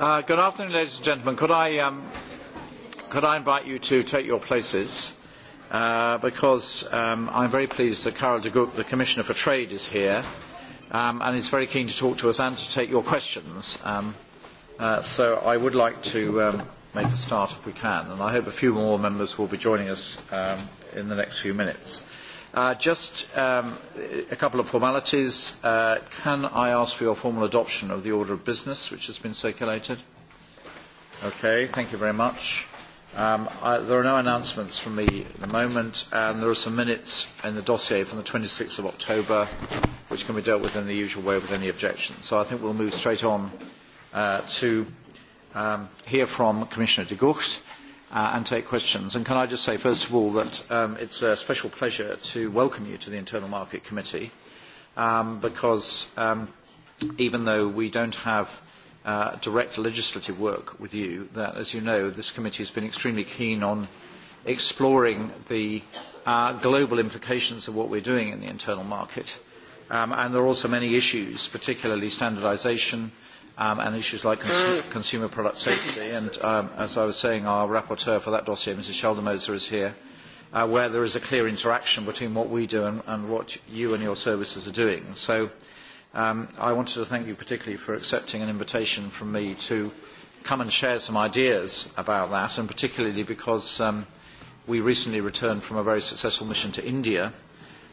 Uh, good afternoon, ladies and gentlemen. Could I, um, could I invite you to take your places? Uh, because um, I'm very pleased that Carol de Gucht, the Commissioner for Trade, is here um, and is very keen to talk to us and to take your questions. Um, uh, so I would like to um, make a start if we can, and I hope a few more members will be joining us um, in the next few minutes. Uh, just um, a couple of formalities. Uh, can I ask for your formal adoption of the order of business which has been circulated? Okay, thank you very much. Um, I, there are no announcements from me at the moment, and there are some minutes in the dossier from the 26th of October, which can be dealt with in the usual way with any objections. So I think we'll move straight on uh, to um, hear from Commissioner de Gucht uh, and take questions. And can I just say, first of all, that um, it's a special pleasure to welcome you to the Internal Market Committee um, because um, even though we don't have uh, direct legislative work with you, that, as you know, this committee has been extremely keen on exploring the uh, global implications of what we're doing in the internal market. Um, and there are also many issues, particularly standardization, um, and issues like cons mm. consumer product safety. And um, as I was saying, our rapporteur for that dossier, Mrs. Scheldemoser, is here, uh, where there is a clear interaction between what we do and, and what you and your services are doing. So um, I wanted to thank you particularly for accepting an invitation from me to come and share some ideas about that, and particularly because um, we recently returned from a very successful mission to India,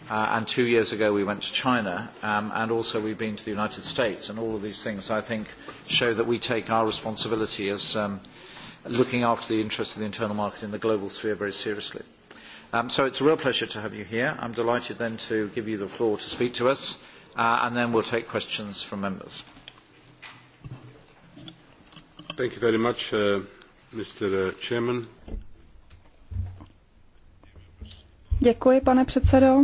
Uh, and two years ago we went to China, um, and also we've been to the United States. And all of these things, I think, show that we take our responsibility as um, looking after the interests of the internal market in the global sphere very seriously. Um, so it's a real pleasure to have you here. I'm delighted then to give you the floor to speak to us, uh, and then we'll take questions from members. Thank you very much, uh, Mr. Uh, Chairman. Děkuji, pane předsedo.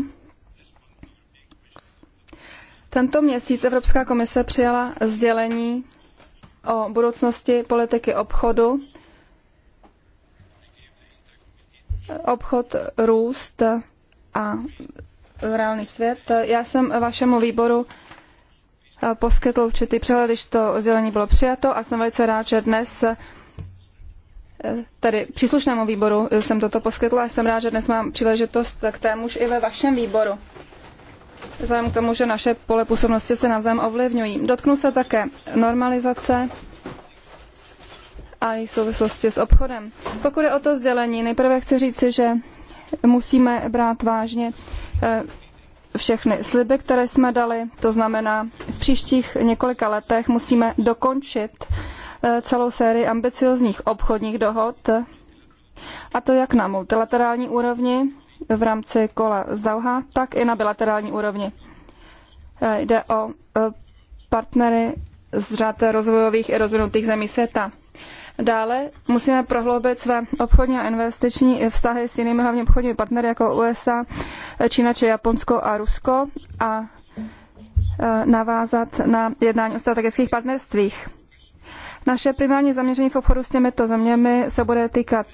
Tento měsíc Evropská komise přijala sdělení o budoucnosti politiky obchodu, obchod, růst a reálný svět. Já jsem vašemu výboru poskytl určitý přehled, když to sdělení bylo přijato a jsem velice rád, že dnes tady příslušnému výboru jsem toto poskytla a jsem rád, že dnes mám příležitost k témuž i ve vašem výboru vzhledem k tomu, že naše pole působnosti se navzájem ovlivňují. Dotknu se také normalizace a její souvislosti s obchodem. Pokud je o to sdělení, nejprve chci říci, že musíme brát vážně eh, všechny sliby, které jsme dali, to znamená, v příštích několika letech musíme dokončit eh, celou sérii ambiciozních obchodních dohod, a to jak na multilaterální úrovni, v rámci kola z Dauha, tak i na bilaterální úrovni. E, jde o e, partnery z řad rozvojových i rozvinutých zemí světa. Dále musíme prohloubit své obchodní a investiční vztahy s jinými hlavně obchodními partnery jako USA, Čína či Japonsko a Rusko a e, navázat na jednání o strategických partnerstvích. Naše primární zaměření v obchodu s těmito zeměmi se bude týkat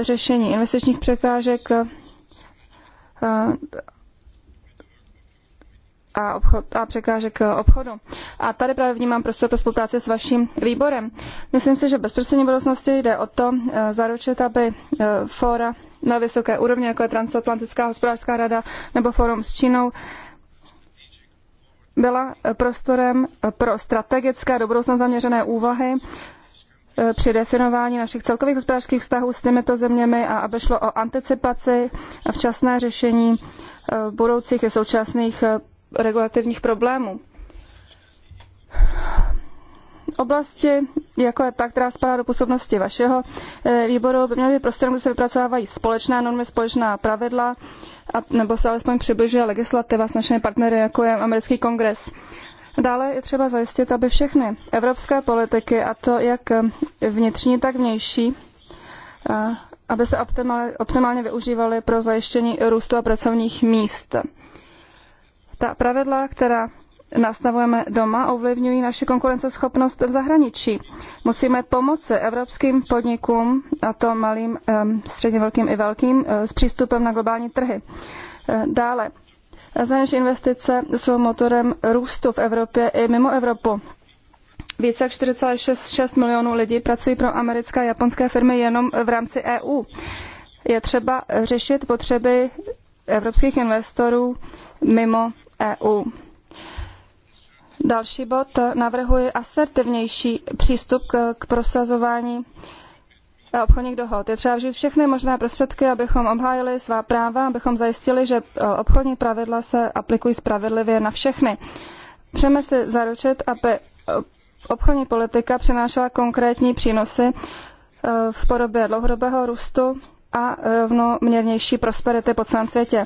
řešení investičních překážek, a, obchod, a překážek obchodu. A tady právě vnímám prostor pro spolupráci s vaším výborem. Myslím si, že bezprostřední budoucnosti jde o to eh, zaručit, aby eh, fóra na vysoké úrovni, jako je Transatlantická hospodářská rada nebo fórum s Čínou, byla eh, prostorem pro strategické do budoucna zaměřené úvahy, Eh, při definování našich celkových hospodářských vztahů s těmito zeměmi a aby šlo o anticipaci a včasné řešení eh, budoucích i současných eh, regulativních problémů. Oblasti, jako je ta, která spadá do působnosti vašeho výboru, by měly být prostorem, kde se vypracovávají společná normy, společná pravidla, a, nebo se alespoň přibližuje legislativa s našimi partnery, jako je americký kongres. Dále je třeba zajistit, aby všechny evropské politiky, a to jak vnitřní, tak vnější, eh, aby se optimálně využívaly pro zajištění růstu a pracovních míst. Ta pravidla, která nastavujeme doma, ovlivňují naši konkurenceschopnost v zahraničí. Musíme pomoci evropským podnikům, a to malým, eh, středně velkým i velkým, eh, s přístupem na globální trhy. Dále Zahraniční investice jsou motorem růstu v Evropě i mimo Evropu. Více jak 4,6 milionů lidí pracují pro americké a japonské firmy jenom v rámci EU. Je třeba řešit potřeby evropských investorů mimo EU. Další bod navrhuji asertivnější přístup k, k prosazování obchodních dohod. Je třeba vžít všechny možné prostředky, abychom obhájili svá práva, abychom zajistili, že e, obchodní pravidla se aplikují spravedlivě na všechny. Přejeme si zaručit, aby e, obchodní politika přinášela konkrétní přínosy e, v podobě dlouhodobého růstu a rovnoměrnější prosperity po celém světě.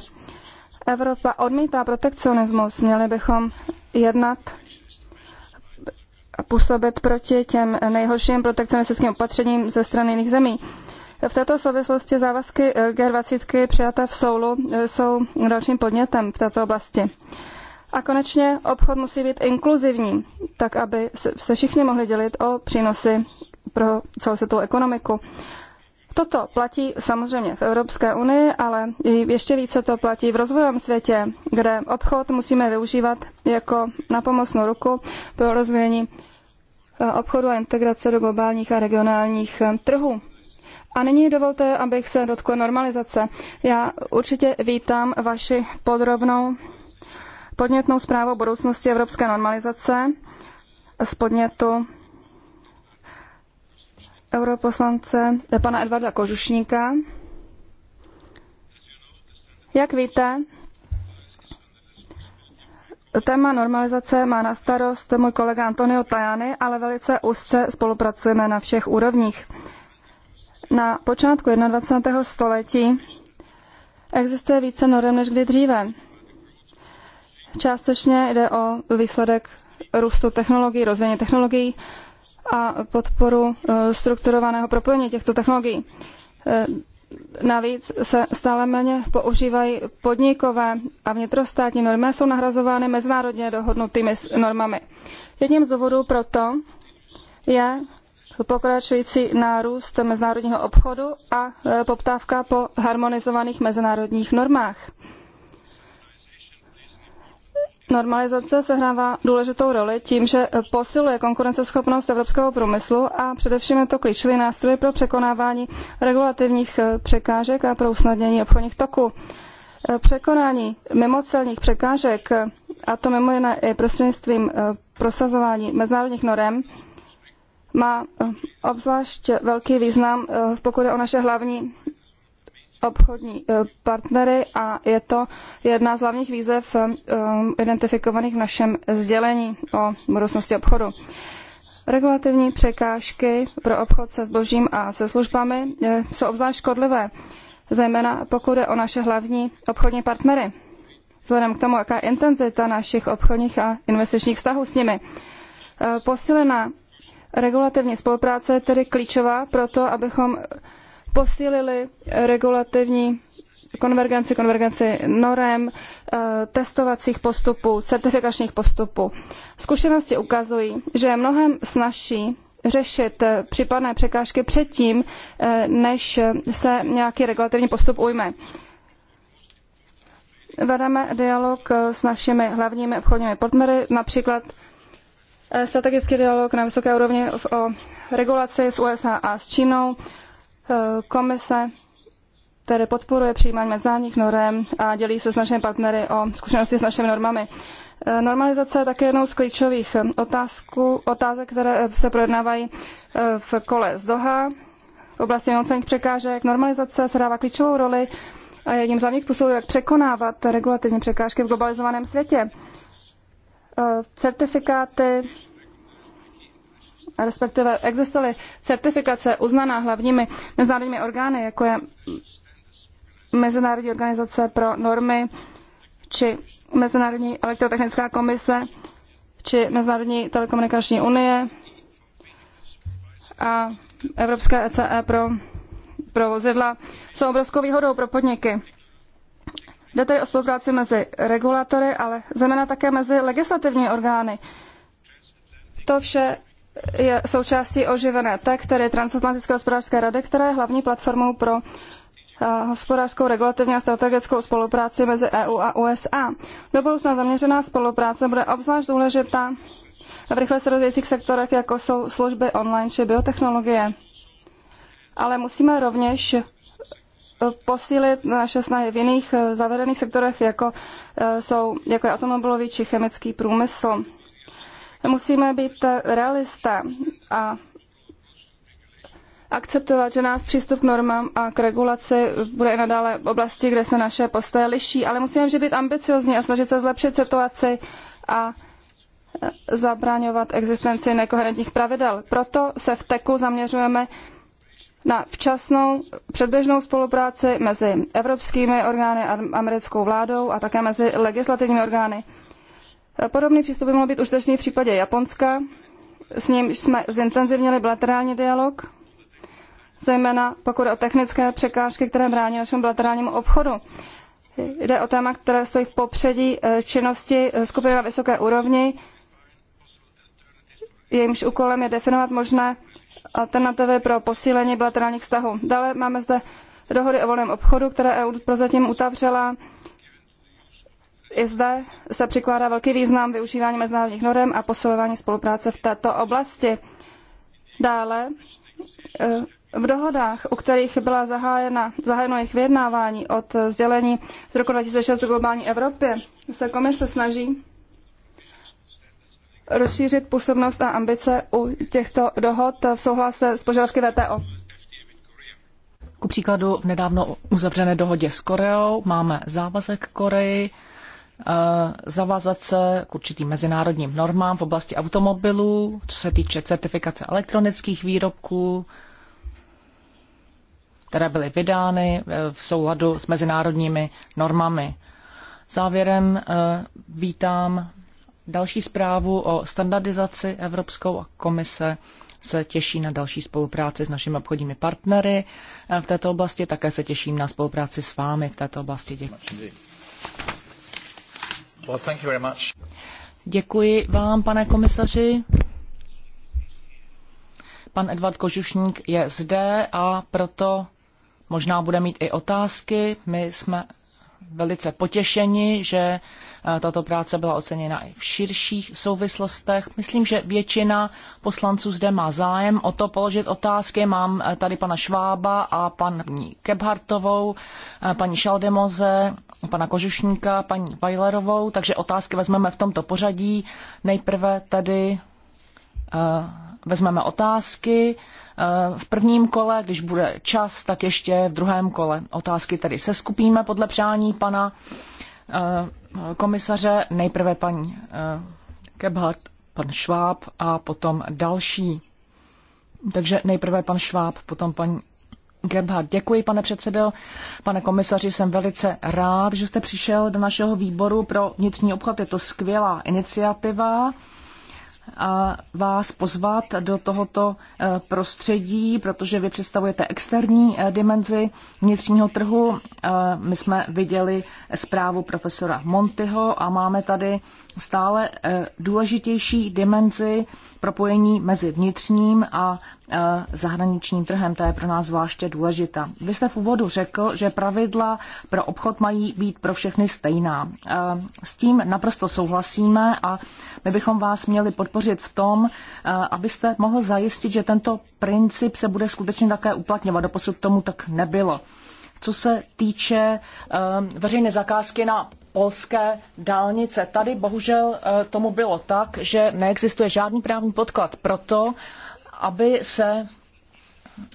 Evropa odmítá protekcionismus, měli bychom jednat působit proti těm nejhorším protekcionistickým opatřením ze strany jiných zemí. V této souvislosti závazky eh, G20 přijaté v Soulu eh, jsou dalším podnětem v této oblasti. A konečně obchod musí být inkluzivní, tak aby se všichni mohli dělit o přínosy pro celou světovou ekonomiku. Toto platí samozřejmě v Evropské unii, ale ještě více to platí v rozvojovém světě, kde obchod musíme využívat jako napomocnou ruku pro rozvíjení obchodu a integrace do globálních a regionálních eh, trhů. A nyní dovolte, abych se dotkl normalizace. Já určitě vítám vaši podrobnou podnětnou zprávu o budoucnosti evropské normalizace z podnětu europoslance eh, pana Edvarda Kožušníka. Jak víte, Téma normalizace má na starost můj kolega Antonio Tajany, ale velice úzce spolupracujeme na všech úrovních. Na počátku 21. století existuje více norm než kdy dříve. Částečně jde o výsledek růstu technologií, rozvoje technologií a podporu e, strukturovaného propojení těchto technologií. E, Navíc se stále méně používají podnikové a vnitrostátní normy jsou nahrazovány mezinárodně dohodnutými normami. Jedním z důvodů proto je pokračující nárůst mezinárodního obchodu a e, poptávka po harmonizovaných mezinárodních normách. Normalizace sehrává důležitou roli tím, že posiluje konkurenceschopnost evropského průmyslu a především je to klíčový nástroj pro překonávání regulativních eh, překážek a pro usnadnění obchodních toků. Eh, překonání mimocelních překážek, eh, a to mimo jiné i prostřednictvím prosazování mezinárodních norem, má obzvlášť velký význam, pokud je o naše hlavní obchodní eh, partnery a je to jedna z hlavních výzev eh, eh, identifikovaných v našem sdělení o budoucnosti obchodu. Regulativní překážky pro obchod se zbožím a se službami jsou obzvlášť škodlivé, zejména pokud je o naše hlavní obchodní partnery. Vzhledem k tomu, jaká je intenzita našich obchodních a investičních vztahů s nimi. Posílená regulativní spolupráce je tedy klíčová pro to, abychom posílili regulativní konvergenci, konvergenci norem, eh, testovacích postupů, certifikačních postupů. Zkušenosti ukazují, že je mnohem snažší řešit eh, případné překážky předtím, eh, než se nějaký regulativní postup ujme. Vedeme dialog s našimi hlavními obchodními partnery, například strategický dialog na vysoké úrovni o regulaci s USA a s Čínou, Eh, komise tedy podporuje přijímání mezinárodních norem a dělí se s našimi partnery o zkušenosti s našimi normami. Eh, normalizace je také jednou z klíčových otázků, otázek, které eh, se projednávají v kole z Doha. V oblasti nucených překážek normalizace se dává klíčovou roli a je jedním z hlavních způsobů, jak překonávat regulativní překážky v globalizovaném světě. Certifikáty respektive existovaly certifikace uznaná hlavními mezinárodními orgány, jako je Mezinárodní organizace pro normy či Mezinárodní elektrotechnická komise či Mezinárodní telekomunikační unie a Evropské ECE e pro, pro vozidla jsou obrovskou výhodou pro podniky. Jde tedy o spolupráci mezi regulatory, ale zejména také mezi legislativními orgány. To vše je součástí oživené TEC, které je Transatlantické hospodářské rady, která je hlavní platformou pro eh, hospodářskou, regulativní a strategickou spolupráci mezi EU a USA. Do budoucna zaměřená spolupráce bude obzvlášť důležitá v rychle se rozvíjejících sektorech, jako jsou služby online či biotechnologie. Ale musíme rovněž eh, posílit naše snahy v jiných eh, zavedených sektorech, jako, jsou, jako je automobilový či chemický průmysl musíme být realisté a akceptovat, že nás přístup k normám a k regulaci bude i nadále oblasti, kde se naše postoje liší, ale musíme vždy být ambiciozní a snažit se zlepšit situaci a zabraňovat existenci nekoherentních pravidel. Proto se v TEKu zaměřujeme na včasnou předběžnou spolupráci mezi evropskými orgány a americkou vládou a také mezi legislativními orgány. Podobný přístup by mohl být užitečný v případě Japonska, s nímž jsme zintenzivnili bilaterální dialog, zejména pokud o technické překážky, které brání našemu bilaterálnímu obchodu. Jde o téma, které stojí v popředí eh, činnosti eh, skupiny na vysoké úrovni, jejímž úkolem je definovat možné alternativy pro posílení bilaterálních vztahů. Dále máme zde dohody o volném obchodu, které EU prozatím utavřela i zde se přikládá velký význam využívání mezinárodních norm a posilování spolupráce v této oblasti. Dále eh, v dohodách, u kterých byla zahájena, zahájeno jejich vyjednávání od sdělení z roku 2006 o globální Evropě, se komise snaží rozšířit působnost a ambice u těchto dohod v souhlase s požadavky VTO. Ku příkladu v nedávno uzavřené dohodě s Koreou máme závazek Koreji Eh, zavázat se k určitým mezinárodním normám v oblasti automobilů, co se týče certifikace elektronických výrobků, které byly vydány eh, v souladu s mezinárodními normami. Závěrem eh, vítám další zprávu o standardizaci Evropskou a komise se těší na další spolupráci s našimi obchodními partnery v této oblasti. Také se těším na spolupráci s vámi v této oblasti. Děkuji. Well, thank you very much. Děkuji vám, pane komisaři. Pan Edvard Kožušník je zde a proto možná bude mít i otázky. My jsme velice potěšeni, že eh, tato práce byla oceněna i v širších souvislostech. Myslím, že většina poslanců zde má zájem o to položit otázky. Mám eh, tady pana Švába a paní Kebhartovou, eh, paní Šaldemoze, pana Kožušníka, paní Vajlerovou, takže otázky vezmeme v tomto pořadí. Nejprve tady Eh, vezmeme otázky. Eh, v prvním kole, když bude čas, tak ještě v druhém kole otázky tedy seskupíme podle přání pana eh, komisaře. Nejprve paní Gebhardt, pan Šváb a potom další. Takže nejprve pan Šváb, potom paní Gebhardt. Děkuji, pane předsedo. Pane komisaři, jsem velice rád, že jste přišel do našeho výboru pro vnitřní obchod. Je to skvělá iniciativa vás pozvat do tohoto eh, prostředí, protože vy představujete externí eh, dimenzi vnitřního trhu. Eh, my jsme viděli zprávu profesora Montyho a máme tady stále eh, důležitější dimenzi propojení mezi vnitřním a eh, zahraničním trhem. To je pro nás zvláště důležitá. Vy jste v úvodu řekl, že pravidla pro obchod mají být pro všechny stejná. Eh, s tím naprosto souhlasíme a my bychom vás měli podpořit v tom, abyste mohl zajistit, že tento princip se bude skutečně také uplatňovat. Doposud tomu tak nebylo co se týče um, veřejné zakázky na polské dálnice. Tady bohužel eh, tomu bylo tak, že neexistuje žádný právní podklad pro to, aby se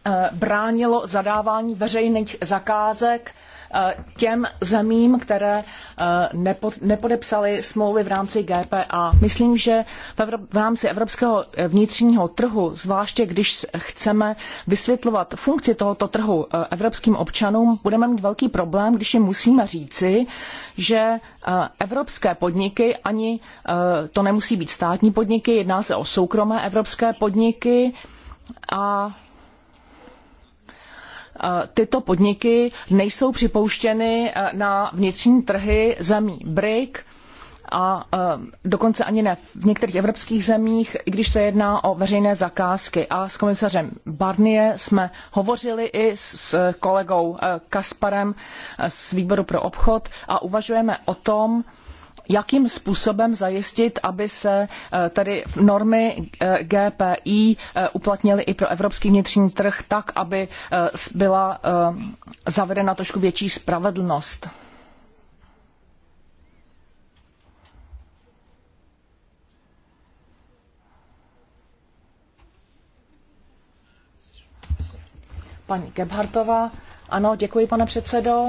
eh, bránilo zadávání veřejných zakázek Eh, těm zemím, které eh, nepodepsaly smlouvy v rámci GPA. Myslím, že v rámci evropského eh, vnitřního trhu, zvláště když chceme vysvětlovat funkci tohoto trhu evropským občanům, budeme mít velký problém, když jim musíme říci, že evropské podniky ani to nemusí být státní podniky, jedná se o soukromé evropské podniky a Eh, tyto podniky nejsou připouštěny eh, na vnitřní trhy zemí BRIC a eh, dokonce ani ne v některých evropských zemích, i když se jedná o veřejné zakázky. A s komisařem Barnier jsme hovořili i s kolegou Kasparem z výboru pro obchod a uvažujeme o tom, jakým způsobem zajistit, aby se eh, tedy normy eh, GPI eh, uplatnily i pro evropský vnitřní trh tak, aby byla zavedena trošku větší spravedlnost. Paní Gebhartová. Ano, děkuji, pane předsedo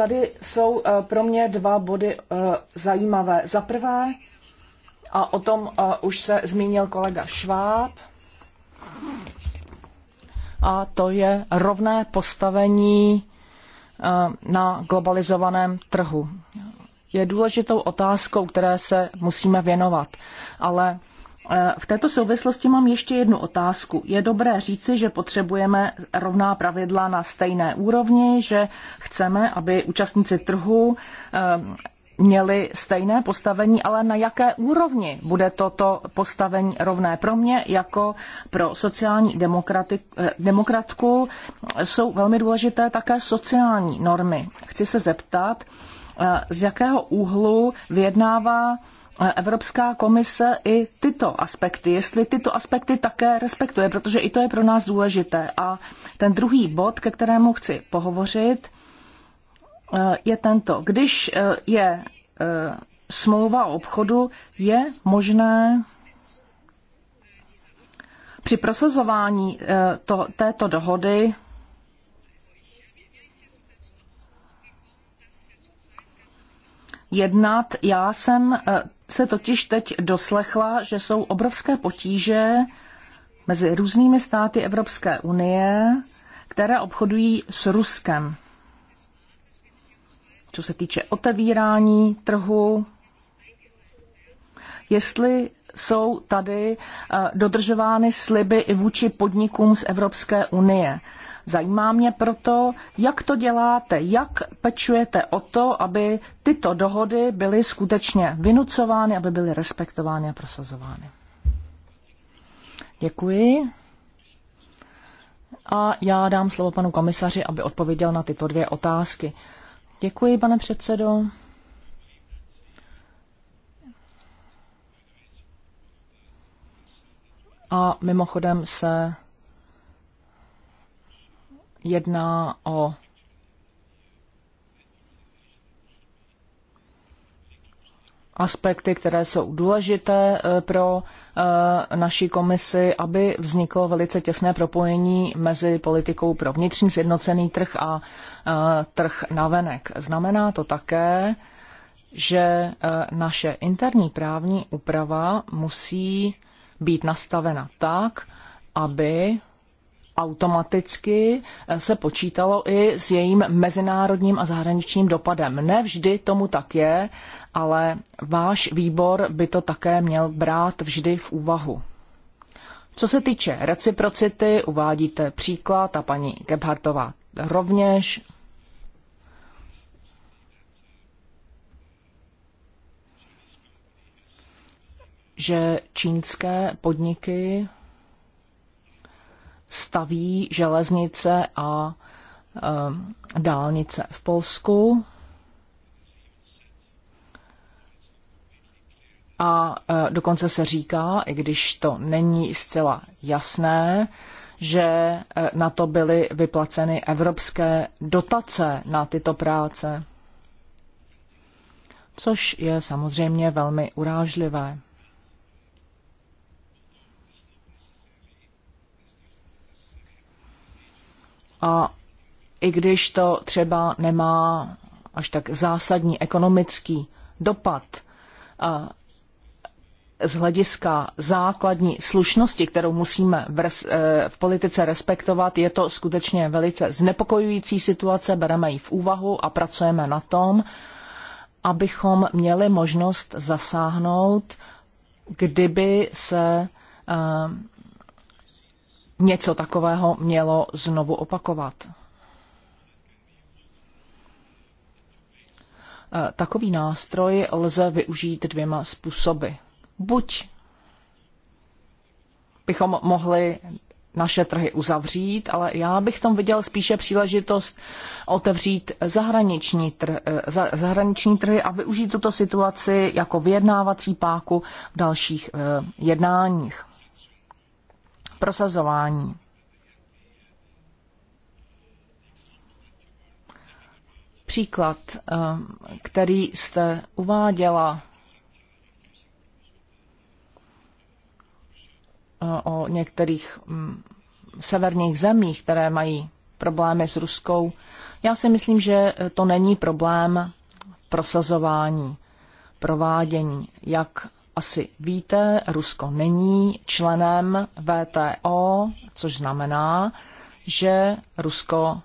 tady jsou eh, pro mě dva body eh, zajímavé. Za prvé, a o tom eh, už se zmínil kolega Šváb, a to je rovné postavení na globalizovaném trhu. Je důležitou otázkou, které se musíme věnovat, ale v této souvislosti mám ještě jednu otázku. Je dobré říci, že potřebujeme rovná pravidla na stejné úrovni, že chceme, aby účastníci trhu eh, měli stejné postavení, ale na jaké úrovni bude toto postavení rovné pro mě jako pro sociální eh, demokratku. Jsou velmi důležité také sociální normy. Chci se zeptat, eh, z jakého úhlu vyjednává Evropská komise i tyto aspekty, jestli tyto aspekty také respektuje, protože i to je pro nás důležité. A ten druhý bod, ke kterému chci pohovořit, eh, je tento. Když eh, je eh, smlouva o obchodu, je možné při prosazování to, této dohody jednat. Já jsem se totiž teď doslechla, že jsou obrovské potíže mezi různými státy Evropské unie, které obchodují s Ruskem. Co se týče otevírání trhu, jestli jsou tady eh, dodržovány sliby i vůči podnikům z Evropské unie. Zajímá mě proto, jak to děláte, jak pečujete o to, aby tyto dohody byly skutečně vynucovány, aby byly respektovány a prosazovány. Děkuji. A já dám slovo panu komisaři, aby odpověděl na tyto dvě otázky. Děkuji, pane předsedo. A mimochodem se jedná o aspekty, které jsou důležité eh, pro eh, naší komisi, aby vzniklo velice těsné propojení mezi politikou pro vnitřní sjednocený trh a eh, trh navenek. Znamená to také, že naše interní právní úprava musí být nastavena tak, aby automaticky eh, se počítalo i s jejím mezinárodním a zahraničním dopadem. Ne vždy tomu tak je, ale váš výbor by to také měl brát vždy v úvahu. Co se týče reciprocity, uvádíte příklad a paní Gebhartová rovněž. že čínské podniky staví železnice a eh, dálnice v Polsku. A eh, dokonce se říká, i když to není zcela jasné, že eh, na to byly vyplaceny evropské dotace na tyto práce, což je samozřejmě velmi urážlivé. A i když to třeba nemá až tak zásadní ekonomický dopad z hlediska základní slušnosti, kterou musíme v, res, e, v politice respektovat, je to skutečně velice znepokojující situace, bereme ji v úvahu a pracujeme na tom, abychom měli možnost zasáhnout, kdyby se e, něco takového mělo znovu opakovat. Eh, takový nástroj lze využít dvěma způsoby. Buď bychom mohli naše trhy uzavřít, ale já bych tam viděl spíše příležitost otevřít zahraniční, trh, eh, zahraniční trhy a využít tuto situaci jako vyjednávací páku v dalších eh, jednáních prosazování. Příklad, ehm, který jste uváděla eh, o některých mm, severních zemích, které mají problémy s Ruskou, já si myslím, že to není problém prosazování, provádění, jak asi víte, Rusko není členem VTO, což znamená, že Rusko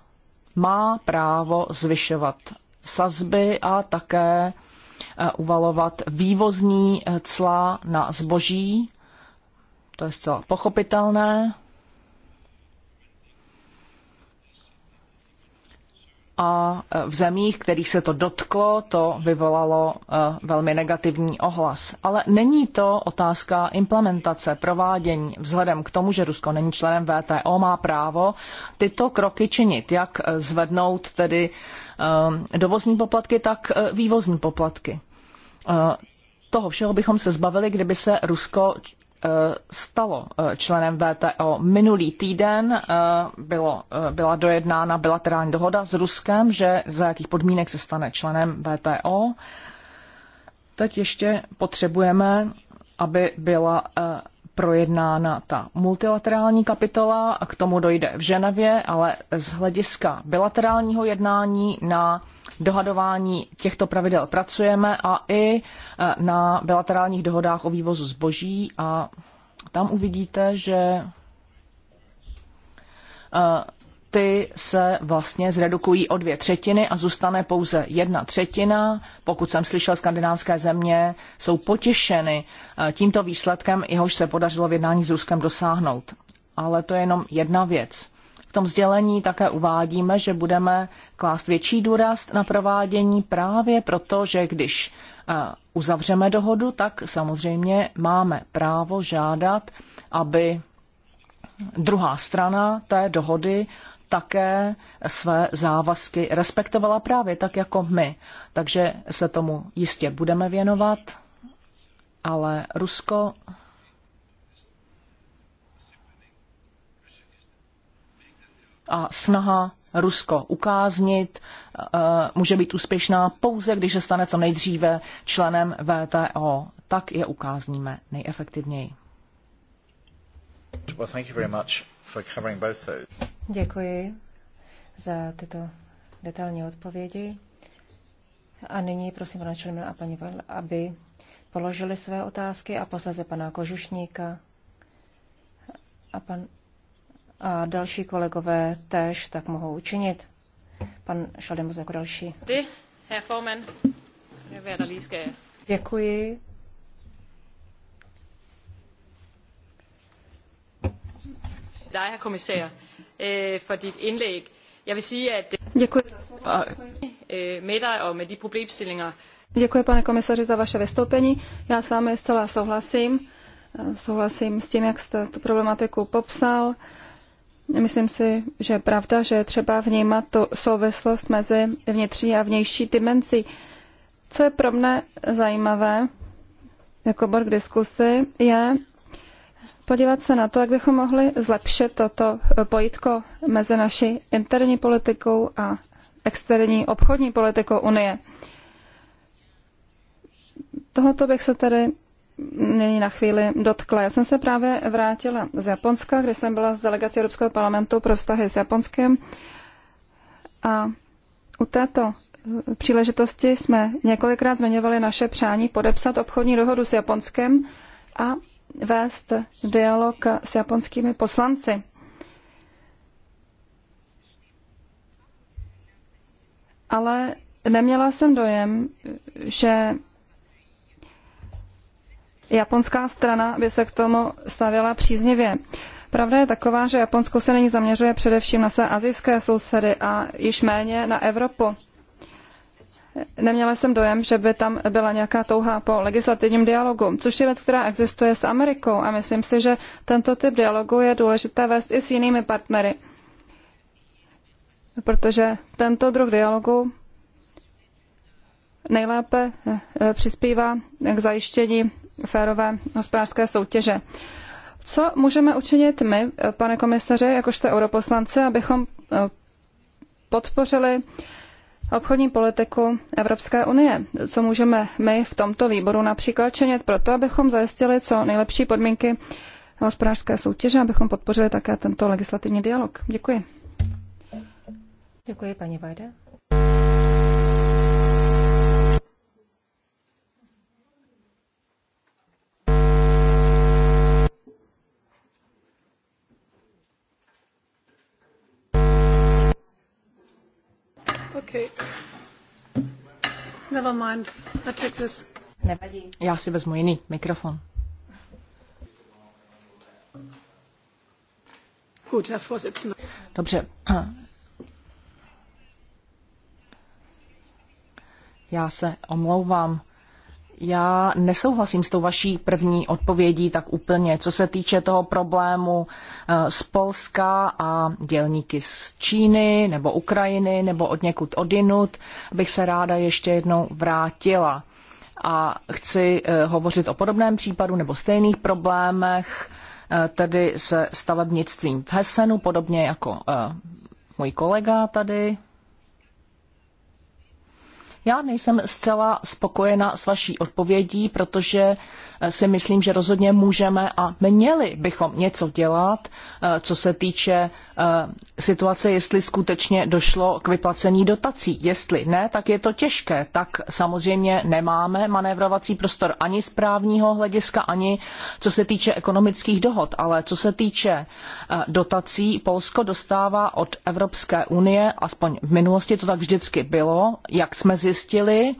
má právo zvyšovat sazby a také eh, uvalovat vývozní eh, cla na zboží. To je zcela pochopitelné. a e, v zemích, kterých se to dotklo, to vyvolalo e, velmi negativní ohlas. Ale není to otázka implementace, provádění. Vzhledem k tomu, že Rusko není členem VTO, má právo tyto kroky činit, jak e, zvednout tedy dovozní poplatky, tak vývozní poplatky. Toho všeho bychom se zbavili, kdyby se Rusko Eh, stalo eh, členem VTO. Minulý týden eh, bylo, byla dojednána bilaterální dohoda s Ruskem, že za jakých podmínek se stane členem VTO. Teď ještě potřebujeme, aby byla projednána ta multilaterální kapitola a k tomu dojde v Ženevě, ale z hlediska bilaterálního jednání na dohadování těchto pravidel pracujeme a i e, na bilaterálních dohodách o vývozu zboží a tam uvidíte, že e, kvóty se vlastně zredukují o dvě třetiny a zůstane pouze jedna třetina. Pokud jsem slyšel, skandinávské země jsou potěšeny eh, tímto výsledkem, jehož se podařilo v jednání s Ruskem dosáhnout. Ale to je jenom jedna věc. V tom sdělení také uvádíme, že budeme klást větší důraz na provádění právě proto, že když eh, uzavřeme dohodu, tak samozřejmě máme právo žádat, aby druhá strana té dohody také své závazky respektovala právě tak jako my. Takže se tomu jistě budeme věnovat, ale Rusko a snaha Rusko ukáznit, eh, může být úspěšná pouze, když se stane co nejdříve členem VTO. Tak je ukázníme nejefektivněji. Well, Děkuji za tyto detailní odpovědi. A nyní prosím pana Čelmina a paní Vedl, aby položili své otázky a posleze pana Kožušníka a, pan, a další kolegové též tak mohou učinit. Pan Šaldemus jako další. Ty, herr Forman, Děkuji. Dig, er herr Øh, for dit indlæg. Jeg vil sige, at Děkuji. Øh, med dig og med de problemstillinger. Děkuji, pane komisaři, za vaše vystoupení. Já s vámi zcela souhlasím. Souhlasím s tím, jak jste tu problematiku popsal. Myslím si, že je pravda, že je třeba vnímat tu souvislost mezi vnitřní a vnější dimenzí. Co je pro mne zajímavé, jako bod k diskusi, je, podívat se na to, jak bychom mohli zlepšit toto pojítko mezi naší interní politikou a externí obchodní politikou Unie. Tohoto bych se tedy nyní na chvíli dotkla. Já jsem se právě vrátila z Japonska, kde jsem byla z delegací Evropského parlamentu pro vztahy s Japonskem. A u této příležitosti jsme několikrát zmiňovali naše přání podepsat obchodní dohodu s Japonskem a vést dialog s japonskými poslanci. Ale neměla jsem dojem, že japonská strana by se k tomu stavěla příznivě. Pravda je taková, že Japonsko se nyní zaměřuje především na své azijské sousedy a již méně na Evropu neměla jsem dojem, že by tam byla nějaká touha po legislativním dialogu, což je věc, která existuje s Amerikou a myslím si, že tento typ dialogu je důležité vést i s jinými partnery, protože tento druh dialogu nejlépe eh, přispívá k zajištění férové hospodářské soutěže. Co můžeme učinit my, eh, pane komisaři, jakožto europoslanci, abychom eh, podpořili obchodní politiku Evropské unie. Co můžeme my v tomto výboru například činit proto, abychom zajistili co nejlepší podmínky hospodářské soutěže, abychom podpořili také tento legislativní dialog. Děkuji. Děkuji, paní Vajda. Okay. Never mind. I take this. Nevadí. Já si vezmu jiný mikrofon. Gut, Herr Vorsitzender. Dobře. Já se omlouvám já nesouhlasím s tou vaší první odpovědí tak úplně, co se týče toho problému eh, z Polska a dělníky z Číny nebo Ukrajiny nebo od někud odinut, bych se ráda ještě jednou vrátila. A chci eh, hovořit o podobném případu nebo stejných problémech, eh, tedy se stavebnictvím v Hesenu, podobně jako můj kolega tady, já nejsem zcela spokojena s vaší odpovědí, protože eh, si myslím, že rozhodně můžeme a měli bychom něco dělat, eh, co se týče eh, situace, jestli skutečně došlo k vyplacení dotací. Jestli ne, tak je to těžké. Tak samozřejmě nemáme manévrovací prostor ani z právního hlediska, ani co se týče ekonomických dohod. Ale co se týče dotací, Polsko dostává od Evropské unie, aspoň v minulosti to tak vždycky bylo, jak jsme zjistili, zjistili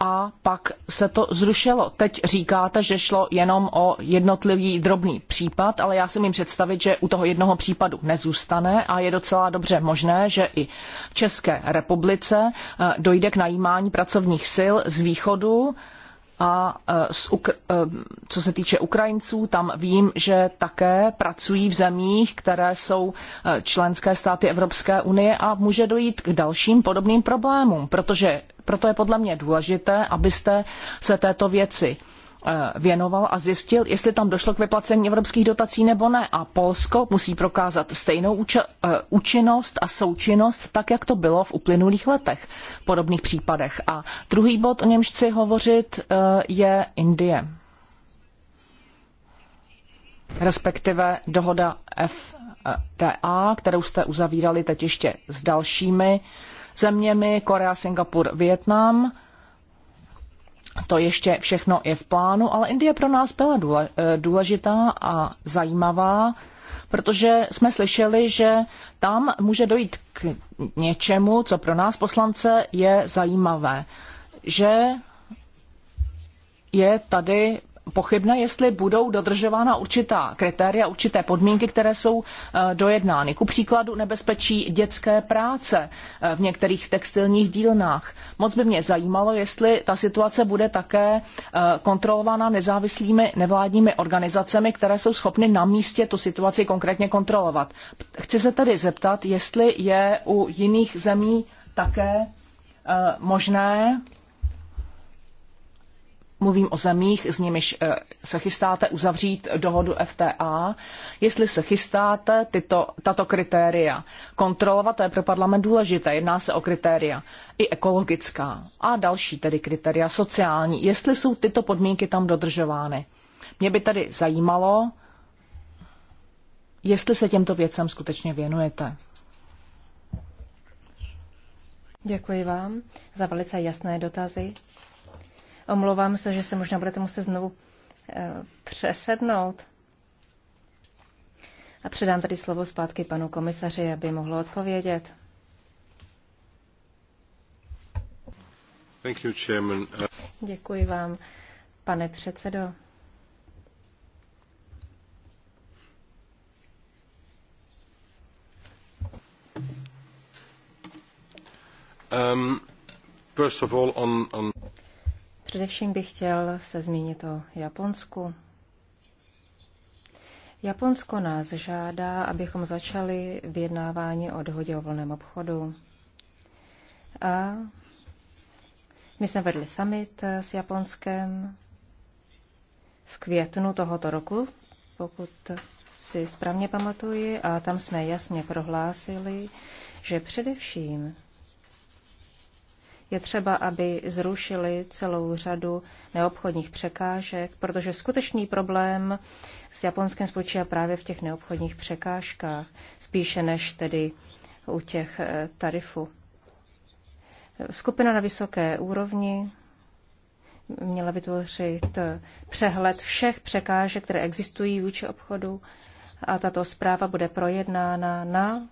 a pak se to zrušilo. Teď říkáte, že šlo jenom o jednotlivý drobný případ, ale já si mím představit, že u toho jednoho případu nezůstane a je docela dobře možné, že i v České republice eh, dojde k najímání pracovních sil z východu, a e, e, co se týče Ukrajinců, tam vím, že také pracují v zemích, které jsou e, členské státy Evropské unie a může dojít k dalším podobným problémům, protože proto je podle mě důležité, abyste se této věci Eh, věnoval a zjistil, jestli tam došlo k vyplacení evropských dotací nebo ne. A Polsko musí prokázat stejnou eh, účinnost a součinnost, tak jak to bylo v uplynulých letech v podobných případech. A druhý bod, o němž chci hovořit, eh, je Indie. Respektive dohoda FTA, kterou jste uzavírali teď ještě s dalšími zeměmi, Korea, Singapur, Vietnam to ještě všechno je v plánu, ale Indie pro nás byla eh, důležitá a zajímavá, protože jsme slyšeli, že tam může dojít k něčemu, co pro nás poslance je zajímavé, že je tady pochybné, jestli budou dodržována určitá kritéria, určité podmínky, které jsou eh, dojednány. Ku příkladu nebezpečí dětské práce eh, v některých textilních dílnách. Moc by mě zajímalo, jestli ta situace bude také eh, kontrolována nezávislými nevládními organizacemi, které jsou schopny na místě tu situaci konkrétně kontrolovat. Chci se tedy zeptat, jestli je u jiných zemí také možné Mluvím o zemích, s nimiž eh, se chystáte uzavřít dohodu FTA. Jestli se chystáte tyto, tato kritéria kontrolovat, to je pro parlament důležité. Jedná se o kritéria i ekologická a další tedy kritéria sociální. Jestli jsou tyto podmínky tam dodržovány. Mě by tedy zajímalo, jestli se těmto věcem skutečně věnujete. Děkuji vám za velice jasné dotazy Omlouvám se, že se možná budete muset znovu eh, přesednout. A předám tady slovo zpátky panu komisaři, aby mohl odpovědět. Thank you, chairman. Děkuji vám, pane předsedo. Um, first of all on, on... Především bych chtěl se zmínit o Japonsku. Japonsko nás žádá, abychom začali vyjednávání o dohodě o volném obchodu. A my jsme vedli summit s Japonskem v květnu tohoto roku, pokud si správně pamatuji, a tam jsme jasně prohlásili, že především je třeba, aby zrušili celou řadu neobchodních překážek, protože skutečný problém s Japonskem spočívá právě v těch neobchodních překážkách, spíše než tedy u těch eh, tarifů. Skupina na vysoké úrovni měla vytvořit eh, přehled všech překážek, které existují vůči obchodu a tato zpráva bude projednána na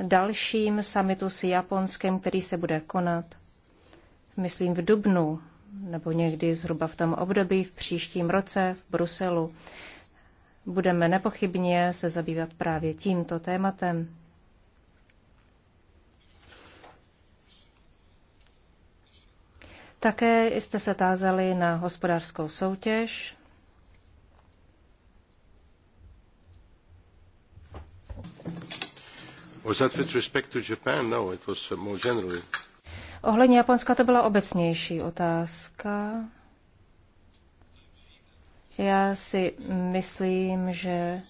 dalším samitu s Japonskem, který se bude konat myslím, v Dubnu nebo někdy zhruba v tom období v příštím roce v Bruselu. Budeme nepochybně se zabývat právě tímto tématem. Také jste se tázali na hospodářskou soutěž. Was that with respect to Japan? No, it was more generally. Ohledně Japonska to byla obecnější otázka. Já si myslím, že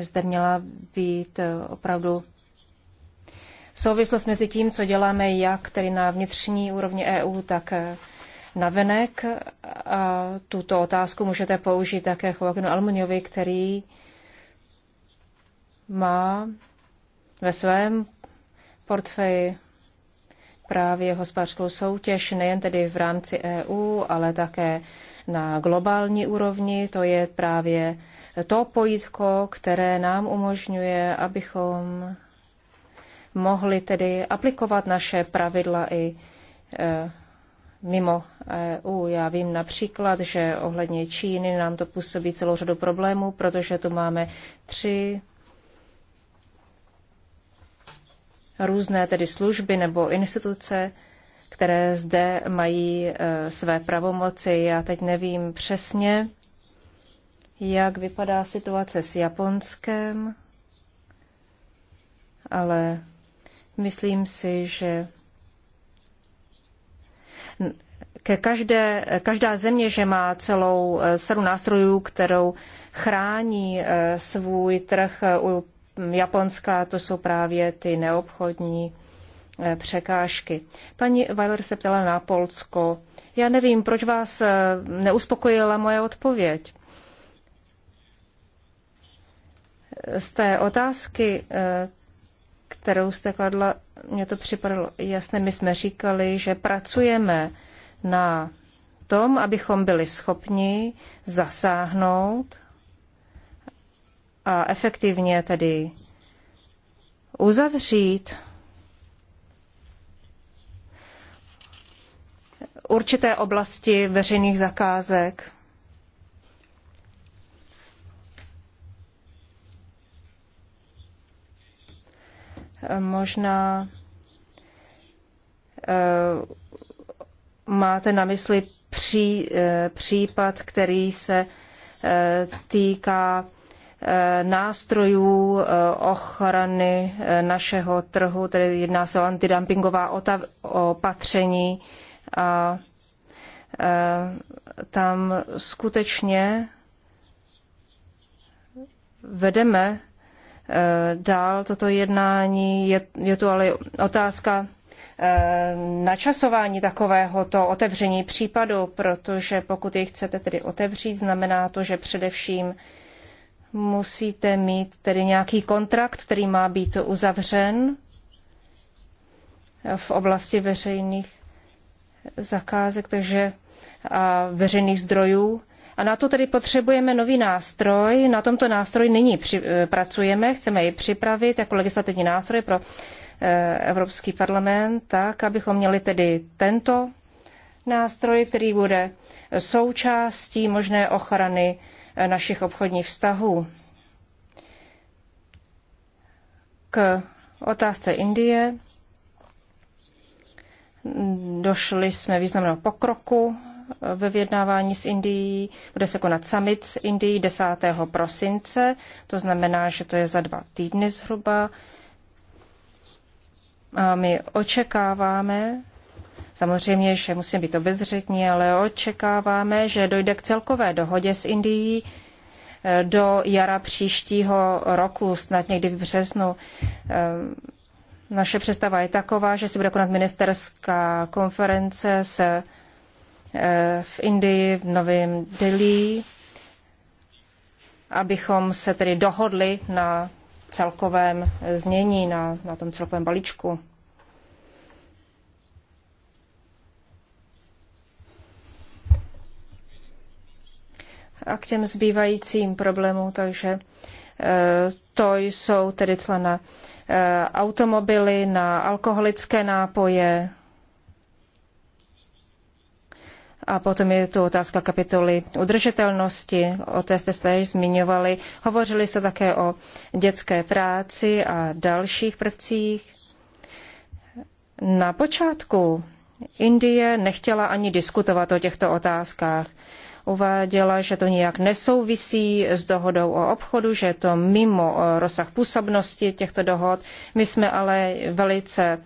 zde měla být opravdu souvislost mezi tím, co děláme jak tedy na vnitřní úrovni EU, tak na venek. A tuto otázku můžete použít také Joaquinu Almuniovi, který má ve svém portfeji právě hospodářskou soutěž nejen tedy v rámci EU, ale také na globální úrovni. To je právě to pojítko, které nám umožňuje, abychom mohli tedy aplikovat naše pravidla i e, mimo EU. Já vím například, že ohledně Číny nám to působí celou řadu problémů, protože tu máme tři různé tedy služby nebo instituce, které zde mají eh, své pravomoci. Já teď nevím přesně, jak vypadá situace s Japonskem, ale myslím si, že ke každé, každá země, že má celou eh, sadu nástrojů, kterou chrání eh, svůj trh u Japonska, to jsou právě ty neobchodní eh, překážky. Paní Weiler se ptala na Polsko. Já nevím, proč vás eh, neuspokojila moje odpověď. Z té otázky, eh, kterou jste kladla, mě to připadalo jasné. My jsme říkali, že pracujeme na tom, abychom byli schopni zasáhnout a efektivně tedy uzavřít určité oblasti veřejných zakázek. Možná eh, máte na mysli pří, eh, případ, který se eh, týká Eh, nástrojů eh, ochrany eh, našeho trhu, tedy jedná se o antidumpingová opatření. A tam skutečně vedeme dál toto jednání. Je, je tu ale otázka načasování takovéhoto otevření případu, protože pokud jej chcete tedy otevřít, znamená to, že především musíte mít tedy nějaký kontrakt, který má být uzavřen v oblasti veřejných zakázek takže a veřejných zdrojů. A na to tedy potřebujeme nový nástroj. Na tomto nástroji nyní při, e, pracujeme, chceme ji připravit jako legislativní nástroj pro e, Evropský parlament, tak abychom měli tedy tento nástroj, který bude součástí možné ochrany našich obchodních vztahů. K otázce Indie došli jsme významného pokroku ve vyjednávání s Indií. Bude se konat summit s Indií 10. prosince, to znamená, že to je za dva týdny zhruba. A my očekáváme, Samozřejmě, že musíme být obezřetní, ale očekáváme, že dojde k celkové dohodě s Indií eh, do jara příštího roku, snad někdy v březnu. Eh, naše představa je taková, že se bude konat ministerská konference se eh, v Indii, v Novém Delhi, abychom se tedy dohodli na celkovém znění, na, na tom celkovém balíčku. a k těm zbývajícím problémům. Takže e, to jsou tedy cla na e, automobily, na alkoholické nápoje. A potom je tu otázka kapitoly udržitelnosti, o té jste se již zmiňovali. Hovořili jste také o dětské práci a dalších prvcích. Na počátku Indie nechtěla ani diskutovat o těchto otázkách uváděla, že to nijak nesouvisí s dohodou o obchodu, že je to mimo eh, rozsah působnosti těchto dohod. My jsme ale velice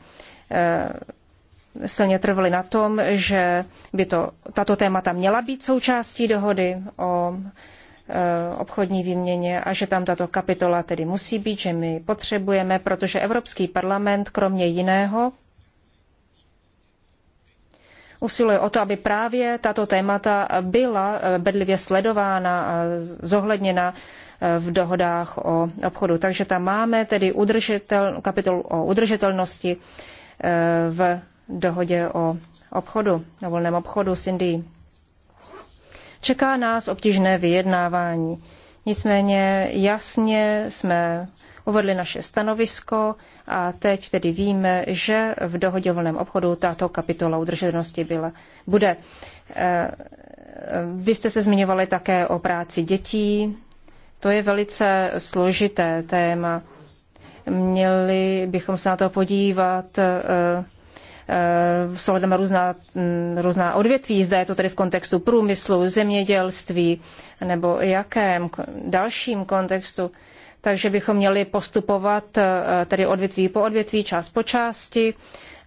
eh, silně trvali na tom, že by to, tato témata měla být součástí dohody o eh, obchodní výměně a že tam tato kapitola tedy musí být, že my potřebujeme, protože Evropský parlament kromě jiného usiluje o to, aby právě tato témata byla eh, bedlivě sledována a zohledněna eh, v dohodách o obchodu. Takže tam máme tedy udržitel, kapitolu o udržitelnosti eh, v dohodě o obchodu, o volném obchodu s Indií. Čeká nás obtížné vyjednávání. Nicméně jasně jsme uvedli naše stanovisko a teď tedy víme, že v dohodě volném obchodu tato kapitola udržitelnosti byla, bude. Eh, vy jste se zmiňovali také o práci dětí. To je velice složité téma. Měli bychom se na to podívat eh, eh, s na různá, mm, různá odvětví, zda je to tedy v kontextu průmyslu, zemědělství nebo jakém dalším kontextu takže bychom měli postupovat eh, tedy odvětví po odvětví, část po části,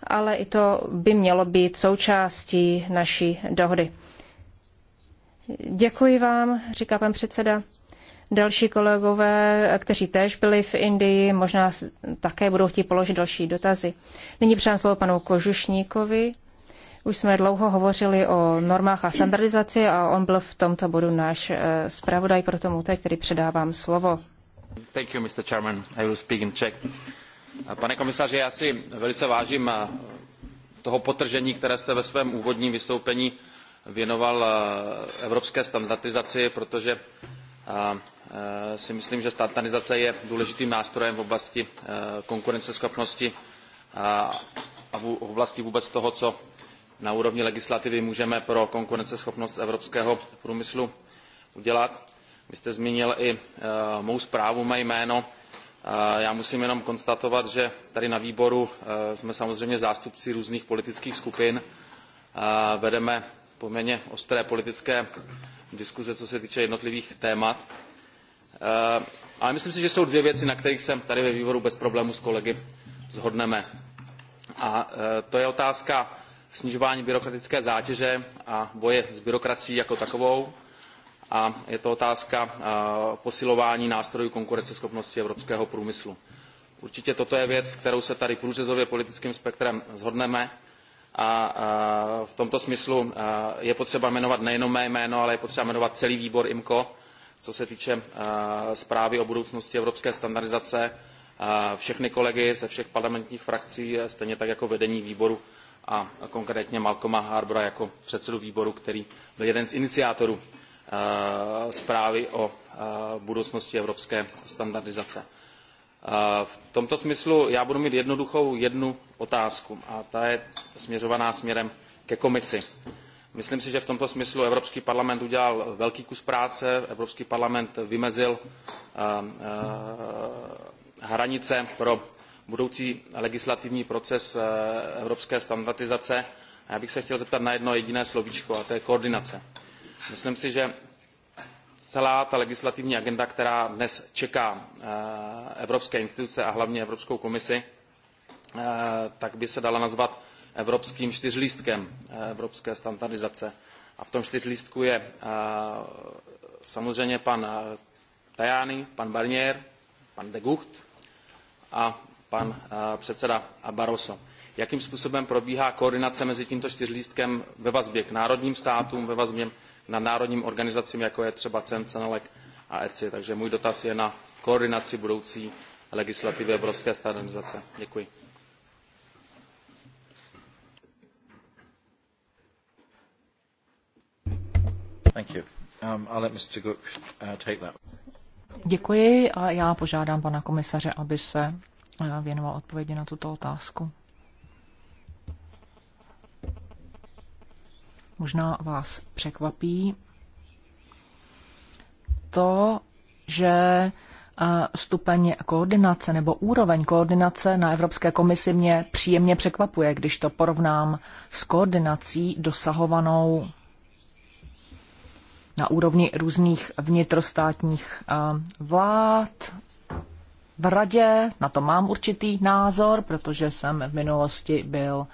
ale i to by mělo být součástí naší dohody. Děkuji vám, říká pan předseda. Další kolegové, kteří též byli v Indii, možná také budou chtít položit další dotazy. Nyní přijám slovo panu Kožušníkovi. Už jsme dlouho hovořili o normách a standardizaci a on byl v tomto bodu náš eh, zpravodaj, proto mu teď tedy předávám slovo. Pane komisaři, já si velice vážím eh, toho potržení, které jste ve svém úvodním vystoupení věnoval eh, evropské standardizaci, protože eh, si myslím, že standardizace je důležitým nástrojem v oblasti konkurenceschopnosti a v oblasti vůbec toho, co na úrovni legislativy můžeme pro konkurenceschopnost evropského průmyslu udělat. Vy jste zmínil i eh, mou zprávu, mé jméno. Eh, já musím jenom konstatovat, že tady na výboru eh, jsme samozřejmě zástupci různých politických skupin. Vedeme poměrně ostré politické diskuze, co se týče jednotlivých témat. Ale myslím si, že jsou dvě věci, na kterých se tady ve výboru bez problému s kolegy zhodneme. A to je otázka snižování byrokratické zátěže a boje s byrokracií jako takovou a je to otázka posilování nástrojů konkurenceschopnosti evropského průmyslu. Určitě toto je věc, kterou se tady průřezově politickým spektrem zhodneme a v tomto smyslu je potřeba jmenovat nejenom mé jméno, ale je potřeba jmenovat celý výbor IMCO, co se týče zprávy o budoucnosti evropské standardizace, všechny kolegy ze všech parlamentních frakcí, stejně tak jako vedení výboru a konkrétně Malcolma Harbora jako předsedu výboru, který byl jeden z iniciátorů Eh, zprávy o eh, budoucnosti evropské standardizace. Eh, v tomto smyslu já budu mít jednoduchou jednu otázku a ta je směřovaná směrem ke komisi. Myslím si, že v tomto smyslu Evropský parlament udělal velký kus práce. Evropský parlament vymezil hranice pro budoucí legislativní proces evropské standardizace. A já bych se chtěl zeptat na jedno jediné slovíčko, a to je koordinace. Myslím si, že celá ta legislativní agenda, která dnes čeká eh, evropské instituce a hlavně Evropskou komisi, eh, tak by se dala nazvat evropským čtyřlístkem eh, evropské standardizace. A v tom čtyřlístku je samozřejmě pan Tajani, pan Barnier, pan de Gucht a pan předseda Barroso. Jakým způsobem probíhá koordinace mezi tímto čtyřlístkem ve vazbě k národním státům, ve vazbě nadnárodním organizacím, jako je třeba CEN, CENELEC a ECI. Takže můj dotaz je na koordinaci budoucí legislativy evropské standardizace. Děkuji. Thank you. Um, I'll let Mr. Gook, uh, take that. Děkuji a já požádám pana komisaře, aby se uh, věnoval odpovědi na tuto otázku. možná vás překvapí, to, že eh, stupeň koordinace nebo úroveň koordinace na Evropské komisi mě příjemně překvapuje, když to porovnám s koordinací dosahovanou na úrovni různých vnitrostátních eh, vlád. V radě na to mám určitý názor, protože jsem v minulosti byl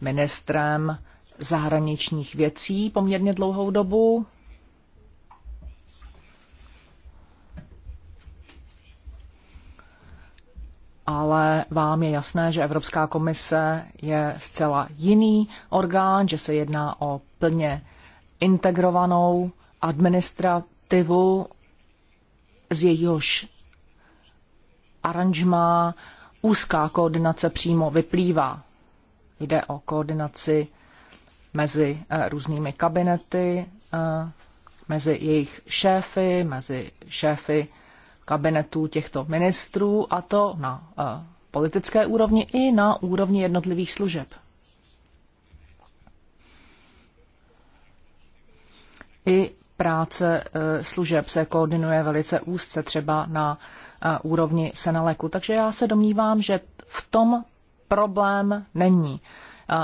ministrem zahraničních věcí poměrně dlouhou dobu. ale vám je jasné, že Evropská komise je zcela jiný orgán, že se jedná o plně integrovanou administrativu, z jejíhož aranžma úzká koordinace přímo vyplývá. Jde o koordinaci mezi eh, různými kabinety, eh, mezi jejich šéfy, mezi šéfy kabinetů těchto ministrů, a to na eh, politické úrovni i na úrovni jednotlivých služeb. I práce služeb se koordinuje velice úzce třeba na úrovni Senaleku. Takže já se domnívám, že v tom problém není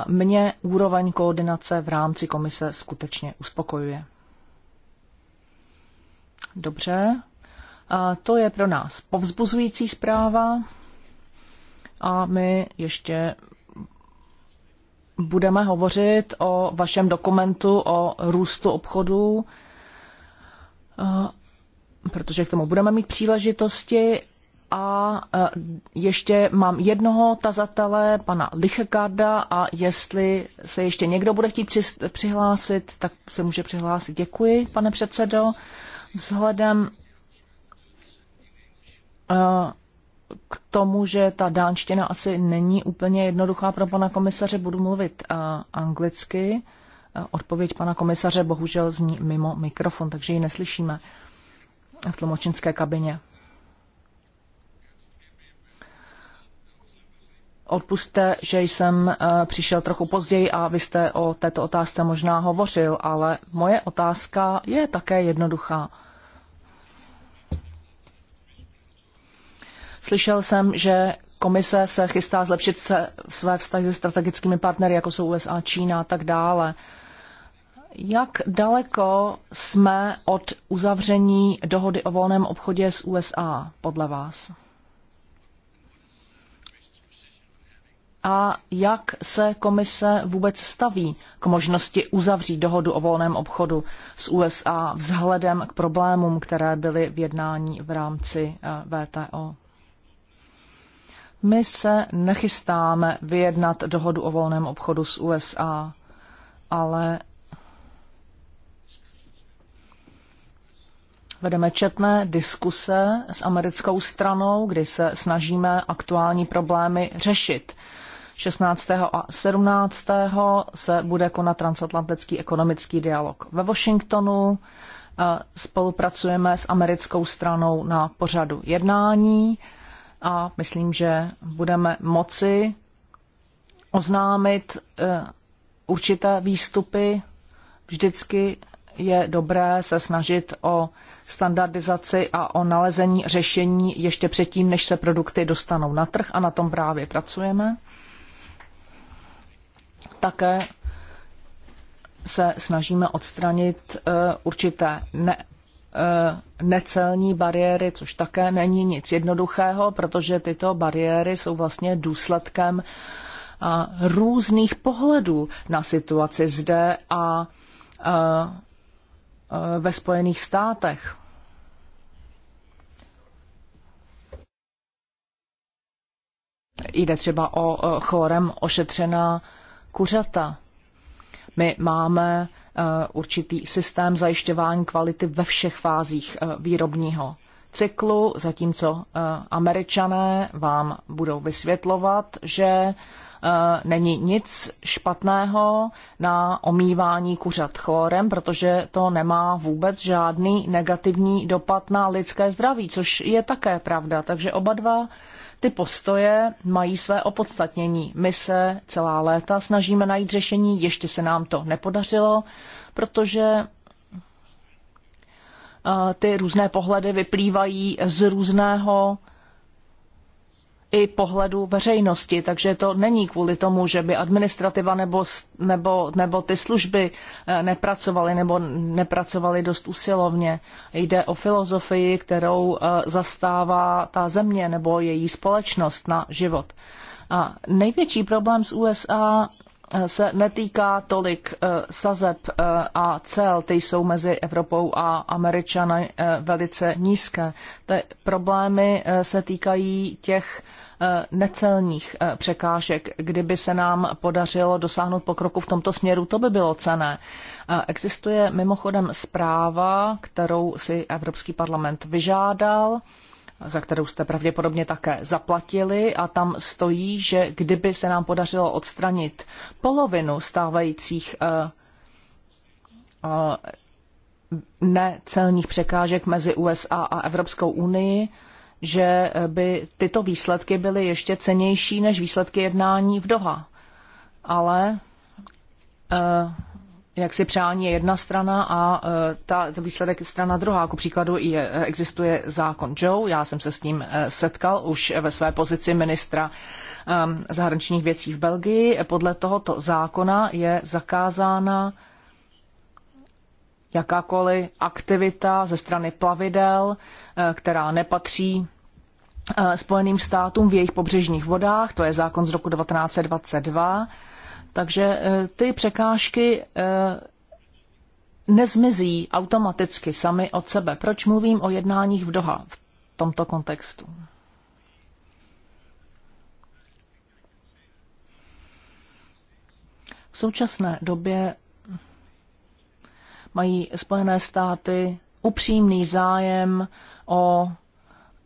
mě úroveň koordinace v rámci komise skutečně uspokojuje. Dobře, a to je pro nás povzbuzující zpráva a my ještě budeme hovořit o vašem dokumentu o růstu obchodu, protože k tomu budeme mít příležitosti a e, ještě mám jednoho tazatele, pana Lichegarda a jestli se ještě někdo bude chtít přihlásit, tak se může přihlásit. Děkuji, pane předsedo. Vzhledem e, k tomu, že ta dánština asi není úplně jednoduchá pro pana komisaře, budu mluvit e, anglicky. Odpověď pana komisaře bohužel zní mimo mikrofon, takže ji neslyšíme v tlumočenské kabině. Odpuste, že jsem eh, přišel trochu později a vy jste o této otázce možná hovořil, ale moje otázka je také jednoduchá. Slyšel jsem, že komise se chystá zlepšit se své vztahy se strategickými partnery, jako jsou USA, Čína a tak dále. Jak daleko jsme od uzavření dohody o volném obchodě s USA, podle vás? a jak se komise vůbec staví k možnosti uzavřít dohodu o volném obchodu s USA vzhledem k problémům, které byly v jednání v rámci eh, VTO. My se nechystáme vyjednat dohodu o volném obchodu s USA, ale Vedeme četné diskuse s americkou stranou, kdy se snažíme aktuální problémy řešit. 16. a 17. se bude konat transatlantický ekonomický dialog ve Washingtonu. Eh, spolupracujeme s americkou stranou na pořadu jednání a myslím, že budeme moci oznámit eh, určité výstupy. Vždycky je dobré se snažit o standardizaci a o nalezení řešení ještě předtím, než se produkty dostanou na trh a na tom právě pracujeme. Také se snažíme odstranit eh, určité ne, eh, necelní bariéry, což také není nic jednoduchého, protože tyto bariéry jsou vlastně důsledkem eh, různých pohledů na situaci zde a ve Spojených státech. Jde třeba o chorem ošetřená kuřata. My máme eh, určitý systém zajišťování kvality ve všech fázích eh, výrobního cyklu, zatímco eh, američané vám budou vysvětlovat, že není nic špatného na omývání kuřat chlorem, protože to nemá vůbec žádný negativní dopad na lidské zdraví, což je také pravda. Takže oba dva ty postoje mají své opodstatnění. My se celá léta snažíme najít řešení, ještě se nám to nepodařilo, protože eh, ty různé pohledy vyplývají z různého i pohledu veřejnosti, takže to není kvůli tomu, že by administrativa nebo, nebo, nebo ty služby eh, nepracovaly nebo nepracovaly dost usilovně. Jde o filozofii, kterou eh, zastává ta země nebo její společnost na život. A největší problém s USA se netýká tolik eh, sazeb eh, a cel, ty jsou mezi Evropou a Američany eh, velice nízké. Ty problémy se týkají těch necelních překážek. Kdyby se nám podařilo dosáhnout pokroku v tomto směru, to by bylo cené. Existuje mimochodem zpráva, kterou si Evropský parlament vyžádal, za kterou jste pravděpodobně také zaplatili a tam stojí, že kdyby se nám podařilo odstranit polovinu stávajících eh, eh, necelních překážek mezi USA a Evropskou unii, že by tyto výsledky byly ještě cenější než výsledky jednání v Doha. Ale eh, jak si přání je jedna strana a e, ta, ta výsledek je strana druhá. Ku příkladu je, e, existuje zákon Joe, já jsem se s ním e, setkal už ve své pozici ministra zahraničních věcí v Belgii. Podle tohoto zákona je zakázána jakákoliv aktivita ze strany plavidel, která nepatří Spojeným státům v jejich pobřežních vodách, to je zákon z roku 1922 takže eh, ty překážky eh, nezmizí automaticky sami od sebe. Proč mluvím o jednáních v Doha v tomto kontextu? V současné době mají Spojené státy upřímný zájem o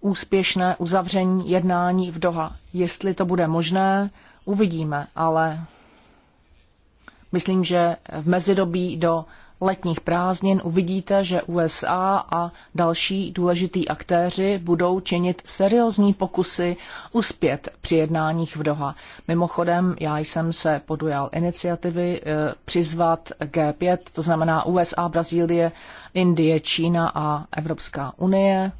úspěšné uzavření jednání v Doha. Jestli to bude možné, uvidíme, ale Myslím, že v mezidobí do letních prázdnin uvidíte, že USA a další důležití aktéři budou činit seriózní pokusy uspět při jednáních v Doha. Mimochodem, já jsem se podujal iniciativy eh, přizvat G5, to znamená USA, Brazílie, Indie, Čína a Evropská unie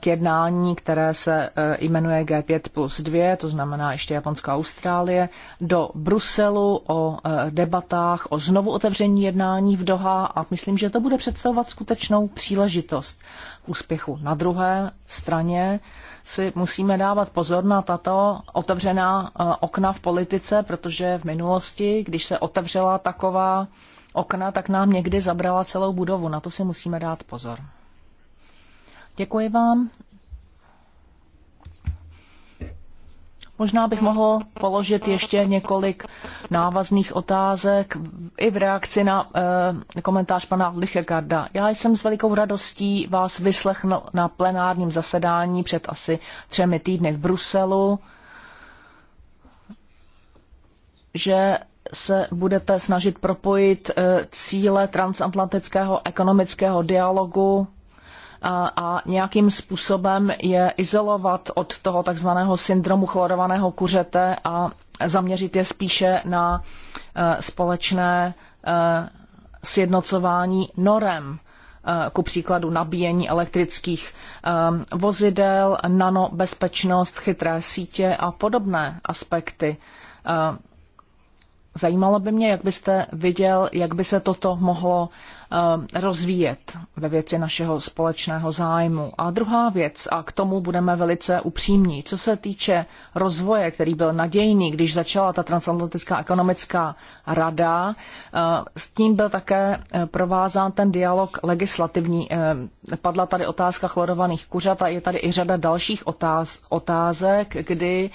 k jednání, které se e, jmenuje G5 plus 2, to znamená ještě Japonská Austrálie, do Bruselu o e, debatách o znovu otevření jednání v Doha a myslím, že to bude představovat skutečnou příležitost k úspěchu. Na druhé straně si musíme dávat pozor na tato otevřená e, okna v politice, protože v minulosti, když se otevřela taková okna, tak nám někdy zabrala celou budovu. Na to si musíme dát pozor. Děkuji vám. Možná bych mohl položit ještě několik návazných otázek i v reakci na eh, komentář pana Lichegarda. Já jsem s velikou radostí vás vyslechl na plenárním zasedání před asi třemi týdny v Bruselu, že se budete snažit propojit eh, cíle transatlantického ekonomického dialogu a nějakým způsobem je izolovat od toho takzvaného syndromu chlorovaného kuřete a zaměřit je spíše na e, společné e, sjednocování norem, e, ku příkladu nabíjení elektrických vozidel, nanobezpečnost, chytré sítě a podobné aspekty Zajímalo by mě, jak byste viděl, jak by se toto mohlo eh, rozvíjet ve věci našeho společného zájmu. A druhá věc, a k tomu budeme velice upřímní, co se týče rozvoje, který byl nadějný, když začala ta transatlantická ekonomická rada, eh, s tím byl také eh, provázán ten dialog legislativní. Padla tady otázka chlorovaných kuřat a je tady i řada dalších otáz, otázek, kdy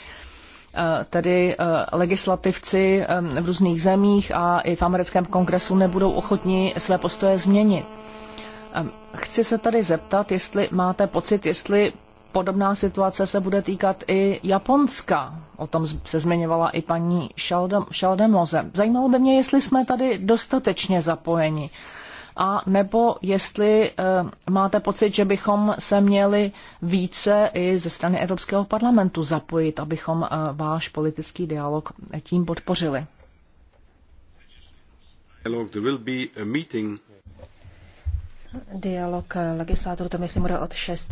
Eh, tedy eh, legislativci v různých zemích a i v americkém kongresu nebudou ochotni své postoje změnit. Chci se tady zeptat, jestli máte pocit, jestli podobná situace se bude týkat i Japonska. O tom se zmiňovala i paní Šaldemoze. Zajímalo by mě, jestli jsme tady dostatečně zapojeni a nebo jestli eh, máte pocit, že bychom se měli více i ze strany Evropského parlamentu zapojit, abychom eh, váš politický dialog tím podpořili. Dialog eh, legislátorů, to myslím, bude od 6.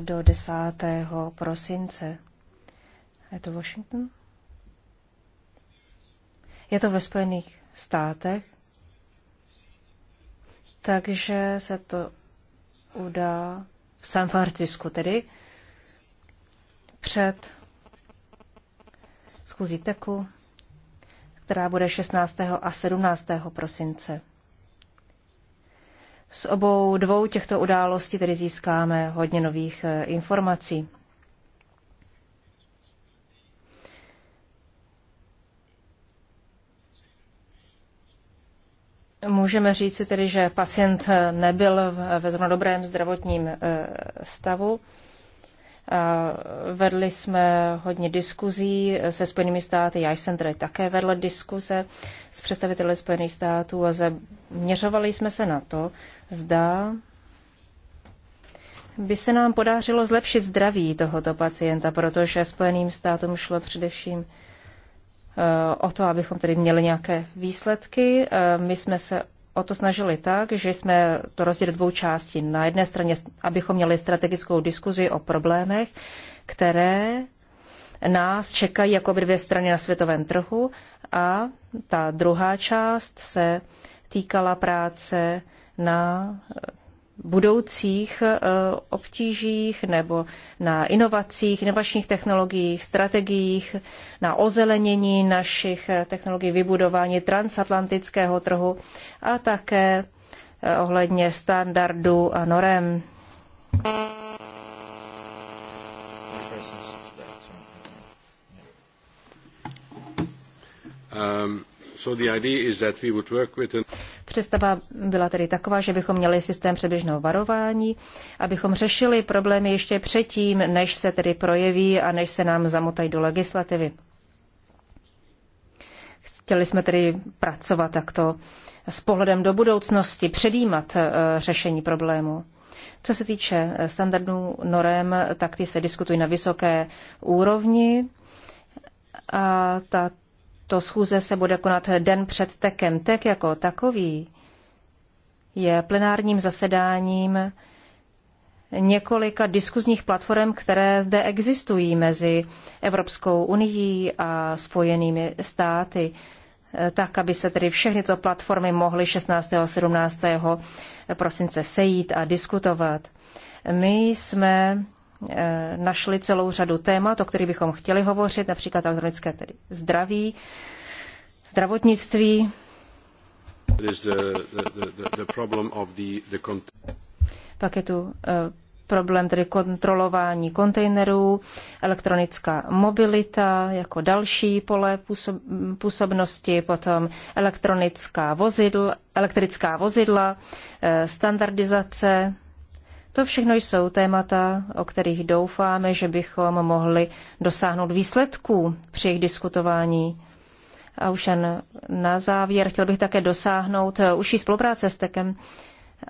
do 10. prosince. Je to Washington? Je to ve Spojených státech takže se to udá v San Francisku, tedy před schůzí teku, která bude 16. a 17. prosince. S obou dvou těchto událostí tedy získáme hodně nových eh, informací. Můžeme říci tedy, že pacient eh, nebyl ve zrovna dobrém zdravotním eh, stavu. Vedli jsme hodně diskuzí eh, se Spojenými státy, já jsem tedy také vedla diskuze s představiteli Spojených států a zaměřovali jsme se na to, zda by se nám podařilo zlepšit zdraví tohoto pacienta, protože Spojeným státům šlo především o to, abychom tedy měli nějaké výsledky. E, my jsme se o to snažili tak, že jsme to rozdělili dvou částí. Na jedné straně, abychom měli strategickou diskuzi o problémech, které nás čekají jako dvě strany na světovém trhu a ta druhá část se týkala práce na budoucích eh, obtížích nebo na inovacích, inovačních technologiích, strategiích, na ozelenění našich eh, technologií, vybudování transatlantického trhu a také eh, ohledně standardů a norem. Um, so the idea is that we would work with an... Představa byla tedy taková, že bychom měli systém předběžného varování, abychom řešili problémy ještě předtím, než se tedy projeví a než se nám zamotají do legislativy. Chtěli jsme tedy pracovat takto s pohledem do budoucnosti, předjímat eh, řešení problému. Co se týče eh, standardů norem, tak ty se diskutují na vysoké úrovni. A ta tato schůze se bude konat den před tekem. Tek jako takový je plenárním zasedáním několika diskuzních platform, které zde existují mezi Evropskou unii a Spojenými státy, tak, aby se tedy všechny to platformy mohly 16. a 17. prosince sejít a diskutovat. My jsme Eh, našli celou řadu témat, o kterých bychom chtěli hovořit, například elektronické tedy zdraví, zdravotnictví. Eh, Pak je tu eh, problém tedy kontrolování kontejnerů, elektronická mobilita jako další pole působnosti, potom elektronická vozidla, elektrická vozidla, standardizace to všechno jsou témata, o kterých doufáme, že bychom mohli dosáhnout výsledků při jejich diskutování. A už jen na závěr chtěl bych také dosáhnout eh, užší spolupráce s TEKem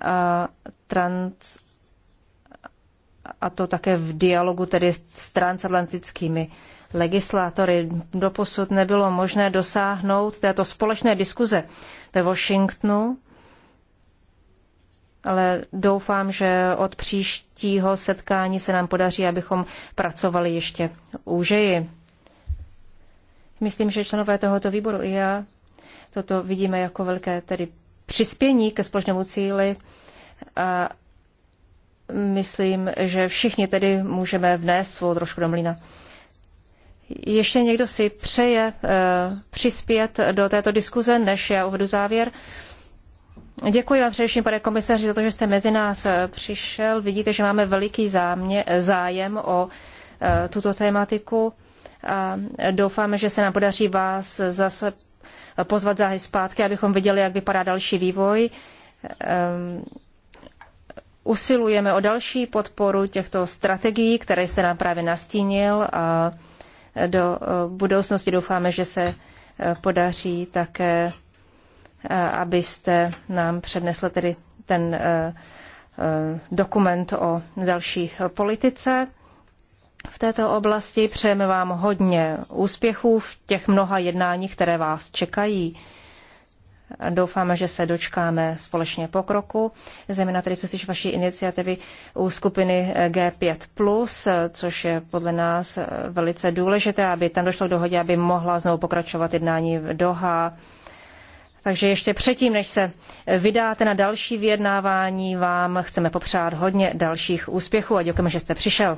a trans a to také v dialogu tedy s transatlantickými legislátory. Doposud nebylo možné dosáhnout této společné diskuze ve Washingtonu ale doufám, že od příštího setkání se nám podaří, abychom pracovali ještě úžeji. Myslím, že členové tohoto výboru i já toto vidíme jako velké tedy přispění ke společnému cíli a myslím, že všichni tedy můžeme vnést svou trošku do mlína. Ještě někdo si přeje uh, přispět do této diskuze, než já uvedu závěr. Uh, Děkuji vám především, pane komisaři, za to, že jste mezi nás eh, přišel. Vidíte, že máme veliký zámě, eh, zájem o eh, tuto tématiku a doufáme, že se nám podaří vás zase pozvat záhy zpátky, abychom viděli, jak vypadá další vývoj. Ehm, usilujeme o další podporu těchto strategií, které jste nám právě nastínil a do budoucnosti doufáme, že se podaří také Eh, abyste nám přednesl tedy ten eh, eh, dokument o další politice. V této oblasti přejeme vám hodně úspěchů v těch mnoha jednáních, které vás čekají. Doufáme, že se dočkáme společně pokroku, zejména tedy co se týče vaší iniciativy u skupiny G5+, což je podle nás velice důležité, aby tam došlo k dohodě, aby mohla znovu pokračovat jednání v Doha takže ještě předtím, než se vydáte na další vyjednávání, vám chceme popřát hodně dalších úspěchů a děkujeme, že jste přišel.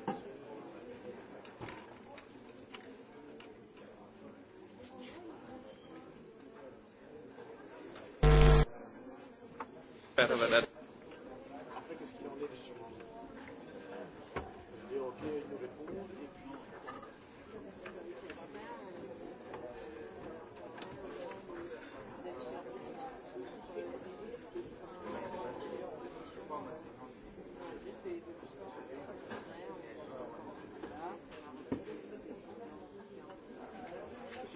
J'espère madame.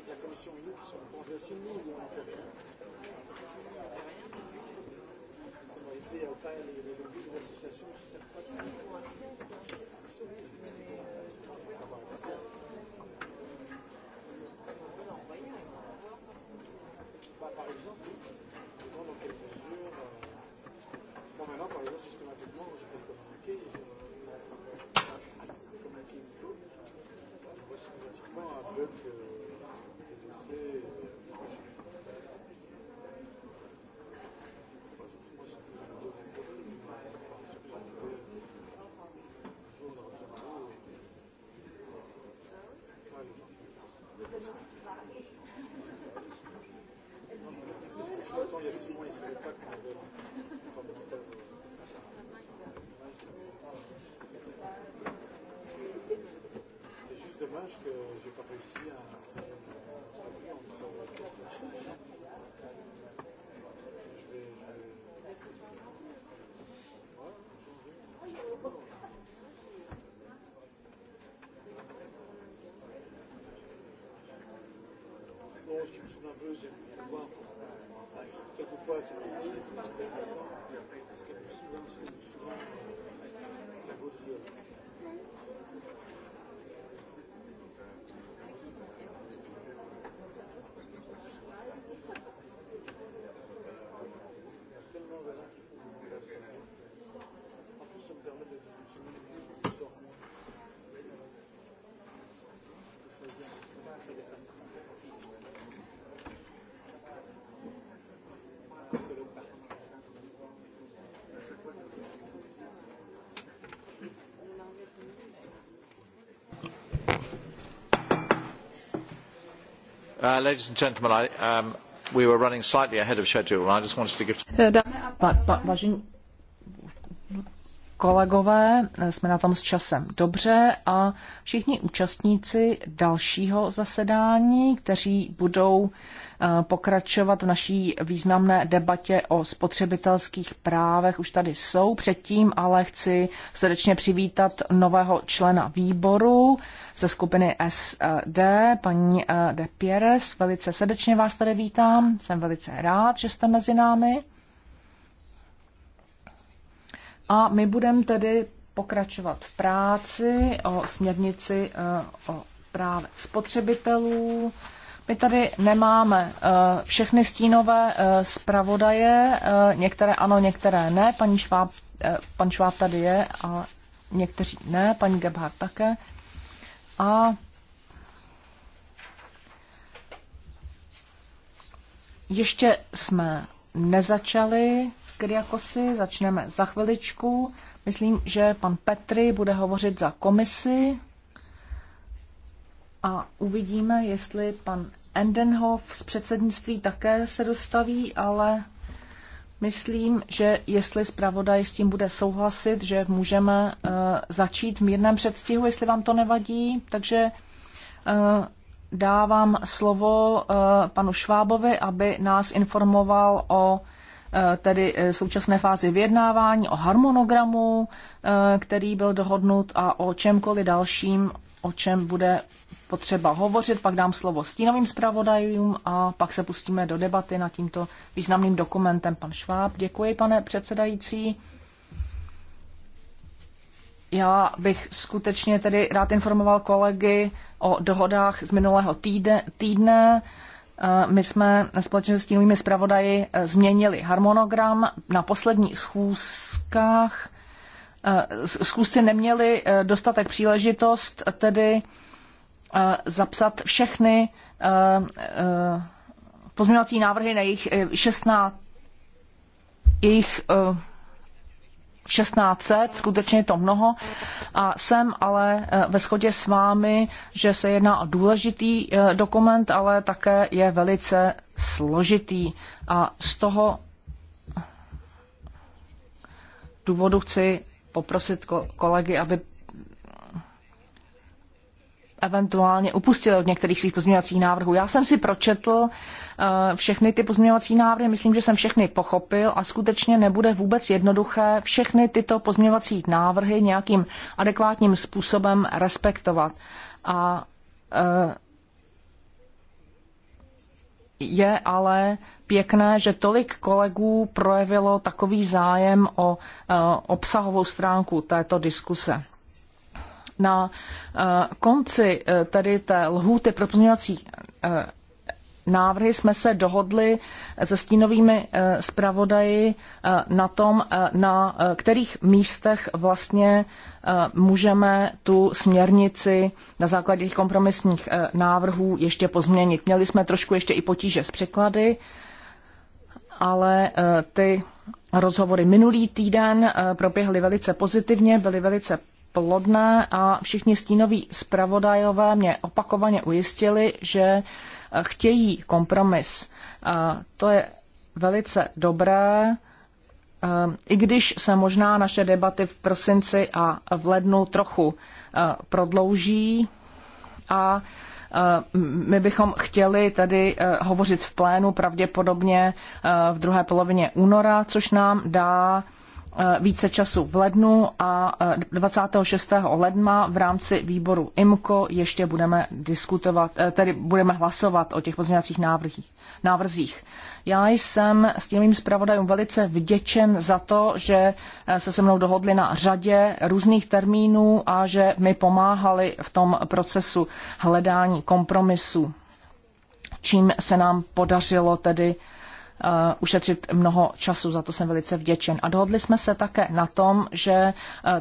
la commission et nous qui sommes congressistes, nous, on en fait rien. pas par exemple, nerveuse et de voir Uh, ladies and gentlemen, I, um, we were running slightly ahead of schedule, and I just wanted to give... Dámy a pá, vážení, Kolegové, jsme na tom s časem dobře a všichni účastníci dalšího zasedání, kteří budou eh, pokračovat v naší významné debatě o spotřebitelských právech, už tady jsou. Předtím ale chci srdečně přivítat nového člena výboru ze skupiny SD, paní eh, De Pieres. Velice srdečně vás tady vítám, jsem velice rád, že jste mezi námi. A my budeme tedy pokračovat v práci o směrnici eh, o právě spotřebitelů. My tady nemáme eh, všechny stínové eh, zpravodaje, některé ano, některé ne. Paní Šváb, pan Šváb tady je a někteří ne, paní Gebhardt také. A ještě jsme nezačali Kriakosy začneme za chviličku. Myslím, že pan Petry bude hovořit za komisi a uvidíme, jestli pan Endenhoff z předsednictví také se dostaví, ale myslím, že jestli zpravodaj s tím bude souhlasit, že můžeme uh, začít v mírném předstihu, jestli vám to nevadí. Takže uh, dávám slovo eh, panu Švábovi, aby nás informoval o Eh, tedy eh, současné fázi vyjednávání, o harmonogramu, eh, který byl dohodnut a o čemkoliv dalším, o čem bude potřeba hovořit. Pak dám slovo stínovým zpravodajům a pak se pustíme do debaty nad tímto významným dokumentem. Pan Šváb, děkuji, pane předsedající. Já bych skutečně tedy rád informoval kolegy o dohodách z minulého týdne. týdne my jsme společně s stínovými zpravodaji e, změnili harmonogram na posledních schůzkách. E, schůzci neměli e, dostatek příležitost tedy zapsat všechny pozměňovací návrhy na jejich 16 jejich 1600, skutečně je to mnoho. A jsem ale eh, ve shodě s vámi, že se jedná o důležitý eh, dokument, ale také je velice složitý. A z toho důvodu chci poprosit kolegy, aby eventuálně upustili od některých svých pozměňovacích návrhů. Já jsem si pročetl eh, všechny ty pozměňovací návrhy, myslím, že jsem všechny pochopil a skutečně nebude vůbec jednoduché všechny tyto pozměňovací návrhy nějakým adekvátním způsobem respektovat. A eh, je ale pěkné, že tolik kolegů projevilo takový zájem o eh, obsahovou stránku této diskuse na eh, konci eh, tedy té lhůty pro pozměňovací eh, návrhy jsme se dohodli se stínovými zpravodaji na tom, na kterých místech vlastně můžeme tu směrnici na základě těch kompromisních návrhů ještě pozměnit. Měli jsme trošku ještě i potíže s překlady, ale ty rozhovory minulý týden proběhly velice pozitivně, byly velice plodné a všichni stínoví zpravodajové mě opakovaně ujistili, že eh, chtějí kompromis. A eh, to je velice dobré, eh, i když se možná naše debaty v prosinci a v lednu trochu prodlouží a my bychom chtěli tady hovořit v plénu pravděpodobně v druhé polovině února, což nám dá Eh, více času v lednu a 26. Eh, ledna v rámci výboru IMCO ještě budeme diskutovat, eh, tedy budeme hlasovat o těch pozměňovacích návrzích. Já jsem s tím zpravodajům velice vděčen za to, že se se mnou dohodli na řadě různých termínů a že mi pomáhali v tom procesu hledání kompromisu, čím se nám podařilo tedy Eh, ušetřit mnoho času, za to jsem velice vděčen. A dohodli jsme se také na tom, že eh,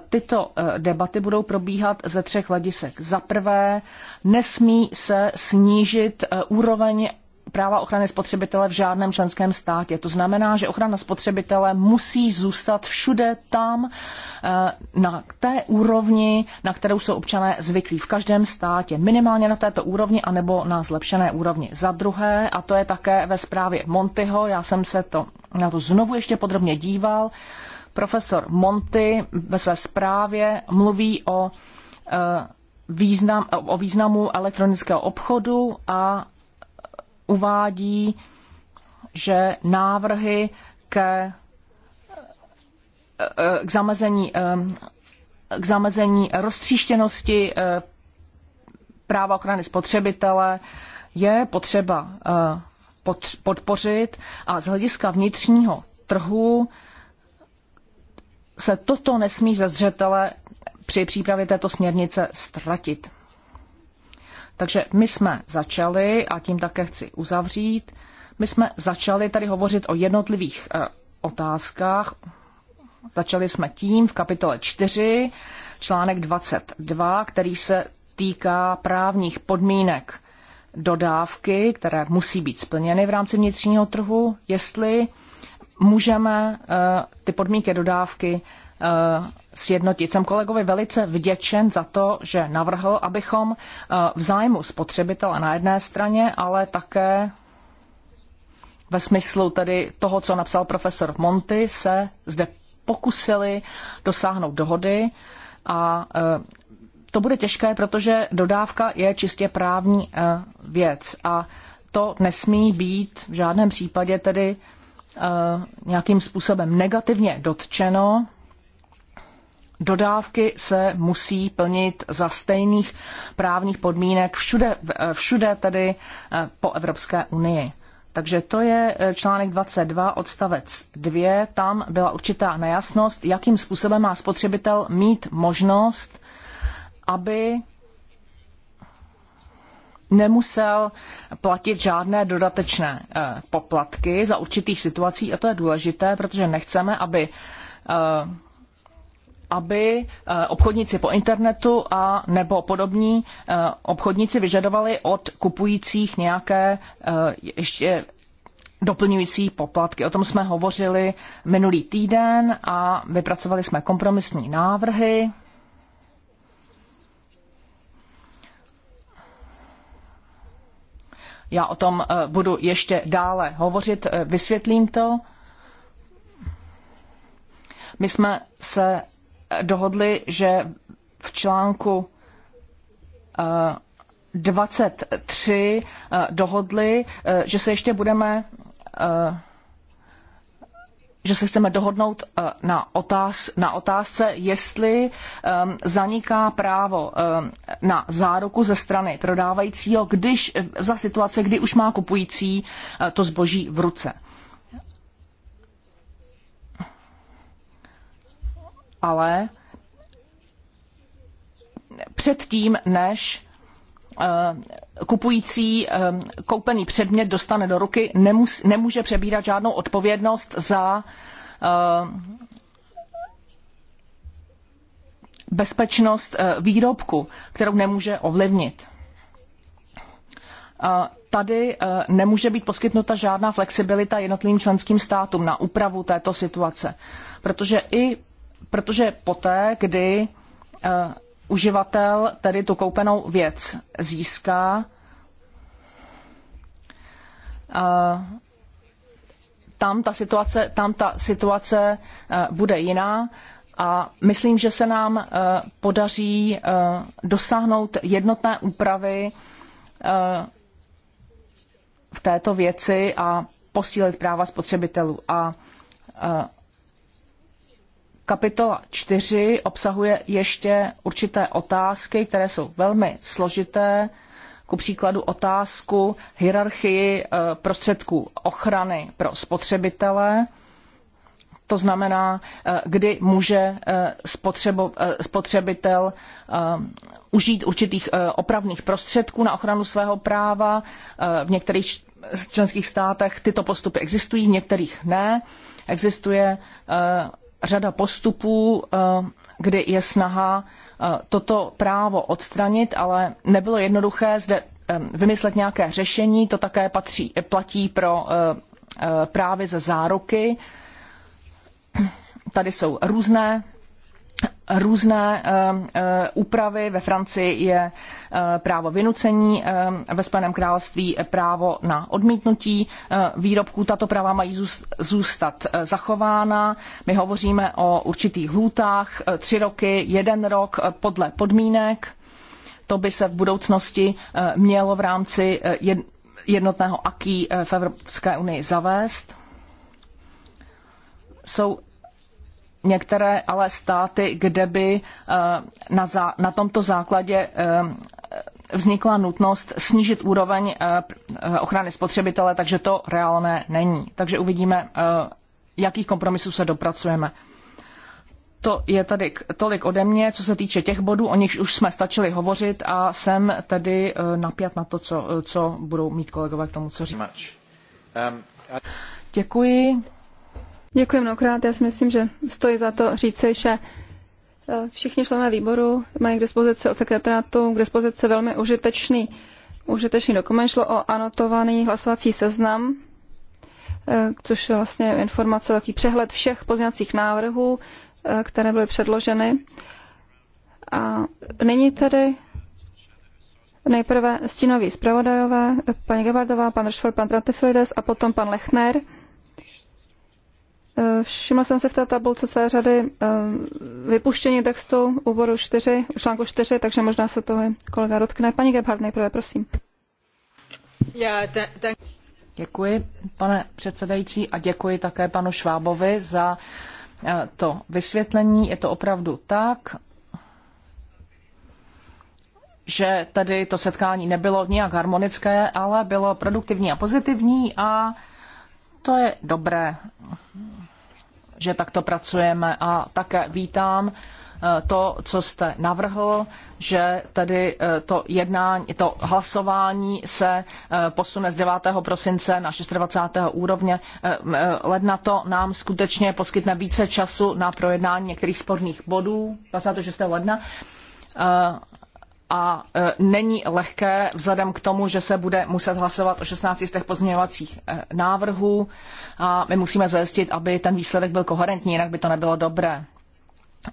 tyto eh, debaty budou probíhat ze třech hledisek. Za prvé, nesmí se snížit úroveň práva ochrany spotřebitele v žádném členském státě. To znamená, že ochrana spotřebitele musí zůstat všude tam, eh, na té úrovni, na kterou jsou občané zvyklí v každém státě, minimálně na této úrovni anebo na zlepšené úrovni. Za druhé, a to je také ve zprávě Montyho, já jsem se to, na to znovu ještě podrobně díval, profesor Monty ve své zprávě mluví o eh, význam, o významu elektronického obchodu a uvádí, že návrhy ke, eh, k zamezení, eh, k zamezení roztříštěnosti eh, práva ochrany spotřebitele je potřeba podpořit a z hlediska vnitřního trhu se toto nesmí ze zřetele při přípravě této směrnice ztratit. Takže my jsme začali, a tím také chci uzavřít, my jsme začali tady hovořit o jednotlivých e, otázkách. Začali jsme tím v kapitole 4, článek 22, který se týká právních podmínek dodávky, které musí být splněny v rámci vnitřního trhu, jestli můžeme e, ty podmínky dodávky e, sjednotit. Jsem kolegovi velice vděčen za to, že navrhl, abychom eh, v zájmu spotřebitele na jedné straně, ale také ve smyslu tedy toho, co napsal profesor Monty, se zde pokusili dosáhnout dohody a eh, to bude těžké, protože dodávka je čistě právní eh, věc a to nesmí být v žádném případě tedy nějakým způsobem negativně dotčeno Dodávky se musí plnit za stejných právních podmínek všude, všude tedy eh, po Evropské unii. Takže to je eh, článek 22 odstavec 2. Tam byla určitá nejasnost, jakým způsobem má spotřebitel mít možnost, aby nemusel platit žádné dodatečné eh, poplatky za určitých situací. A to je důležité, protože nechceme, aby aby eh, obchodníci po internetu a nebo podobní eh, obchodníci vyžadovali od kupujících nějaké eh, ještě doplňující poplatky. O tom jsme hovořili minulý týden a vypracovali jsme kompromisní návrhy. Já o tom budu ještě dále hovořit, vysvětlím to. My jsme se dohodli, že v článku 23 eh, eh, dohodli, eh, že se ještě budeme že se chceme dohodnout na, otáz, na otázce, jestli um, zaniká právo um, na záruku ze strany prodávajícího, když za situace, kdy už má kupující uh, to zboží v ruce. ale předtím, než eh, kupující eh, koupený předmět dostane do ruky, nemus, nemůže přebírat žádnou odpovědnost za eh, bezpečnost výrobku, kterou nemůže ovlivnit. Tady nemůže být poskytnuta žádná flexibilita jednotlivým členským státům na úpravu této situace, protože i protože poté, kdy eh, uživatel tedy tu koupenou věc získá, eh, tam ta situace, tam ta situace eh, bude jiná a myslím, že se nám podaří dosáhnout jednotné úpravy v této věci a posílit práva spotřebitelů. A Kapitola 4 obsahuje ještě určité otázky, které jsou velmi složité, ku příkladu otázku hierarchii eh, prostředků ochrany pro spotřebitele. To znamená, eh, kdy může eh, spotřebitel užít určitých opravných prostředků na ochranu svého práva. V některých členských státech tyto postupy existují, v některých ne. Existuje řada postupů, eh, kdy je snaha eh, toto právo odstranit, ale nebylo jednoduché zde eh, vymyslet nějaké řešení. To také patří, platí pro právě ze záruky. Tady jsou různé různé eh, eh, úpravy. Ve Francii je eh, právo vynucení, ve Spojeném království právo na odmítnutí výrobků. Tato práva mají zůstat zachována. My hovoříme o určitých lhůtách, tři roky, jeden rok podle podmínek. To by se v budoucnosti mělo v rámci jednotného aký v Evropské unii zavést. Jsou některé ale státy, kde by eh, na, zá, na tomto základě eh, vznikla nutnost snížit úroveň eh, ochrany spotřebitele, takže to reálné není. Takže uvidíme, jakých kompromisů se dopracujeme. To je tady tolik ode mě, co se týče těch bodů, o nichž už jsme stačili hovořit a jsem tedy napjat na to, co, co budou mít kolegové k tomu, co říct. Um, Děkuji. Děkuji mnohokrát. Já si myslím, že stojí za to říci, že eh, všichni členové výboru mají k dispozici od sekretariátu k dispozici velmi užitečný, užitečný dokument. Šlo o anotovaný hlasovací seznam, eh, což je vlastně informace, takový přehled všech pozněcích návrhů, eh, které byly předloženy. A nyní tedy nejprve stínoví zpravodajové, paní Gavardová, pan Rošfor, pan Tratifides a potom pan Lechner – Eh, všimla jsem se v té tabulce celé řady eh, vypuštění textu u bodu 4, u článku 4, takže možná se toho kolega dotkne. Paní Gebhardt, nejprve, prosím. Já, ten, Děkuji, pane předsedající, a děkuji také panu Švábovi za eh, to vysvětlení. Je to opravdu tak, že tady to setkání nebylo nijak harmonické, ale bylo produktivní a pozitivní a to je dobré že takto pracujeme a také vítám eh, to, co jste navrhl, že tedy eh, to jednání, to hlasování se eh, posune z 9. prosince na 26. úrovně ledna. To nám skutečně poskytne více času na projednání některých sporných bodů 26. ledna a e, není lehké vzhledem k tomu, že se bude muset hlasovat o 16 z těch pozměňovacích e, návrhů a my musíme zajistit, aby ten výsledek byl koherentní, jinak by to nebylo dobré.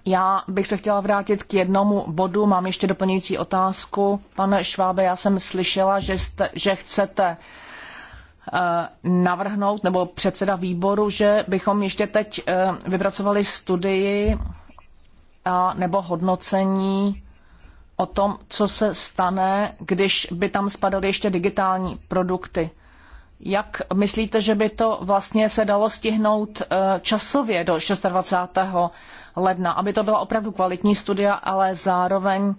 Já bych se chtěla vrátit k jednomu bodu, mám ještě doplňující otázku. Pane Švábe, já jsem slyšela, že, jste, že chcete e, navrhnout, nebo předseda výboru, že bychom ještě teď vypracovali studii a, nebo hodnocení o tom, co se stane, když by tam spadaly ještě digitální produkty. Jak myslíte, že by to vlastně se dalo stihnout eh, časově do 26. ledna, aby to byla opravdu kvalitní studia, ale zároveň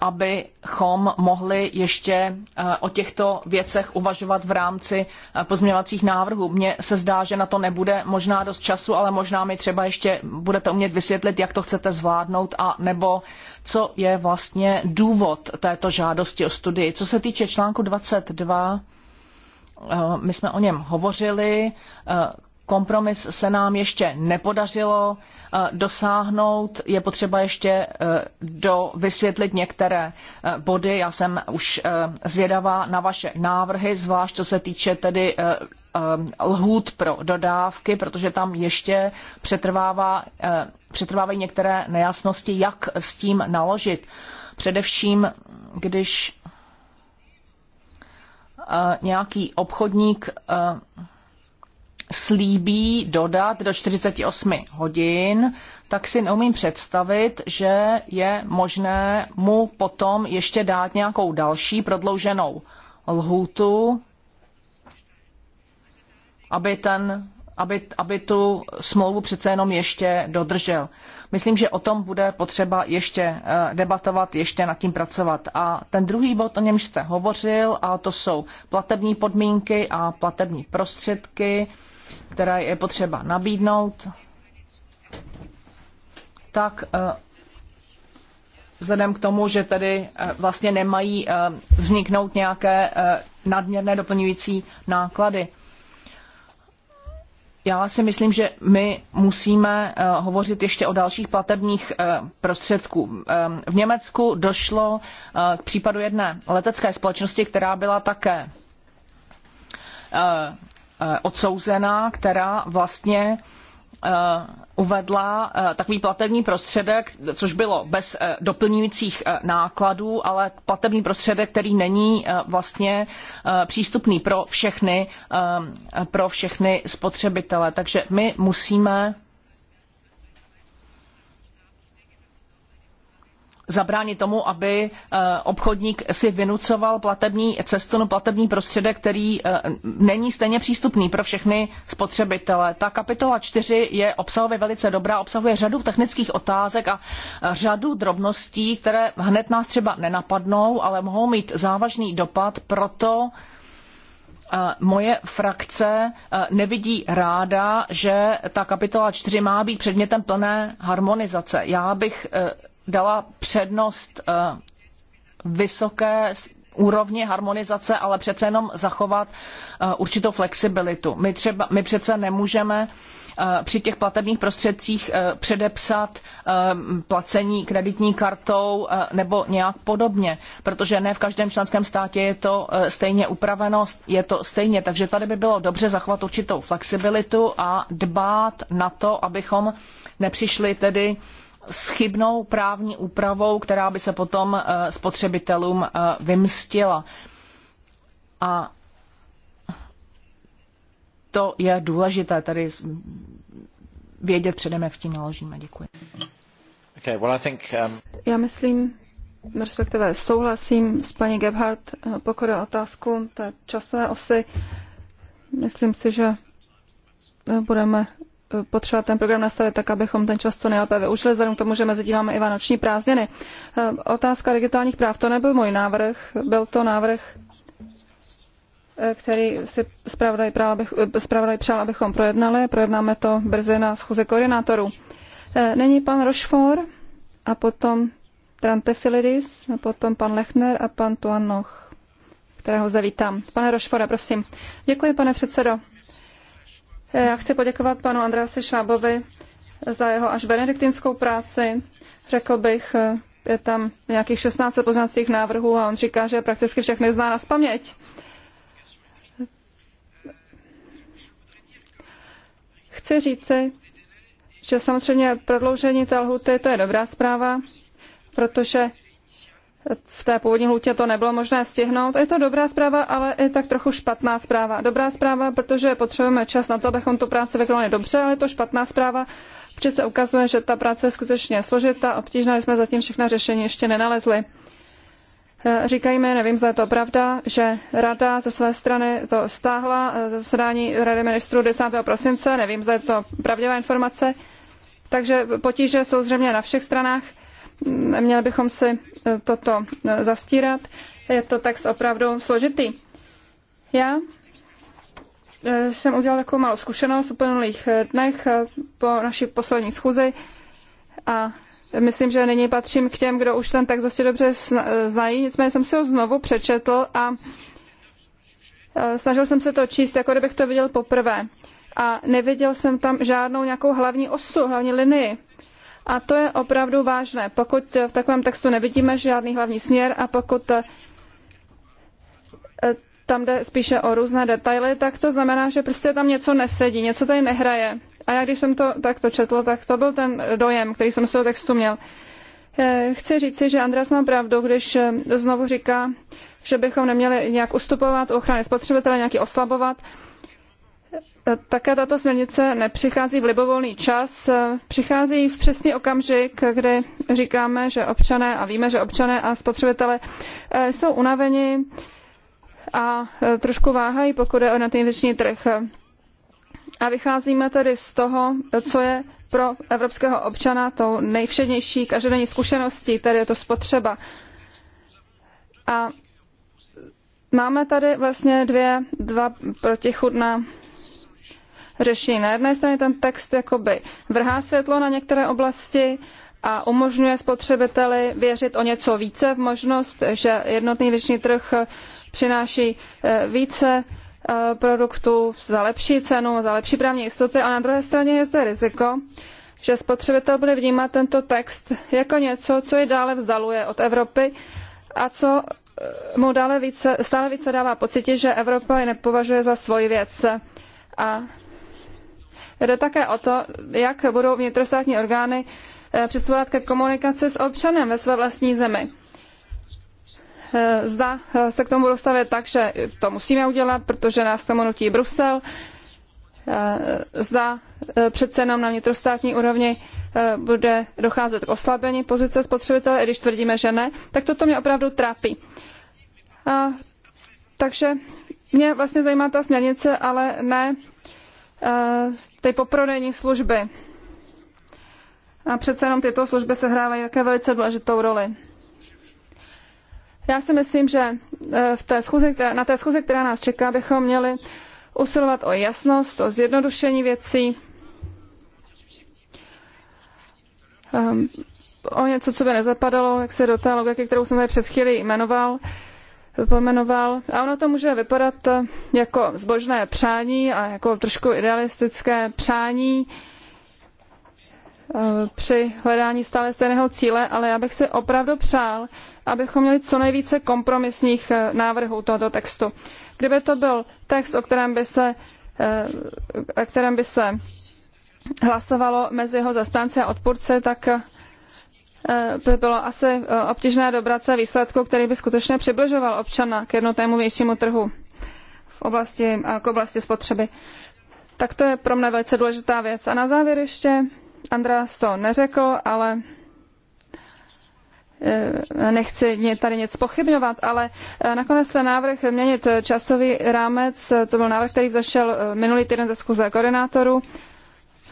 abychom mohli ještě eh, o těchto věcech uvažovat v rámci eh, pozměňovacích návrhů. Mně se zdá, že na to nebude možná dost času, ale možná mi třeba ještě budete umět vysvětlit, jak to chcete zvládnout a nebo co je vlastně důvod této žádosti o studii. Co se týče článku 22, eh, my jsme o něm hovořili, kompromis se nám ještě nepodařilo eh, dosáhnout. Je potřeba ještě eh, do vysvětlit některé eh, body. Já jsem už zvědavá na vaše návrhy, zvlášť co se týče tedy lhůt pro dodávky, protože tam ještě přetrvává, přetrvávají některé nejasnosti, jak s tím naložit. Především, když nějaký obchodník slíbí dodat do 48 hodin, tak si neumím představit, že je možné mu potom ještě dát nějakou další prodlouženou lhůtu, aby, ten, aby, aby tu smlouvu přece jenom ještě dodržel. Myslím, že o tom bude potřeba ještě eh, debatovat, ještě nad tím pracovat. A ten druhý bod, o němž jste hovořil, a to jsou platební podmínky a platební prostředky které je potřeba nabídnout, tak eh, vzhledem k tomu, že tedy eh, vlastně nemají eh, vzniknout nějaké nadměrné doplňující náklady. Já si myslím, že my musíme hovořit ještě o dalších platebních prostředků. V Německu došlo k případu jedné letecké společnosti, která byla také Eh, odsouzená, která vlastně eh, uvedla eh, takový platební prostředek, což bylo bez doplňujících nákladů, ale platební prostředek, který není vlastně přístupný pro všechny, pro všechny spotřebitele. Takže my musíme zabránit tomu, aby eh, obchodník si vynucoval platební cestu, no platební prostředek, který eh, není stejně přístupný pro všechny spotřebitele. Ta kapitola 4 je obsahově velice dobrá, obsahuje řadu technických otázek a eh, řadu drobností, které hned nás třeba nenapadnou, ale mohou mít závažný dopad, proto moje frakce nevidí ráda, že ta kapitola 4 má být předmětem plné harmonizace. Já bych dala přednost eh, vysoké úrovni harmonizace, ale přece jenom zachovat eh, určitou flexibilitu. My, třeba, my přece nemůžeme eh, při těch platebních prostředcích předepsat placení kreditní kartou nebo nějak podobně, protože ne v každém členském státě je to stejně upraveno, je to stejně, takže tady by bylo dobře zachovat určitou flexibilitu a dbát na to, abychom nepřišli tedy s chybnou právní úpravou, která by se potom eh, spotřebitelům eh, vymstila. A to je důležité, tedy vědět předem, jak s tím naložíme. Děkuji. Okay, well, I think, um... Já myslím, respektive souhlasím s paní Gebhardt, eh, pokud je otázku té časové osy. Myslím si, že budeme potřeba ten program nastavit tak, abychom ten čas to nejlépe využili, vzhledem k tomu, že mezi tím máme i vánoční prázdniny. Eh, otázka digitálních práv, to nebyl můj návrh, byl to návrh, eh, který si zpravodaj přál, abych, eh, přál, abychom projednali. Projednáme to brzy na schůze koordinátorů. Není pan Rochefort a potom Trantefilidis, a potom pan Lechner a pan Tuannoch, kterého zavítám. Pane Rošfore, prosím. Děkuji, pane předsedo. Eh, já chci poděkovat panu Andreasi Švábovi za jeho až benediktinskou práci. Řekl bych, eh, je tam nějakých 16 poznacích návrhů a on říká, že prakticky všechny zná na paměť. Chci říci, že samozřejmě prodloužení té lhuty to je dobrá zpráva, protože v té původní hlutě to nebylo možné stihnout. Je to dobrá zpráva, ale i tak trochu špatná zpráva. Dobrá zpráva, protože potřebujeme čas na to, abychom tu práci vykonali dobře, ale je to špatná zpráva, protože se ukazuje, že ta práce je skutečně složitá, obtížná, že jsme zatím všechna řešení ještě nenalezli. Eh, mi, nevím, zda je to pravda, že rada ze své strany to stáhla eh, ze zasedání Rady ministrů 10. prosince, nevím, zda je to pravdivá informace. Takže potíže jsou zřejmě na všech stranách neměli bychom si e, toto e, zastírat. Je to text opravdu složitý. Já e, jsem udělal takovou malou zkušenost v uplynulých dnech po naší poslední schůzi a myslím, že nyní patřím k těm, kdo už ten text dosti dobře znají, nicméně jsem si ho znovu přečetl a snažil jsem se to číst, jako kdybych to viděl poprvé. A neviděl jsem tam žádnou nějakou hlavní osu, hlavní linii. A to je opravdu vážné. Pokud v takovém textu nevidíme žádný hlavní směr a pokud eh, tam jde spíše o různé detaily, tak to znamená, že prostě tam něco nesedí, něco tady nehraje. A já když jsem to takto četl, tak to byl ten dojem, který jsem z toho textu měl. Eh, chci říci, že Andreas má pravdu, když eh, znovu říká, že bychom neměli nějak ustupovat ochrany spotřebitele, ji oslabovat také tato směrnice nepřichází v libovolný čas, přichází v přesný okamžik, kdy říkáme, že občané a víme, že občané a spotřebitelé eh, jsou unaveni a eh, trošku váhají, pokud je o na vnitřní trh. A vycházíme tedy z toho, co je pro evropského občana tou nejvšednější každodenní zkušeností, tedy je to spotřeba. A máme tady vlastně dvě, dva protichudná řešení. Na jedné straně ten text jakoby vrhá světlo na některé oblasti a umožňuje spotřebiteli věřit o něco více v možnost, že jednotný vnitřní trh přináší eh, více eh, produktů za lepší cenu, za lepší právní jistoty, a na druhé straně je zde riziko, že spotřebitel bude vnímat tento text jako něco, co je dále vzdaluje od Evropy a co eh, mu dále více, stále více dává pocit, že Evropa je nepovažuje za svoji věc. A Jde také o to, jak budou vnitrostátní orgány eh, přistupovat ke komunikaci s občanem ve své vlastní zemi. Eh, zda eh, se k tomu budou stavět tak, že to musíme udělat, protože nás k tomu nutí Brusel. Zda přece jenom na vnitrostátní úrovni bude docházet k oslabení pozice spotřebitele, i když tvrdíme, že ne, tak toto mě opravdu trápí. A, takže mě vlastně zajímá ta směrnice, ale ne Eh, ty poprodejní služby. A přece jenom tyto služby se hrávají také velice důležitou roli. Já si myslím, že eh, v té schůzi, eh, na té schůzi, která nás čeká, bychom měli usilovat o jasnost, o zjednodušení věcí, ehm, o něco, co by nezapadalo, jak se do té logiky, kterou jsem tady před chvílí jmenoval, pojmenoval. A ono to může vypadat eh, jako zbožné přání a jako trošku idealistické přání eh, při hledání stále stejného cíle, ale já bych si opravdu přál, abychom měli co nejvíce kompromisních eh, návrhů tohoto textu. Kdyby to byl text, o kterém by se, o kterém by se hlasovalo mezi jeho zastánce a odpůrce, tak by bylo asi eh, obtížné dobrat se výsledku, který by skutečně přibližoval občana k jednotnému vnějšímu trhu v oblasti, k oblasti spotřeby. Tak to je pro mě velice důležitá věc. A na závěr ještě, Andreas to neřekl, ale eh, nechci tady nic pochybňovat, ale eh, nakonec ten návrh měnit časový rámec, to byl návrh, který vzešel minulý týden ze schůze koordinátorů,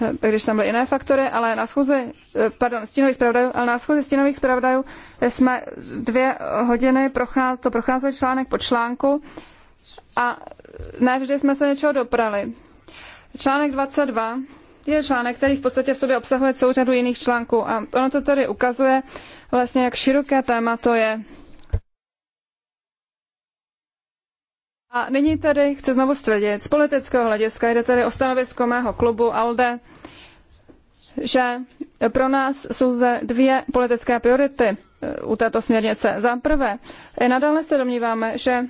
Eh, když tam byly jiné faktory, ale na schůzi, eh, pardon, stínových zpravodajů, ale na schůzi stínových zpravodajů eh, jsme dvě hodiny procház, to procházeli článek po článku a ne vždy jsme se něčeho doprali. Článek 22 je článek, který v podstatě v sobě obsahuje celou řadu jiných článků a ono to tady ukazuje vlastně, jak široké téma to je A nyní tedy chci znovu stvrdit, z politického hlediska jde tedy o stanovisko mého klubu ALDE, že pro nás jsou zde dvě politické priority eh, u této směrnice. Za prvé, nadále se domníváme, že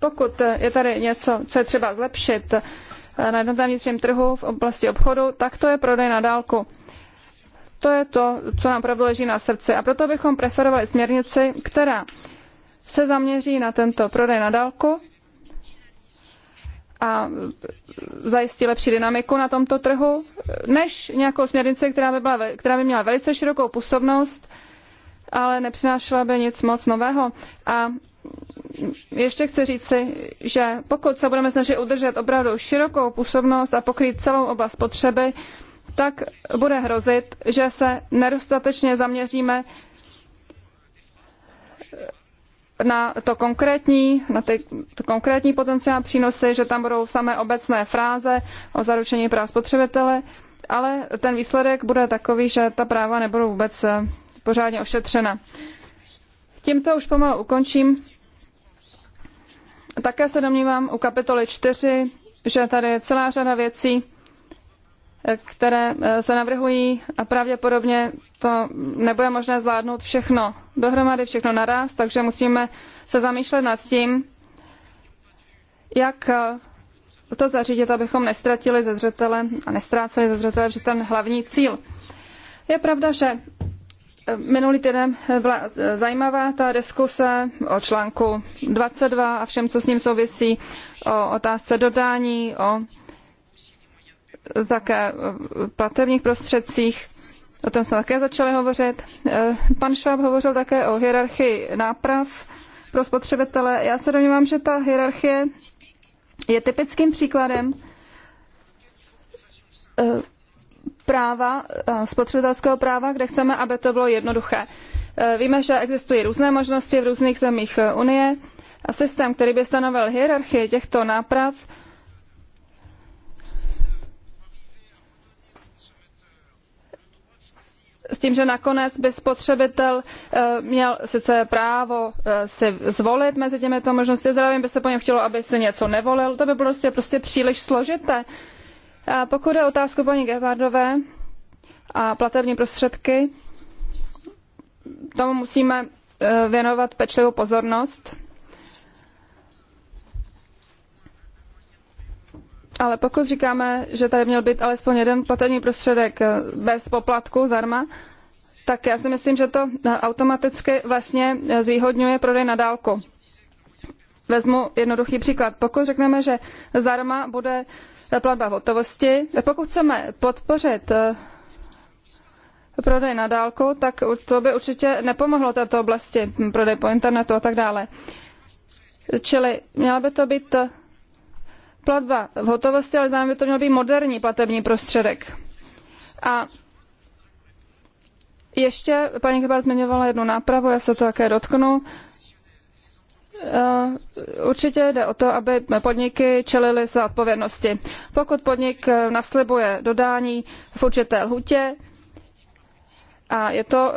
pokud je tady něco, co je třeba zlepšit eh, na jednotném vnitřním trhu v oblasti obchodu, tak to je prodej na dálku. To je to, co nám opravdu leží na srdci. A proto bychom preferovali směrnici, která se zaměří na tento prodej na dálku a zajistí lepší dynamiku na tomto trhu, než nějakou směrnici, která by, byla, která by měla velice širokou působnost, ale nepřinášela by nic moc nového. A ještě chci říci, že pokud se budeme snažit udržet opravdu širokou působnost a pokrýt celou oblast potřeby, tak bude hrozit, že se nedostatečně zaměříme na to konkrétní, na ty to konkrétní potenciální přínosy, že tam budou samé obecné fráze o zaručení práv spotřebitele, ale ten výsledek bude takový, že ta práva nebudou vůbec eh, pořádně ošetřena. Tímto už pomalu ukončím. Také se domnívám u kapitoly 4, že tady je celá řada věcí, které eh, se navrhují a pravděpodobně to nebude možné zvládnout všechno dohromady, všechno naraz, takže musíme se zamýšlet nad tím, jak eh, to zařídit, abychom nestratili ze zřetele a nestráceli ze zřetele že ten hlavní cíl. Je pravda, že eh, minulý týden byla zajímavá ta diskuse o článku 22 a všem, co s ním souvisí, o otázce dodání, o také platebních prostředcích. O tom jsme také začali hovořit. Eh, pan Šváb hovořil také o hierarchii náprav pro spotřebitele. Já se domnívám, že ta hierarchie je typickým příkladem eh, práva, eh, spotřebitelského práva, kde chceme, aby to bylo jednoduché. Víme, že existují různé možnosti v různých zemích Unie a systém, který by stanovil hierarchii těchto náprav, s tím, že nakonec by spotřebitel eh, měl sice právo eh, si zvolit mezi těmito možnosti zdravím, by se po něm chtělo, aby si něco nevolil, to by bylo prostě, prostě příliš složité. A pokud je otázku paní Gevardové a platební prostředky, tomu musíme eh, věnovat pečlivou pozornost. Ale pokud říkáme, že tady měl být alespoň jeden platební prostředek eh, bez poplatku zdarma, tak já si myslím, že to eh, automaticky vlastně eh, zvýhodňuje prodej na dálku. Vezmu jednoduchý příklad. Pokud řekneme, že zdarma bude platba v hotovosti, pokud chceme podpořit prodej na dálku, tak to by určitě nepomohlo této oblasti, hm, prodej po internetu a tak dále. Čili měla by to být platba v hotovosti, ale zároveň by to měl být moderní platební prostředek. A ještě paní Gebhardt zmiňovala jednu nápravu, já se to také dotknu. Eh, určitě jde o to, aby podniky čelily své odpovědnosti. Pokud podnik eh, naslibuje dodání v určité lhutě, a je to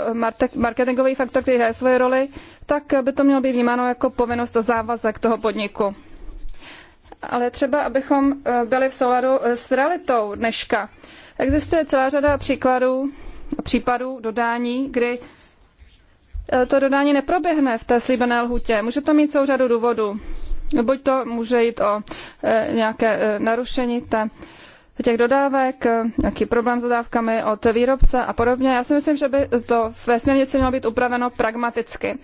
marketingový faktor, který hraje svoji roli, tak by to mělo být vnímáno jako povinnost a závazek toho podniku ale třeba, abychom eh, byli v souladu eh, s realitou dneška. Existuje celá řada příkladů, případů dodání, kdy eh, to dodání neproběhne v té slíbené lhutě. Může to mít celou řadu důvodů. Buď to může jít o nějaké narušení té, těch dodávek, nějaký problém s dodávkami od výrobce a podobně. Já si myslím, že by to ve směrnici mělo být upraveno pragmaticky.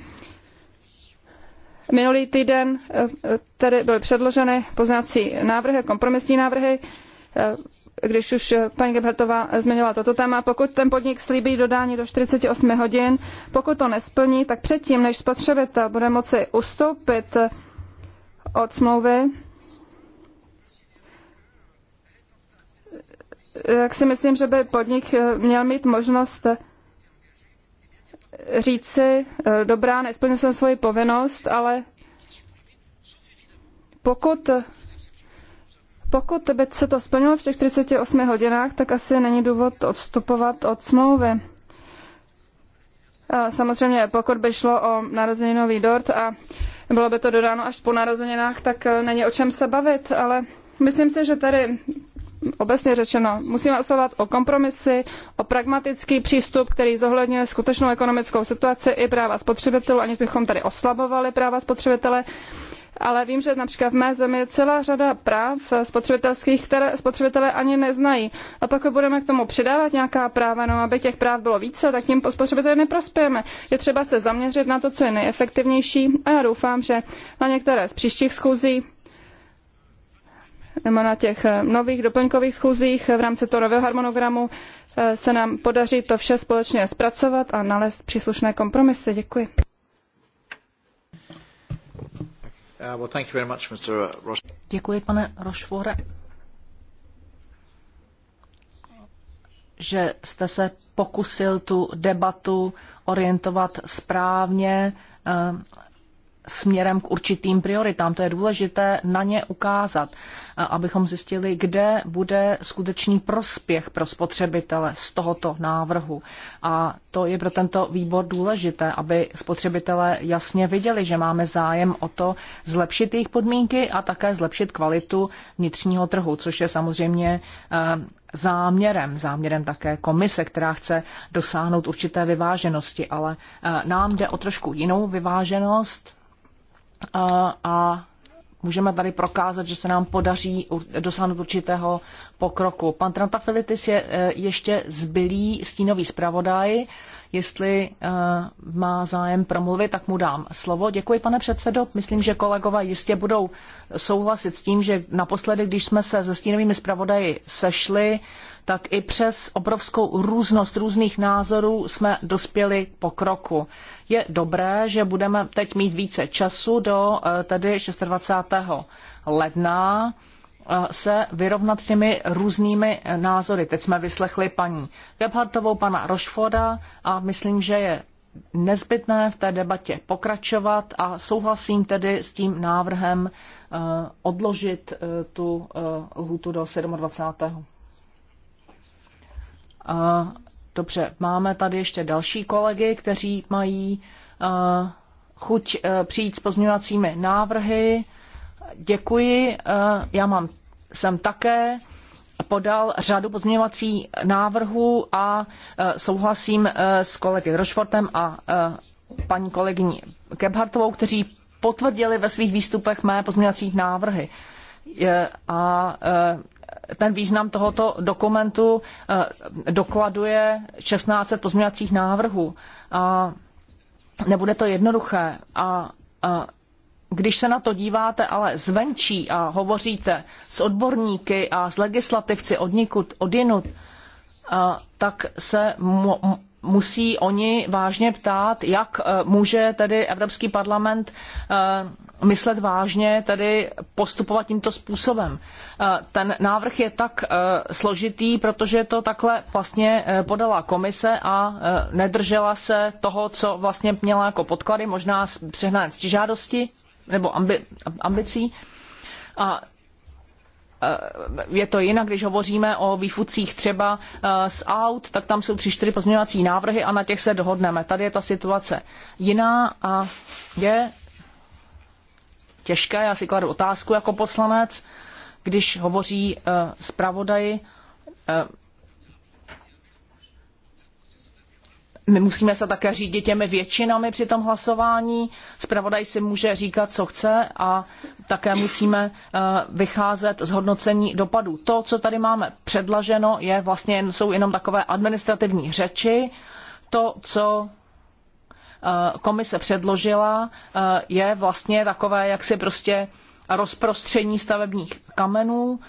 Minulý týden eh, tedy byly předloženy poznací návrhy, kompromisní návrhy, eh, když už eh, paní Gebhardtová zmiňovala toto téma, pokud ten podnik slíbí dodání do 48 hodin, pokud to nesplní, tak předtím, než spotřebitel bude moci ustoupit od smlouvy, tak si myslím, že by podnik měl mít možnost říci, eh, dobrá, nesplnil jsem svoji povinnost, ale pokud, pokud by se to splnilo v těch 48 hodinách, tak asi není důvod odstupovat od smlouvy. A samozřejmě, pokud by šlo o narozeninový dort a bylo by to dodáno až po narozeninách, tak eh, není o čem se bavit, ale myslím si, že tady obecně řečeno. Musíme usilovat o kompromisy, o pragmatický přístup, který zohledňuje skutečnou ekonomickou situaci i práva spotřebitelů, aniž bychom tady oslabovali práva spotřebitele. Ale vím, že například v mé zemi je celá řada práv spotřebitelských, které spotřebitelé ani neznají. A pokud budeme k tomu přidávat nějaká práva, no aby těch práv bylo více, tak tím spotřebitelé neprospějeme. Je třeba se zaměřit na to, co je nejefektivnější a já doufám, že na některé z příštích schůzí nebo na těch eh, nových doplňkových schůzích eh, v rámci nového harmonogramu eh, se nám podaří to vše společně zpracovat a nalézt příslušné kompromisy. Děkuji. Uh, Děkuji, pane Rošvore, že jste se pokusil tu debatu orientovat správně směrem k určitým prioritám. To je důležité na ně ukázat abychom zjistili, kde bude skutečný prospěch pro spotřebitele z tohoto návrhu. A to je pro tento výbor důležité, aby spotřebitele jasně viděli, že máme zájem o to zlepšit jejich podmínky a také zlepšit kvalitu vnitřního trhu, což je samozřejmě eh, záměrem, záměrem také komise, která chce dosáhnout určité vyváženosti, ale eh, nám jde o trošku jinou vyváženost eh, a můžeme tady prokázat, že se nám podaří dosáhnout určitého pokroku. Pan Trantafilitis je eh, ještě zbylý stínový zpravodaj. Jestli eh, má zájem promluvit, tak mu dám slovo. Děkuji, pane předsedo. Myslím, že kolegové jistě budou souhlasit s tím, že naposledy, když jsme se se stínovými zpravodaji sešli, tak i přes obrovskou různost různých názorů jsme dospěli pokroku. Je dobré, že budeme teď mít více času do eh, tedy 26. ledna eh, se vyrovnat s těmi různými eh, názory. Teď jsme vyslechli paní Gebhardtovou, pana Rošfoda a myslím, že je nezbytné v té debatě pokračovat a souhlasím tedy s tím návrhem odložit tu lhutu do 27. A, dobře, máme tady ještě další kolegy, kteří mají a, chuť a, e, přijít s pozměňovacími návrhy. Děkuji, a, e, já mám, jsem také podal řadu pozměňovací návrhů a e, souhlasím s kolegy Rošfortem a paní kolegyní Kebhartovou, kteří potvrdili ve svých výstupech mé pozměňovací návrhy. A ten význam tohoto dokumentu eh, dokladuje 16 pozměňovacích návrhů. A nebude to jednoduché. A, když se na to díváte ale zvenčí a hovoříte s odborníky a s legislativci odnikud, odinut, eh, tak se musí oni vážně ptát, jak eh, může tedy Evropský parlament eh, myslet vážně, tedy postupovat tímto způsobem. Eh, ten návrh je tak složitý, protože to takhle vlastně podala komise a nedržela se toho, co vlastně měla jako podklady, možná přehnané ctižádosti nebo ambi, ambicí. A Eh, je to jinak, když hovoříme o výfucích třeba eh, z aut, tak tam jsou tři, čtyři pozměňovací návrhy a na těch se dohodneme. Tady je ta situace jiná a je těžké, já si kladu otázku jako poslanec, když hovoří eh, zpravodaji my musíme se také řídit těmi většinami při tom hlasování. Spravodaj si může říkat, co chce a také musíme eh, vycházet z hodnocení dopadů. To, co tady máme předlaženo, je vlastně, jsou jenom takové administrativní řeči. To, co eh, komise předložila, eh, je vlastně takové, jak si prostě rozprostření stavebních kamenů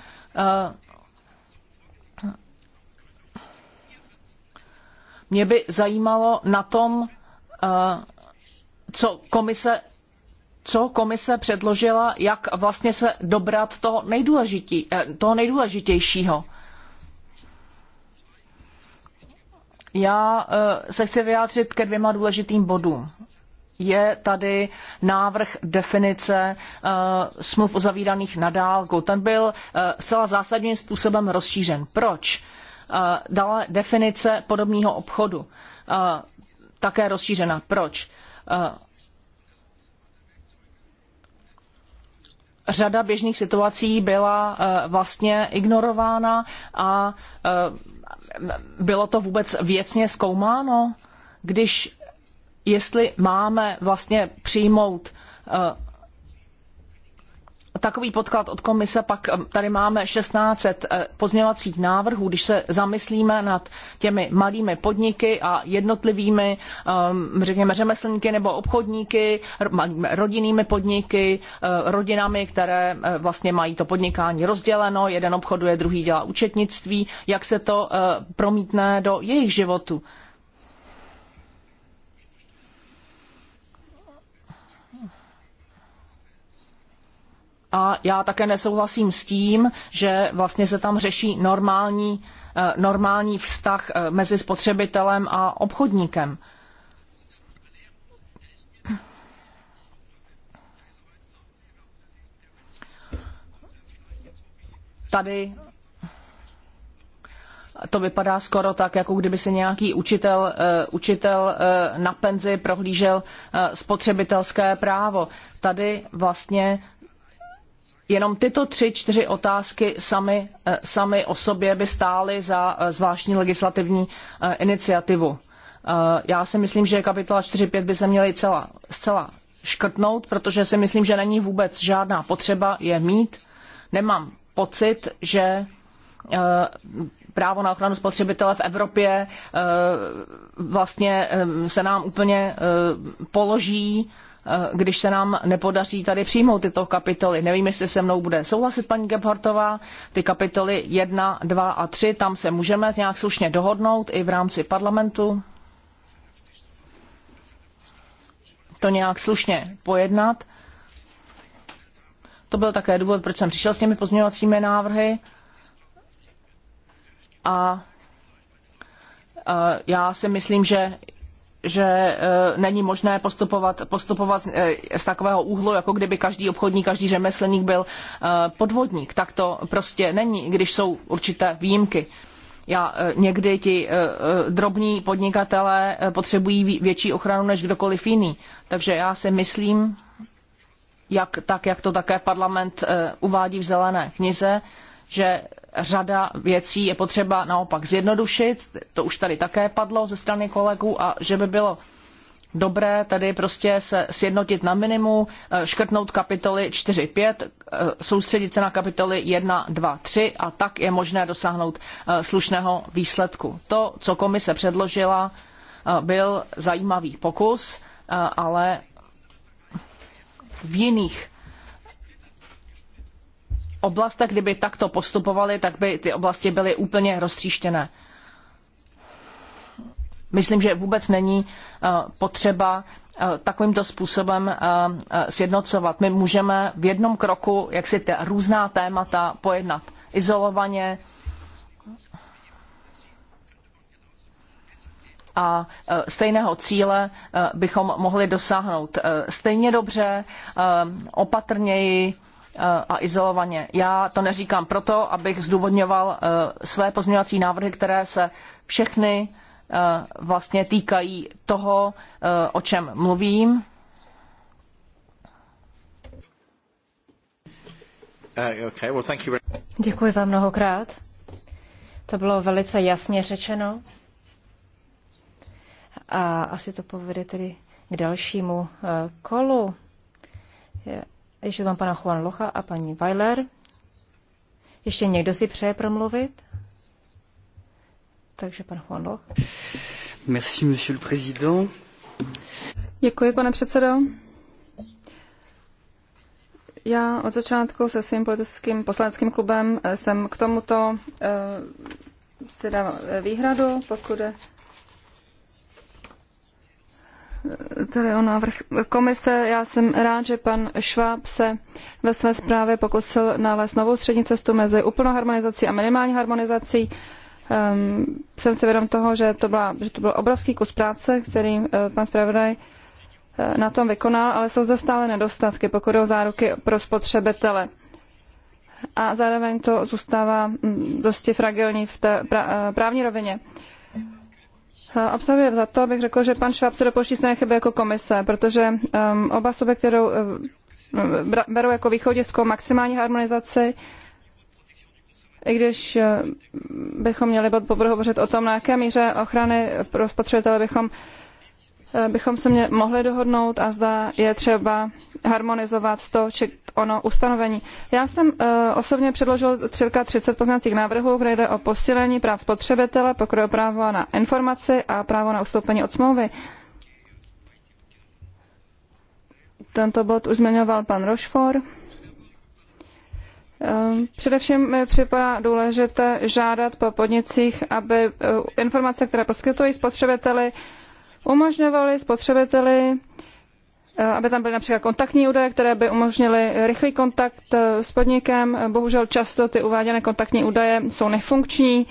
Mě by zajímalo na tom, eh, co komise, co komise předložila, jak vlastně se dobrat toho, eh, toho nejdůležitějšího. Já eh, se chci vyjádřit ke dvěma důležitým bodům. Je tady návrh definice smluv uzavíraných na dálku. Ten byl zcela zásadním způsobem rozšířen. Proč? Dala definice podobného obchodu, také rozšířena. Proč? Řada běžných situací byla vlastně ignorována a bylo to vůbec věcně zkoumáno, když jestli máme vlastně přijmout takový podklad od komise, pak eh, tady máme 16 eh, pozměvacích návrhů, když se zamyslíme nad těmi malými podniky a jednotlivými, ehm, řekněme, řemeslníky nebo obchodníky, rodinnými podniky, eh, rodinami, které vlastně mají to podnikání rozděleno, jeden obchoduje, druhý dělá účetnictví, jak se to promítne do jejich životu. A já také nesouhlasím s tím, že vlastně se tam řeší normální, eh, normální vztah eh, mezi spotřebitelem a obchodníkem. Tady to vypadá skoro tak, jako kdyby se nějaký učitel, eh, učitel na penzi prohlížel spotřebitelské právo. Tady vlastně Jenom tyto tři, čtyři otázky sami, eh, sami o sobě by stály za eh, zvláštní legislativní eh, iniciativu. Já si myslím, že kapitola 4.5 by se měly celá, zcela škrtnout, protože si myslím, že není vůbec žádná potřeba je mít. Nemám pocit, že právo na ochranu spotřebitele v Evropě vlastně se nám úplně položí Eh, když se nám nepodaří tady přijmout tyto kapitoly. Nevím, jestli se mnou bude souhlasit paní Gebhartová. Ty kapitoly 1, 2 a 3, tam se můžeme nějak slušně dohodnout i v rámci parlamentu. To nějak slušně pojednat. To byl také důvod, proč jsem přišel s těmi pozměňovacími návrhy. A eh, já si myslím, že že e, není možné postupovat, postupovat e, z takového úhlu, jako kdyby každý obchodník, každý řemeslník byl e, podvodník. Tak to prostě není, když jsou určité výjimky. Já někdy ti drobní podnikatelé potřebují větší ochranu než kdokoliv jiný. Takže já si myslím, jak, tak jak to také parlament uvádí v zelené knize, že řada věcí je potřeba naopak zjednodušit, to už tady také padlo ze strany kolegů a že by bylo dobré tady prostě se sjednotit na minimu, eh, škrtnout kapitoly 4-5, eh, soustředit se na kapitoly 1, 2, 3 a tak je možné dosáhnout eh, slušného výsledku. To, co komise předložila, byl zajímavý pokus, ale v jiných oblastech, kdyby takto postupovali, tak by ty oblasti byly úplně roztříštěné. Myslím, že vůbec není eh, potřeba eh, takovýmto způsobem eh, sjednocovat. My můžeme v jednom kroku, jak si ta různá témata pojednat izolovaně a stejného cíle bychom mohli dosáhnout stejně dobře, opatrněji, Eh, a izolovaně. Já to neříkám proto, abych zdůvodňoval eh, své pozměňovací návrhy, které se všechny eh, vlastně týkají toho, o čem mluvím. Děkuji vám mnohokrát. To bylo velice jasně řečeno. A asi to povede tedy k dalšímu kolu. Ještě mám pana Juan Locha a paní Weiler. Ještě někdo si přeje promluvit? Takže pan Juan Loch. Merci, monsieur le président. Děkuji, pane předsedo. Já od začátku se svým politickým poslaneckým klubem jsem k tomuto eh, si dávám eh, výhradu, pokud je tedy o návrh komise. Já jsem rád, že pan Šváb se ve své zprávě pokusil nalézt novou střední cestu mezi úplnou harmonizací a minimální harmonizací. Um, jsem si vědom toho, že to, byla, že to byl obrovský kus práce, který uh, pan zpravodaj eh, na tom vykonal, ale jsou zde stále nedostatky, pokud o záruky pro spotřebitele. A zároveň to zůstává hm, dosti fragilní v té pra, eh, právní rovině. Uh, Obsahuje za to bych řekl, že pan Šváb se dopouští stejné chyby jako komise, protože um, oba subjekty, kterou um, uh, berou jako východisko maximální harmonizaci, i když uh, bychom měli bod hovořit o tom, na jaké míře ochrany pro spotřebitele bychom uh, Eh, bychom se mě mohli dohodnout a zda je třeba harmonizovat to či ono ustanovení. Já jsem uh, osobně předložil cirka 30 poznacích návrhů, kde jde o posílení práv spotřebitele, pokud je právo na informaci a právo na ustoupení od smlouvy. Tento bod už zmiňoval pan Rošfor. Ehm, především mi připadá důležité žádat po podnicích, aby eh, informace, které poskytují spotřebiteli, umožňovaly spotřebiteli, eh, aby tam byly například kontaktní údaje, které by umožnily rychlý kontakt eh, s podnikem. Bohužel často ty uváděné kontaktní údaje jsou nefunkční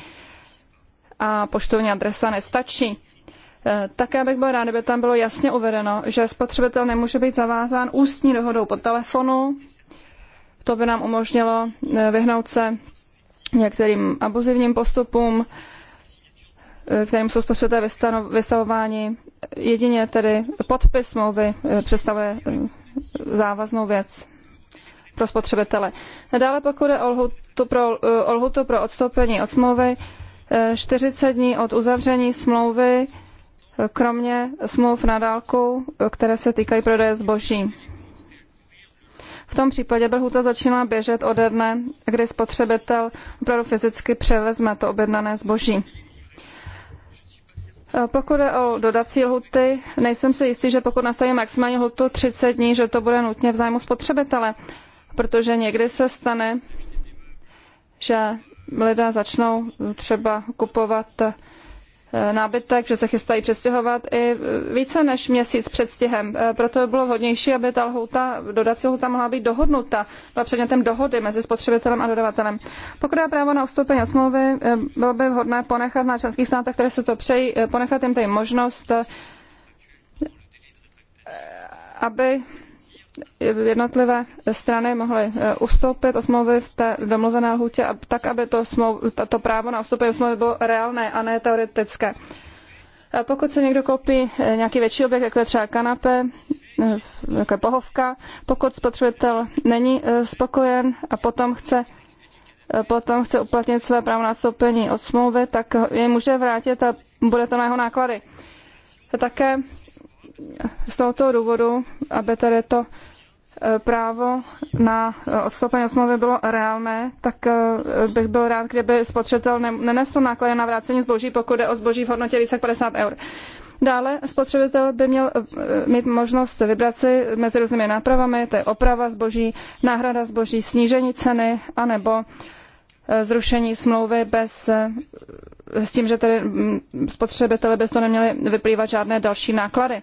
a poštovní adresa nestačí. Eh, také bych byl rád, kdyby tam bylo jasně uvedeno, že spotřebitel nemůže být zavázán ústní dohodou po telefonu. To by nám umožnilo vyhnout se některým abuzivním postupům, Eh, kterým jsou spotřebitelé vystavováni. Jedině tedy podpis smlouvy eh, představuje eh, závaznou věc pro spotřebitele. Dále pokud je o pro, o lhutu pro odstoupení od smlouvy, 40 dní od uzavření smlouvy, kromě smluv na dálku, které se týkají prodeje zboží. V tom případě by lhuta začínala běžet ode dne, kdy spotřebitel opravdu fyzicky převezme to objednané zboží. Eh, pokud je o dodací lhuty, nejsem si jistý, že pokud nastaví maximální lhutu 30 dní, že to bude nutně v zájmu spotřebitele, protože někdy se stane, že lidé začnou třeba kupovat eh, Eh, nábytek, že se chystají přestěhovat i eh, více než měsíc před stěhem. Eh, proto by bylo vhodnější, aby ta lhouta, dodací lhouta mohla být dohodnuta, byla předmětem dohody mezi spotřebitelem a dodavatelem. Pokud je právo na ustoupení od smlouvy, bylo by vhodné ponechat na členských státech, které se to přejí, ponechat jim tady možnost, aby jednotlivé strany mohly eh, ustoupit od smlouvy v té domluvené lhůtě, tak aby to, smlouv, to právo na ustoupení smlouvy bylo reálné a ne teoretické. pokud si někdo koupí eh, nějaký větší objekt, jako je třeba kanape, eh, jako pohovka, pokud spotřebitel není spokojen a potom chce potom chce uplatnit své právo na odstoupení od smlouvy, tak jej může vrátit a bude to na jeho náklady. Také z tohoto důvodu, aby tady to e, právo na e, odstoupení od smlouvy bylo reálné, tak e, bych byl rád, kdyby spotřebitel nenesl náklady na vrácení zboží, pokud jde o zboží v hodnotě více jak 50 eur. Dále spotřebitel by měl mít možnost vybrat si mezi různými nápravami, to je oprava zboží, náhrada zboží, snížení ceny, anebo Eh, zrušení smlouvy bez, eh, s tím, že tedy mm, spotřebitele bez toho neměly vyplývat žádné další náklady.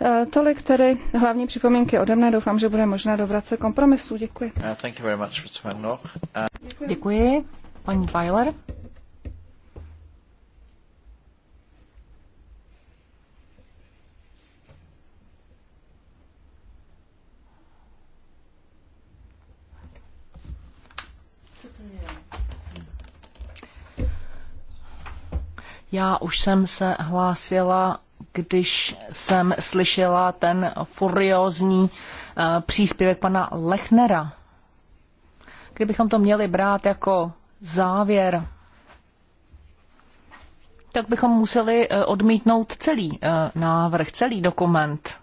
Eh, tolik tedy hlavní připomínky ode mne. Doufám, že bude možné dobrat se kompromisu. Děkuji. Uh, uh, Děkuji. Paní Weiler. Já už jsem se hlásila, když jsem slyšela ten furiózní eh, příspěvek pana Lechnera. Kdybychom to měli brát jako závěr, tak bychom museli eh, odmítnout celý eh, návrh, celý dokument.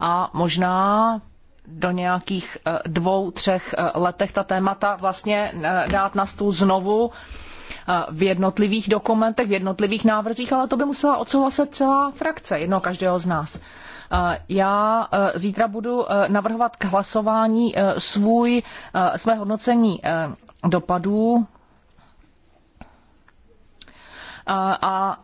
A možná do nějakých dvou, třech letech ta témata vlastně dát na stůl znovu v jednotlivých dokumentech, v jednotlivých návrzích, ale to by musela odsouhlasit celá frakce, jedno každého z nás. Já e, zítra budu e, navrhovat k hlasování e, svůj, své hodnocení dopadů a, a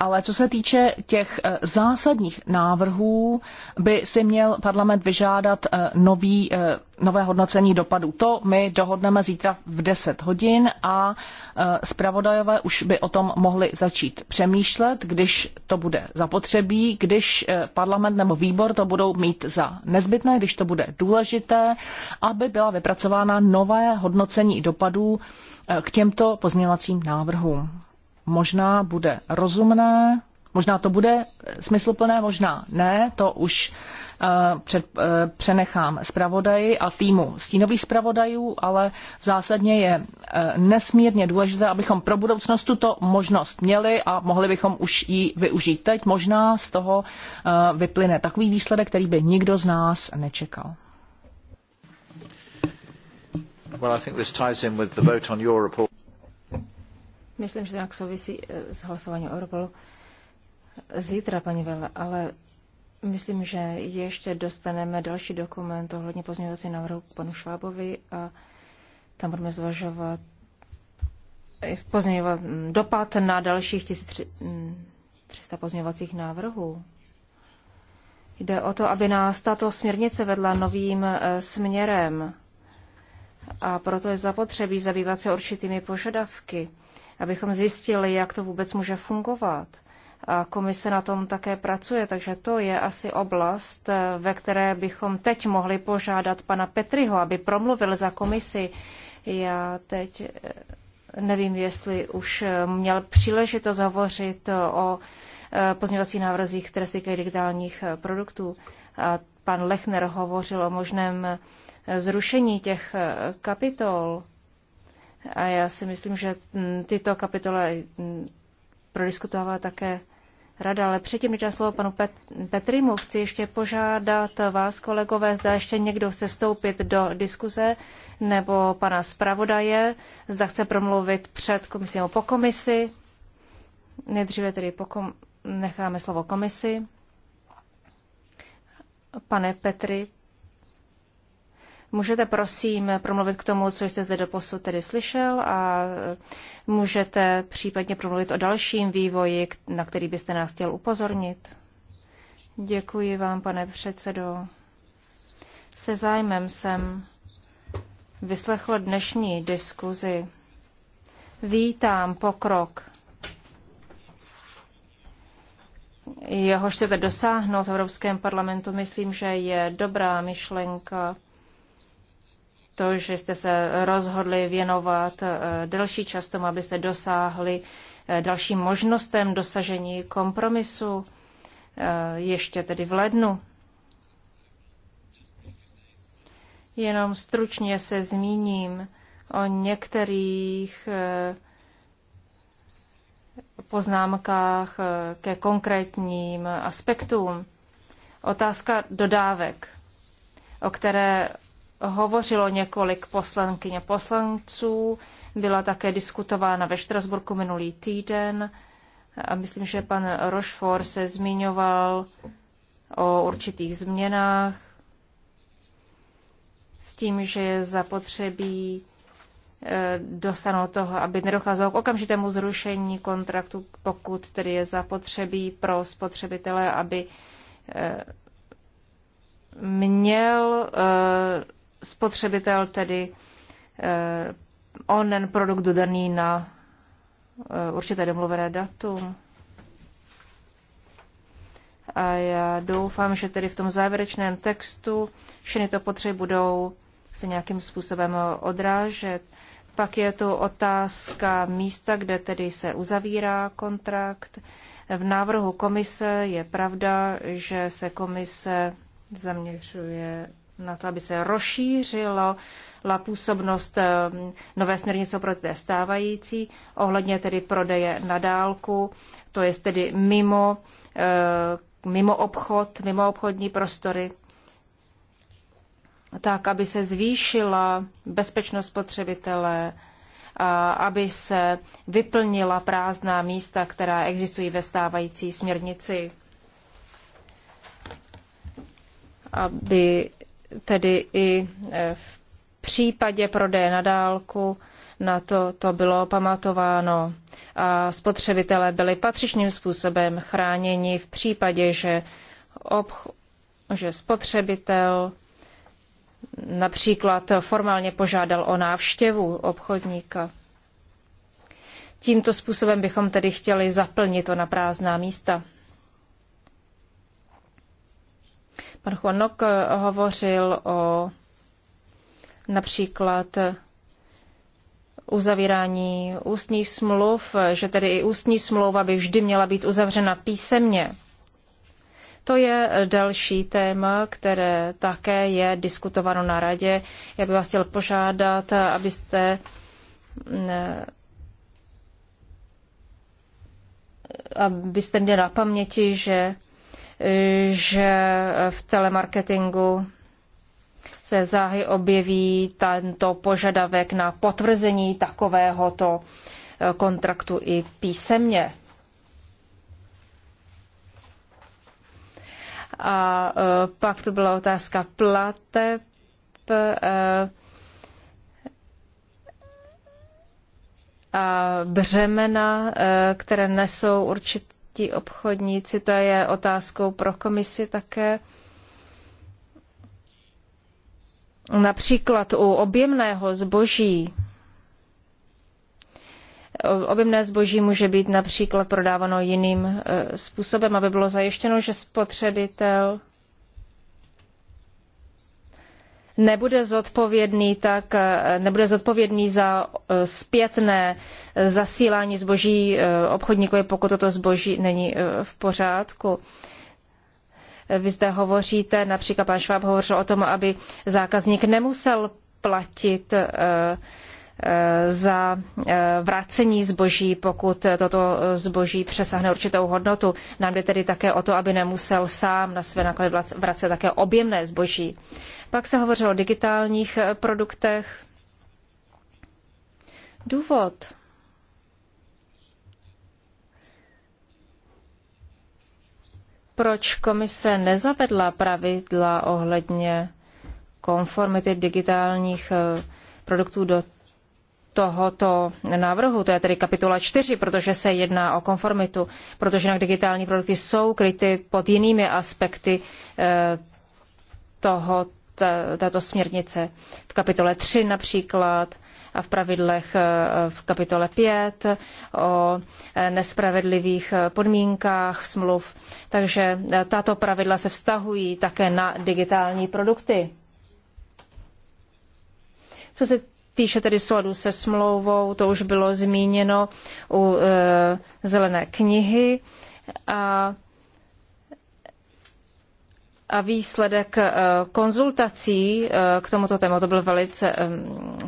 ale co se týče těch eh, zásadních návrhů, by si měl parlament vyžádat eh, nový, eh, nové hodnocení dopadů. To my dohodneme zítra v 10 hodin a zpravodajové už by o tom mohli začít přemýšlet, když to bude zapotřebí, když parlament nebo výbor to budou mít za nezbytné, když to bude důležité, aby byla vypracována nové hodnocení dopadů k těmto pozměňovacím návrhům. Možná bude rozumné, možná to bude smysluplné, možná ne, to už uh, před, uh, přenechám zpravodaji a týmu stínových zpravodajů, ale zásadně je uh, nesmírně důležité, abychom pro budoucnost tuto možnost měli a mohli bychom už ji využít teď. Možná z toho vyplyne takový výsledek, který by nikdo z nás nečekal. Well, I think this ties in with the vote on your report. Myslím, že to nějak souvisí eh, s hlasováním Europolu zítra, paní Vele, ale myslím, že ještě dostaneme další dokument ohledně pozměňovací návrhu k panu Švábovi a tam budeme zvažovat eh, pozměňovat hm, dopad na dalších 1300 hm, pozměňovacích návrhů. Jde o to, aby nás tato směrnice vedla novým eh, směrem a proto je zapotřebí zabývat se určitými požadavky abychom zjistili, jak to vůbec může fungovat. A komise na tom také pracuje, takže to je asi oblast, eh, ve které bychom teď mohli požádat pana Petriho, aby promluvil za komisi. Já teď eh, nevím, jestli už eh, měl příležitost hovořit o pozměňovací návrzích, které se týkají digitálních produktů. A pan Lechner hovořil o možném zrušení těch kapitol. A já si myslím, že mm, tyto kapitole mm, prodiskutovala také rada. Ale předtím, když dám slovo panu Pet- Petrimu, chci ještě požádat vás, kolegové, zda ještě někdo chce vstoupit do diskuze, nebo pana zpravodaje, zda chce promluvit před komisí nebo po komisi. Nejdříve tedy po kom- necháme slovo komisi. Pane Petri, Můžete prosím promluvit k tomu, co jste zde doposud tedy slyšel a e, můžete případně promluvit o dalším vývoji, na který byste nás chtěl upozornit. Děkuji vám, pane předsedo. Se zájmem jsem vyslechl dnešní diskuzi. Vítám pokrok, jehož chcete dosáhnout v Evropském parlamentu. Myslím, že je dobrá myšlenka to, že jste se rozhodli věnovat eh, delší čas tomu, abyste dosáhli eh, dalším možnostem dosažení kompromisu eh, ještě tedy v lednu. Jenom stručně se zmíním o některých poznámkách ke konkrétním aspektům. Otázka dodávek, o které hovořilo několik poslankyň a poslanců, byla také diskutována ve Štrasburku minulý týden a myslím, že pan Rochefort se zmiňoval o určitých změnách s tím, že je zapotřebí eh, dosáhnout toho, aby nedocházelo k okamžitému zrušení kontraktu, pokud tedy je zapotřebí pro spotřebitele, aby eh, měl eh, spotřebitel tedy eh, onen produkt dodaný na eh, určité domluvené datum. A já doufám, že tedy v tom závěrečném textu všechny to potřeby budou se nějakým způsobem odrážet. Pak je tu otázka místa, kde tedy se uzavírá kontrakt. V návrhu komise je pravda, že se komise zaměřuje na to, aby se rozšířilo la působnost eh, nové směrnice oproti té stávající, ohledně tedy prodeje na dálku, to je tedy mimo, eh, mimo obchod, mimo obchodní prostory, tak, aby se zvýšila bezpečnost spotřebitele, aby se vyplnila prázdná místa, která existují ve stávající směrnici, aby tedy i e, v případě prodeje na dálku na to, to bylo pamatováno a spotřebitelé byli patřičným způsobem chráněni v případě, že, obch- že spotřebitel například formálně požádal o návštěvu obchodníka. Tímto způsobem bychom tedy chtěli zaplnit to na prázdná místa. Pan Chonok eh, hovořil o například uzavírání ústních smluv, že tedy i ústní smlouva by vždy měla být uzavřena písemně. To je další téma, které také je diskutováno na radě. Já bych vás chtěl požádat, abyste mm, eh, abyste měli na paměti, že že v telemarketingu se záhy objeví tento požadavek na potvrzení takovéhoto eh, kontraktu i písemně. A eh, pak tu byla otázka plateb. Eh, a břemena, které nesou určitě čeští obchodníci, to je otázkou pro komisi také. Například u objemného zboží. Objemné zboží může být například prodáváno jiným eh, způsobem, aby bylo zajištěno, že spotřebitel nebude zodpovědný, tak eh, nebude zodpovědný za eh, zpětné eh, zasílání zboží obchodníkovi, pokud toto zboží není v pořádku. Vy zde hovoříte, například pan Šváb hovořil o tom, aby zákazník nemusel platit Eh, za eh, vracení zboží, pokud toto zboží přesahne určitou hodnotu. Nám jde tedy také o to, aby nemusel sám na své náklady vracet také objemné zboží. Pak se hovořilo o digitálních eh, produktech. Důvod, proč komise nezavedla pravidla ohledně konformity digitálních produktů do tohoto návrhu, to je tedy kapitola 4, protože se jedná o konformitu, protože jinak digitální produkty jsou kryty pod jinými aspekty eh, toho, této směrnice. V kapitole 3 například a v pravidlech eh, v kapitole 5 o eh, nespravedlivých podmínkách smluv. Takže tato pravidla se vztahují také na digitální produkty. Co se týče tedy souladu se smlouvou, to už bylo zmíněno u e, zelené knihy. A, a výsledek e, konzultací e, k tomuto tématu byl velice e,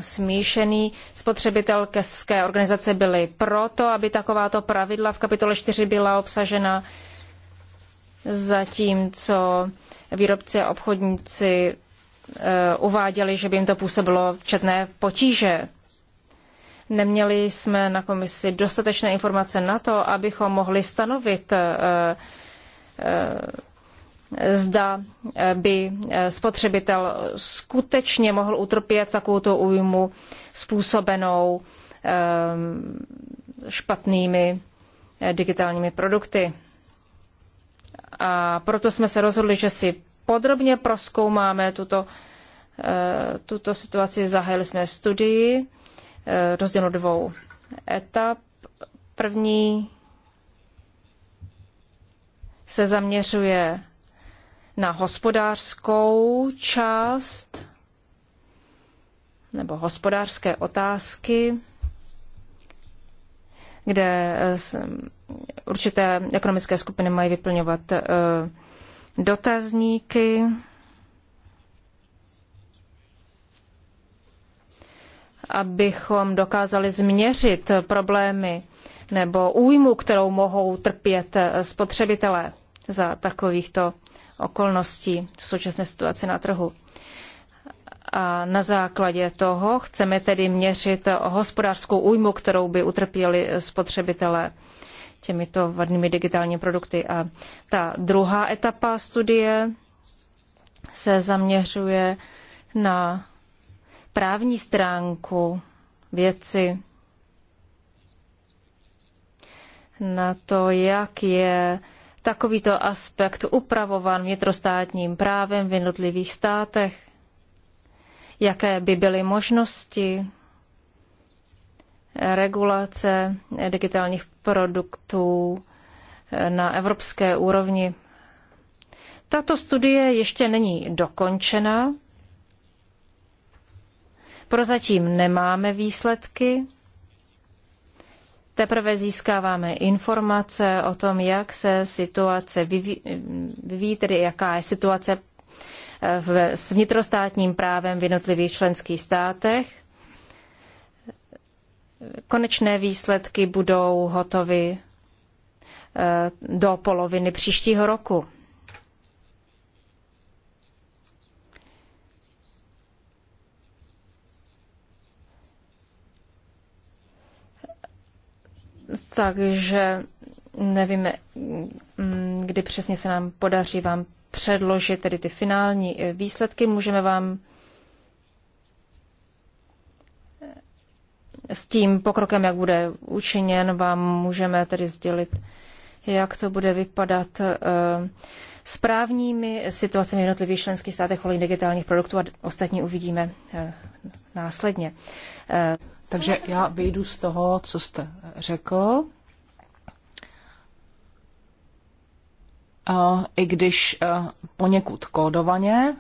smíšený. Spotřebitelské organizace byly proto, aby takováto pravidla v kapitole 4 byla obsažena, zatímco výrobci a obchodníci Eh, uváděli, že by jim to působilo četné potíže. Neměli jsme na komisi dostatečné informace na to, abychom mohli stanovit, eh, eh, zda by spotřebitel skutečně mohl utrpět takovouto újmu způsobenou špatnými digitálními produkty. A proto jsme se rozhodli, že si podrobně proskoumáme tuto, eh, tuto situaci. Zahájili jsme studii eh, rozdělenou dvou etap. První se zaměřuje na hospodářskou část nebo hospodářské otázky, kde eh, určité ekonomické skupiny mají vyplňovat dotazníky. abychom dokázali změřit problémy nebo újmu, kterou mohou trpět spotřebitelé za takovýchto okolností v současné situaci na trhu. A na základě toho chceme tedy měřit hospodářskou újmu, kterou by utrpěli spotřebitelé těmito vadnými digitálními produkty. A ta druhá etapa studie se zaměřuje na právní stránku věci, na to, jak je takovýto aspekt upravovan vnitrostátním právem v jednotlivých státech, jaké by byly možnosti regulace digitálních produktů na evropské úrovni. Tato studie ještě není dokončena. Prozatím nemáme výsledky. Teprve získáváme informace o tom, jak se situace vyvíjí, tedy jaká je situace s vnitrostátním právem v jednotlivých členských státech Konečné výsledky budou hotovy eh, do poloviny příštího roku. Takže nevíme, mm, kdy přesně se nám podaří vám předložit tedy ty finální eh, výsledky. Můžeme vám s tím pokrokem, jak bude učiněn, vám můžeme tedy sdělit, jak to bude vypadat eh, s právními situacemi v jednotlivých členských státech ohledně digitálních produktů a ostatní uvidíme eh, následně. Eh, Takže já vyjdu z toho, co jste řekl. I když poněkud kódovaně,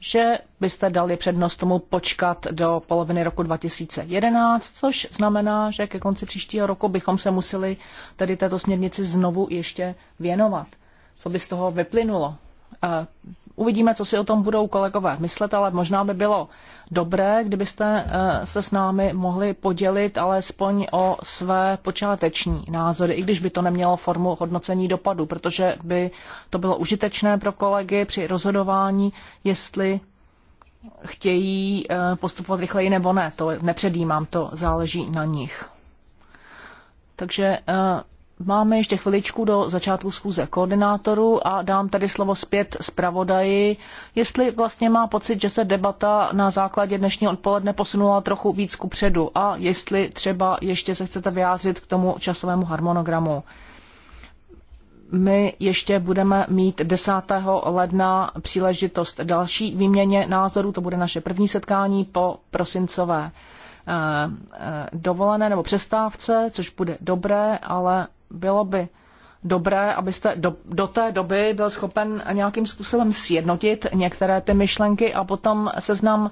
že byste dali přednost tomu počkat do poloviny roku 2011, což znamená, že ke konci příštího roku bychom se museli tedy této směrnici znovu ještě věnovat. Co by z toho vyplynulo? Eh, Uvidíme, co si o tom budou kolegové myslet, ale možná by bylo dobré, kdybyste eh, se s námi mohli podělit alespoň o své počáteční názory, i když by to nemělo formu hodnocení dopadu, protože by to bylo užitečné pro kolegy při rozhodování, jestli chtějí eh, postupovat rychleji nebo ne. To nepředjímám, to záleží na nich. Takže eh, Máme ještě chviličku do začátku schůze koordinátoru a dám tady slovo zpět zpravodaji, jestli vlastně má pocit, že se debata na základě dnešního odpoledne posunula trochu víc ku předu a jestli třeba ještě se chcete vyjádřit k tomu časovému harmonogramu. My ještě budeme mít 10. ledna příležitost další výměně názorů, to bude naše první setkání po prosincové eh, eh, dovolené nebo přestávce, což bude dobré, ale bylo by dobré, abyste do, do té doby byl schopen nějakým způsobem sjednotit některé ty myšlenky a potom seznam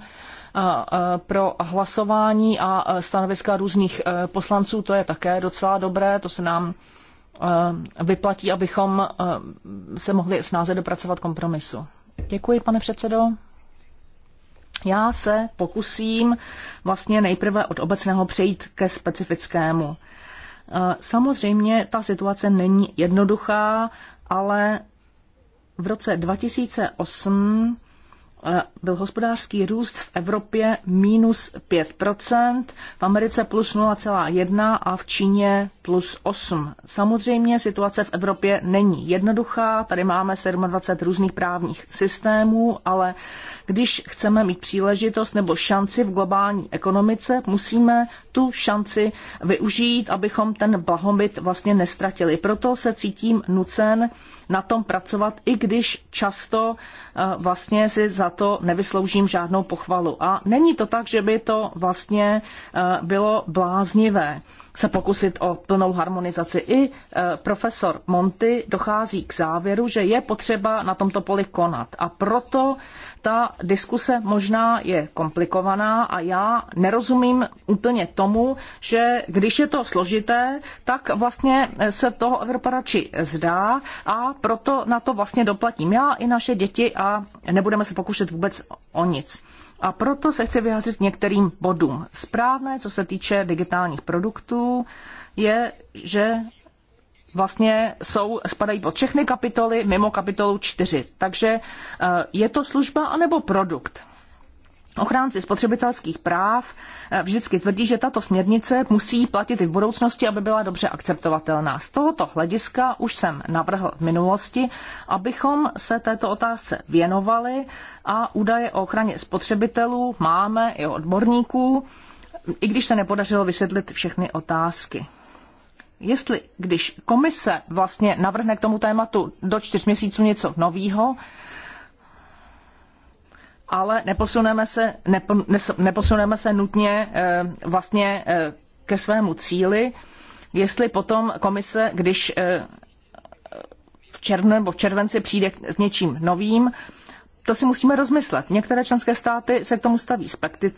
eh, eh, pro hlasování a eh, stanoviska různých poslanců, to je také docela dobré, to se nám vyplatí, abychom se mohli snáze dopracovat kompromisu. Děkuji, pane předsedo. Já se pokusím vlastně nejprve od obecného přejít ke specifickému. Eh, samozřejmě ta situace není jednoduchá, ale v roce 2008 eh, byl hospodářský růst v Evropě minus 5%, v Americe plus 0,1% a v Číně plus 8%. Samozřejmě situace v Evropě není jednoduchá, tady máme 27 různých právních systémů, ale když chceme mít příležitost nebo šanci v globální ekonomice, musíme tu šanci využít, abychom ten blahobyt vlastně nestratili. Proto se cítím nucen na tom pracovat, i když často eh, vlastně si za to nevysloužím žádnou pochvalu. A není to tak, že by to vlastně eh, bylo bláznivé se pokusit o plnou harmonizaci. I eh, profesor Monty dochází k závěru, že je potřeba na tomto poli konat. A proto ta diskuse možná je komplikovaná a já nerozumím úplně tomu, že když je to složité, tak vlastně se toho Evropadači zdá a proto na to vlastně doplatím já i naše děti a nebudeme se pokoušet vůbec o nic. A proto se chci vyjádřit některým bodům. Správné, co se týče digitálních produktů, je, že vlastně jsou, spadají pod všechny kapitoly mimo kapitolu 4. Takže eh, je to služba anebo produkt? Ochránci spotřebitelských práv eh, vždycky tvrdí, že tato směrnice musí platit i v budoucnosti, aby byla dobře akceptovatelná. Z tohoto hlediska už jsem navrhl v minulosti, abychom se této otázce věnovali a údaje o ochraně spotřebitelů máme i odborníků, i když se nepodařilo vysvětlit všechny otázky jestli když komise vlastně navrhne k tomu tématu do čtyř měsíců něco nového, ale neposuneme se, nepo, neposuneme se nutně eh, vlastně eh, ke svému cíli, jestli potom komise, když eh, v červnu nebo v červenci přijde s něčím novým, to si musíme rozmyslet. Některé členské státy se k tomu staví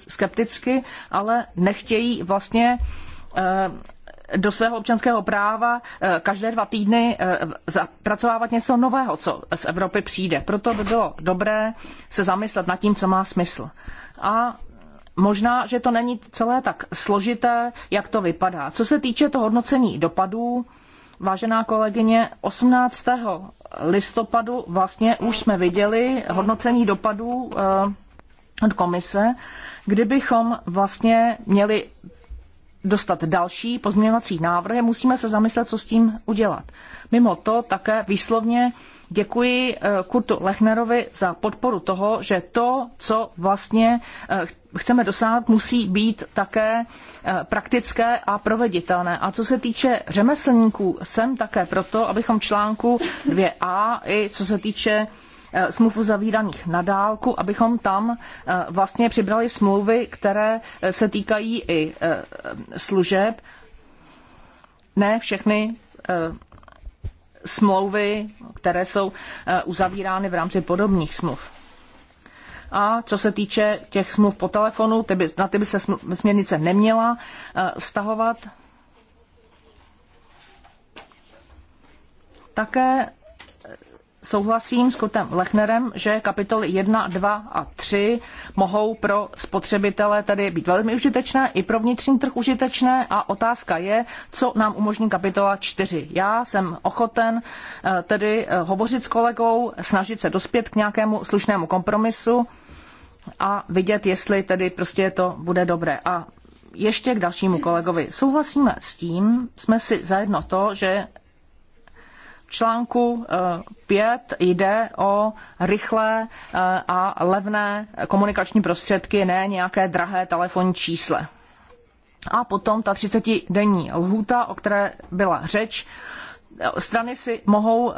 skepticky, ale nechtějí vlastně do svého občanského práva eh, každé dva týdny eh, zapracovávat něco nového, co z Evropy přijde. Proto by bylo dobré se zamyslet nad tím, co má smysl. A možná, že to není celé tak složité, jak to vypadá. Co se týče toho hodnocení dopadů, vážená kolegyně, 18. listopadu vlastně už jsme viděli hodnocení dopadů eh, od komise, kdybychom vlastně měli dostat další pozměňovací návrhy, musíme se zamyslet, co s tím udělat. Mimo to také výslovně děkuji eh, Kurtu Lechnerovi za podporu toho, že to, co vlastně eh, chceme dosáhnout, musí být také eh, praktické a proveditelné. A co se týče řemeslníků, jsem také proto, abychom článku 2a i co se týče Eh, smluv uzavíraných na dálku, abychom tam eh, vlastně přibrali smlouvy, které eh, se týkají i služeb. Ne všechny smlouvy, které jsou uzavírány v rámci podobných smluv. A co se týče těch smluv po telefonu, ty by, na ty by se směrnice neměla vztahovat. Také souhlasím s Kotem Lechnerem, že kapitoly 1, 2 a 3 mohou pro spotřebitele tedy být velmi užitečné, i pro vnitřní trh užitečné a otázka je, co nám umožní kapitola 4. Já jsem ochoten eh, tedy eh, hovořit s kolegou, snažit se dospět k nějakému slušnému kompromisu a vidět, jestli tedy prostě to bude dobré. A ještě k dalšímu kolegovi. Souhlasíme s tím, jsme si zajedno to, že článku 5 eh, jde o rychlé eh, a levné komunikační prostředky, ne nějaké drahé telefonní čísle. A potom ta 30-denní lhůta, o které byla řeč, eh, strany si mohou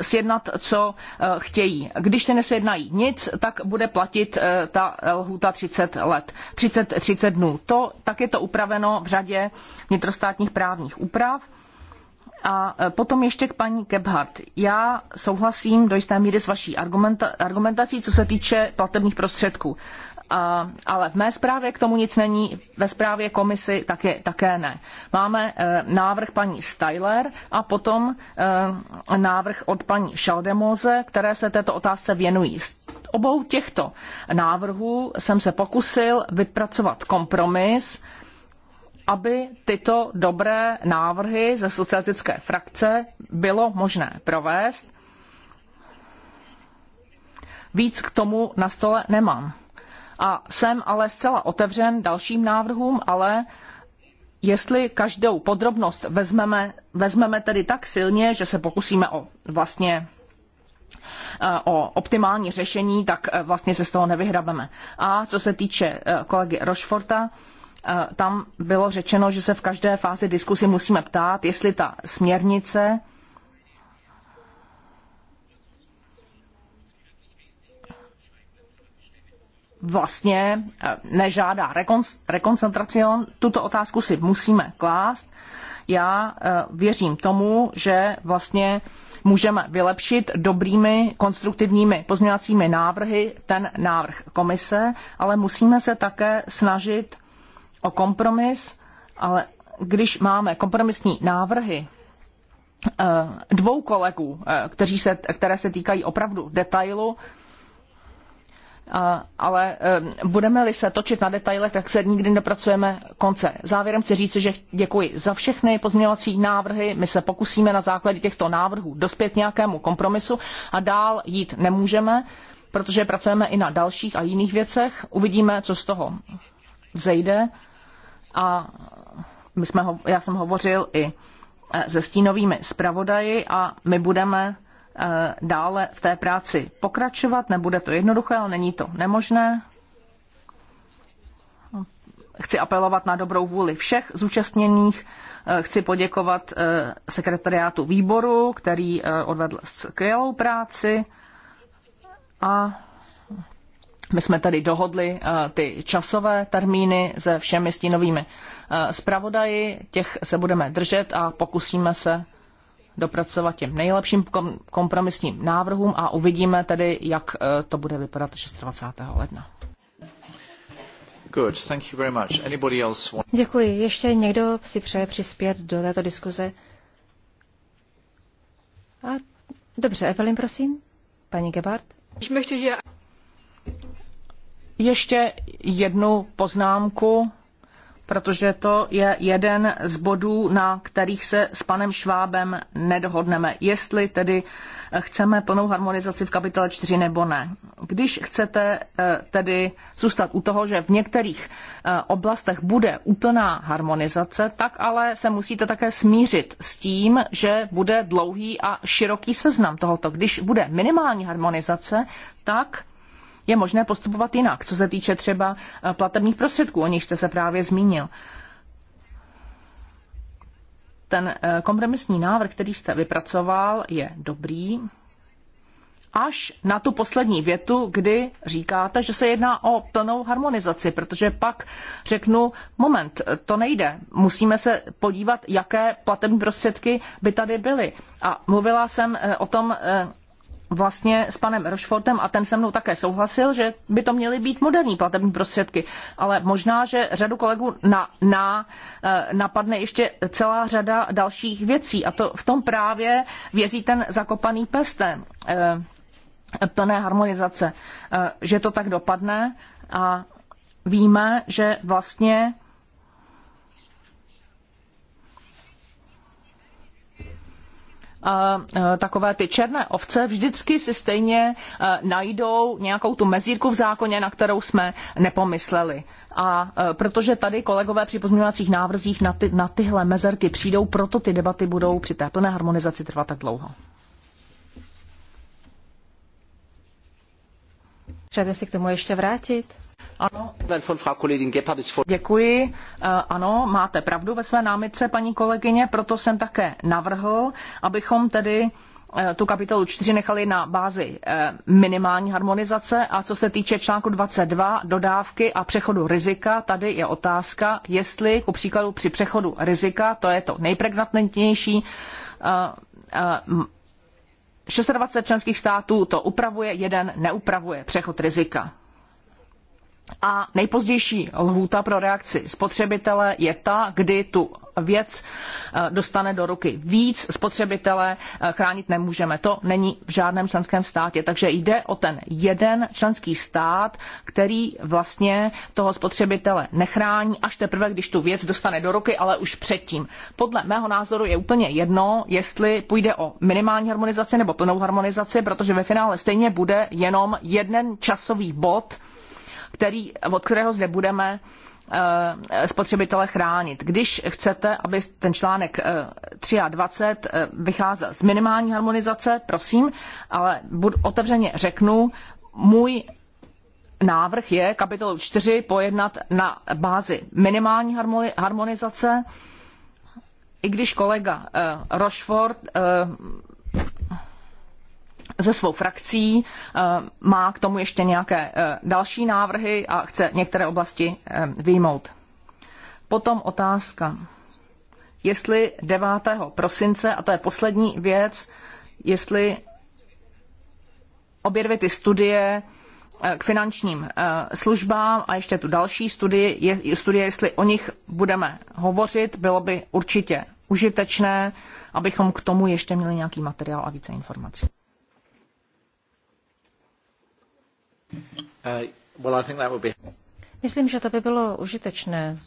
sjednat, co chtějí. Když se nesjednají nic, tak bude platit ta lhůta 30 let, 30, 30 dnů. To, tak je to upraveno v řadě vnitrostátních právních úprav a e, potom ještě k paní Gebhardt. Já souhlasím do jisté míry s vaší argumenta- argumentací, co se týče platebních prostředků. A, e, ale v mé zprávě k tomu nic není, ve zprávě komisy také, také ne. Máme e, návrh paní Styler a potom e, návrh od paní Šaldemoze, které se této otázce věnují. Z obou těchto návrhů jsem se pokusil vypracovat kompromis, e, aby tyto dobré návrhy ze socialistické frakce bylo možné provést. Víc k tomu na stole nemám. A jsem ale zcela otevřen dalším návrhům, ale jestli každou podrobnost vezmeme, vezmeme tedy tak silně, že se pokusíme o vlastně eh, o optimální řešení, tak eh, vlastně se z toho nevyhrabeme. A co se týče eh, kolegy Rošforta, Eh, tam bylo řečeno, že se v každé fázi diskusy musíme ptát, jestli ta směrnice vlastně eh, nežádá rekoncentracion. Tuto otázku si musíme klást. Já eh, věřím tomu, že vlastně můžeme vylepšit dobrými konstruktivními pozměňovacími návrhy ten návrh komise, ale musíme se také snažit o kompromis, ale když máme kompromisní návrhy eh, dvou kolegů, eh, kteří se, které se týkají opravdu detailu, eh, ale budeme-li se točit na detailech, tak se nikdy nepracujeme konce. Závěrem chci říct, že děkuji za všechny pozměňovací návrhy. My se pokusíme na základě těchto návrhů dospět nějakému kompromisu a dál jít nemůžeme, protože pracujeme i na dalších a jiných věcech. Uvidíme, co z toho vzejde a my jsme ho, já jsem hovořil i eh, se stínovými zpravodaji a my budeme eh, dále v té práci pokračovat. Nebude to jednoduché, ale není to nemožné. Chci apelovat na dobrou vůli všech zúčastněných. Eh, chci poděkovat sekretariátu výboru, který odvedl skvělou práci a my jsme tady dohodli eh, ty časové termíny se všemi stínovými eh, zpravodaji, těch se budeme držet a pokusíme se dopracovat těm nejlepším kompromisním návrhům a uvidíme tedy, jak eh, to bude vypadat 26. ledna. Good, thank you very much. Anybody else want... Děkuji. Ještě někdo si přeje přispět do této diskuze? A, dobře, Evelyn, prosím. Paní Gebhardt ještě jednu poznámku, protože to je jeden z bodů, na kterých se s panem Švábem nedohodneme, jestli tedy eh, chceme plnou harmonizaci v kapitole 4 nebo ne. Když chcete eh, tedy zůstat u toho, že v některých eh, oblastech bude úplná harmonizace, tak ale se musíte také smířit s tím, že bude dlouhý a široký seznam tohoto. Když bude minimální harmonizace, tak je možné postupovat jinak, co se týče třeba eh, platebních prostředků, o nich jste se právě zmínil. Ten eh, kompromisní návrh, který jste vypracoval, je dobrý, až na tu poslední větu, kdy říkáte, že se jedná o plnou harmonizaci, protože pak řeknu, moment, to nejde, musíme se podívat, jaké platební prostředky by tady byly. A mluvila jsem eh, o tom vlastně s panem Rošfortem a ten se mnou také souhlasil, že by to měly být moderní platební prostředky, ale možná, že řadu kolegů na, na, eh, napadne ještě celá řada dalších věcí a to v tom právě vězí ten zakopaný pes ten, eh, plné harmonizace, eh, že to tak dopadne a víme, že vlastně E, takové ty černé ovce vždycky si stejně e, najdou nějakou tu mezírku v zákoně, na kterou jsme nepomysleli. A e, protože tady kolegové při pozměňovacích návrzích na, ty, na tyhle mezerky přijdou, proto ty debaty budou při té plné harmonizaci trvat tak dlouho. Přejete si k tomu ještě vrátit? Ano. Děkuji. Eh, ano, máte pravdu ve své námitce, paní kolegyně, proto jsem také navrhl, abychom tedy eh, tu kapitolu 4 nechali na bázi eh, minimální harmonizace a co se týče článku 22 dodávky a přechodu rizika, tady je otázka, jestli ku příkladu při přechodu rizika, to je to nejpregnantnější, 26 členských států to upravuje, jeden neupravuje přechod rizika. A nejpozdější lhůta pro reakci spotřebitele je ta, kdy tu věc eh, dostane do ruky. Víc spotřebitele eh, chránit nemůžeme. To není v žádném členském státě. Takže jde o ten jeden členský stát, který vlastně toho spotřebitele nechrání až teprve, když tu věc dostane do ruky, ale už předtím. Podle mého názoru je úplně jedno, jestli půjde o minimální harmonizaci nebo plnou harmonizaci, protože ve finále stejně bude jenom jeden časový bod, který, od kterého zde budeme eh, spotřebitele chránit. Když chcete, aby ten článek 23 eh, eh, vycházel z minimální harmonizace, prosím, ale budu otevřeně řeknu, můj návrh je kapitolu 4 pojednat na bázi minimální harmonizace, i když kolega Rochefort ze svou frakcí, eh, má k tomu ještě nějaké eh, další návrhy a chce některé oblasti eh, výjmout. Potom otázka, jestli 9. prosince, a to je poslední věc, jestli obě dvě ty studie k finančním službám a ještě tu další studie, studie, jestli o nich budeme hovořit, bylo by určitě užitečné, abychom k tomu ještě měli nějaký materiál a více informací. Uh, Myslím, že to by bylo užitečné.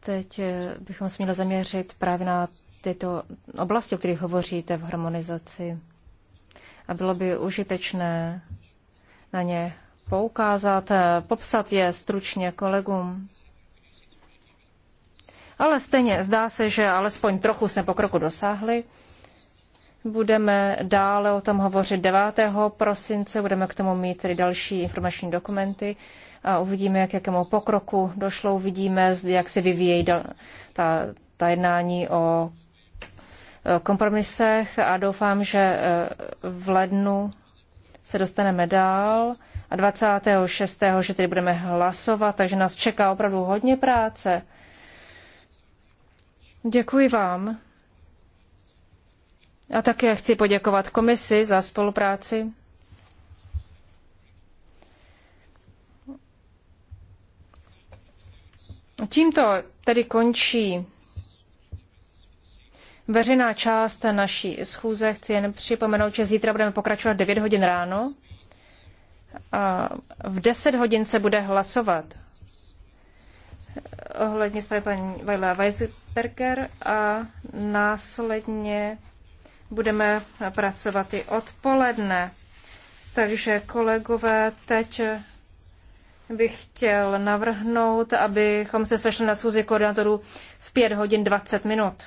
Teď eh, bychom se měli zaměřit právě na tyto oblasti, o kterých hovoříte v harmonizaci. A bylo by užitečné na ně poukázat, eh, popsat je stručně kolegům. Ale stejně zdá se, že alespoň trochu jsme pokroku dosáhli. Budeme dále o tom hovořit 9. prosince, budeme k tomu mít tedy další informační dokumenty a uvidíme, jak jakému pokroku došlo, uvidíme, jak se vyvíjí ta, ta jednání o e, kompromisech a doufám, že e, v lednu se dostaneme dál a 26. že tedy budeme hlasovat, takže nás čeká opravdu hodně práce. Děkuji vám. A také chci poděkovat komisi za spolupráci. Tímto tedy končí veřejná část naší schůze. Chci jen připomenout, že zítra budeme pokračovat 9 hodin ráno. A v 10 hodin se bude hlasovat ohledně zprávy paní Vajla Weisberger a následně budeme pracovat i odpoledne. Takže kolegové, teď bych chtěl navrhnout, abychom se sešli na schůzi koordinátorů v 5 hodin 20 minut.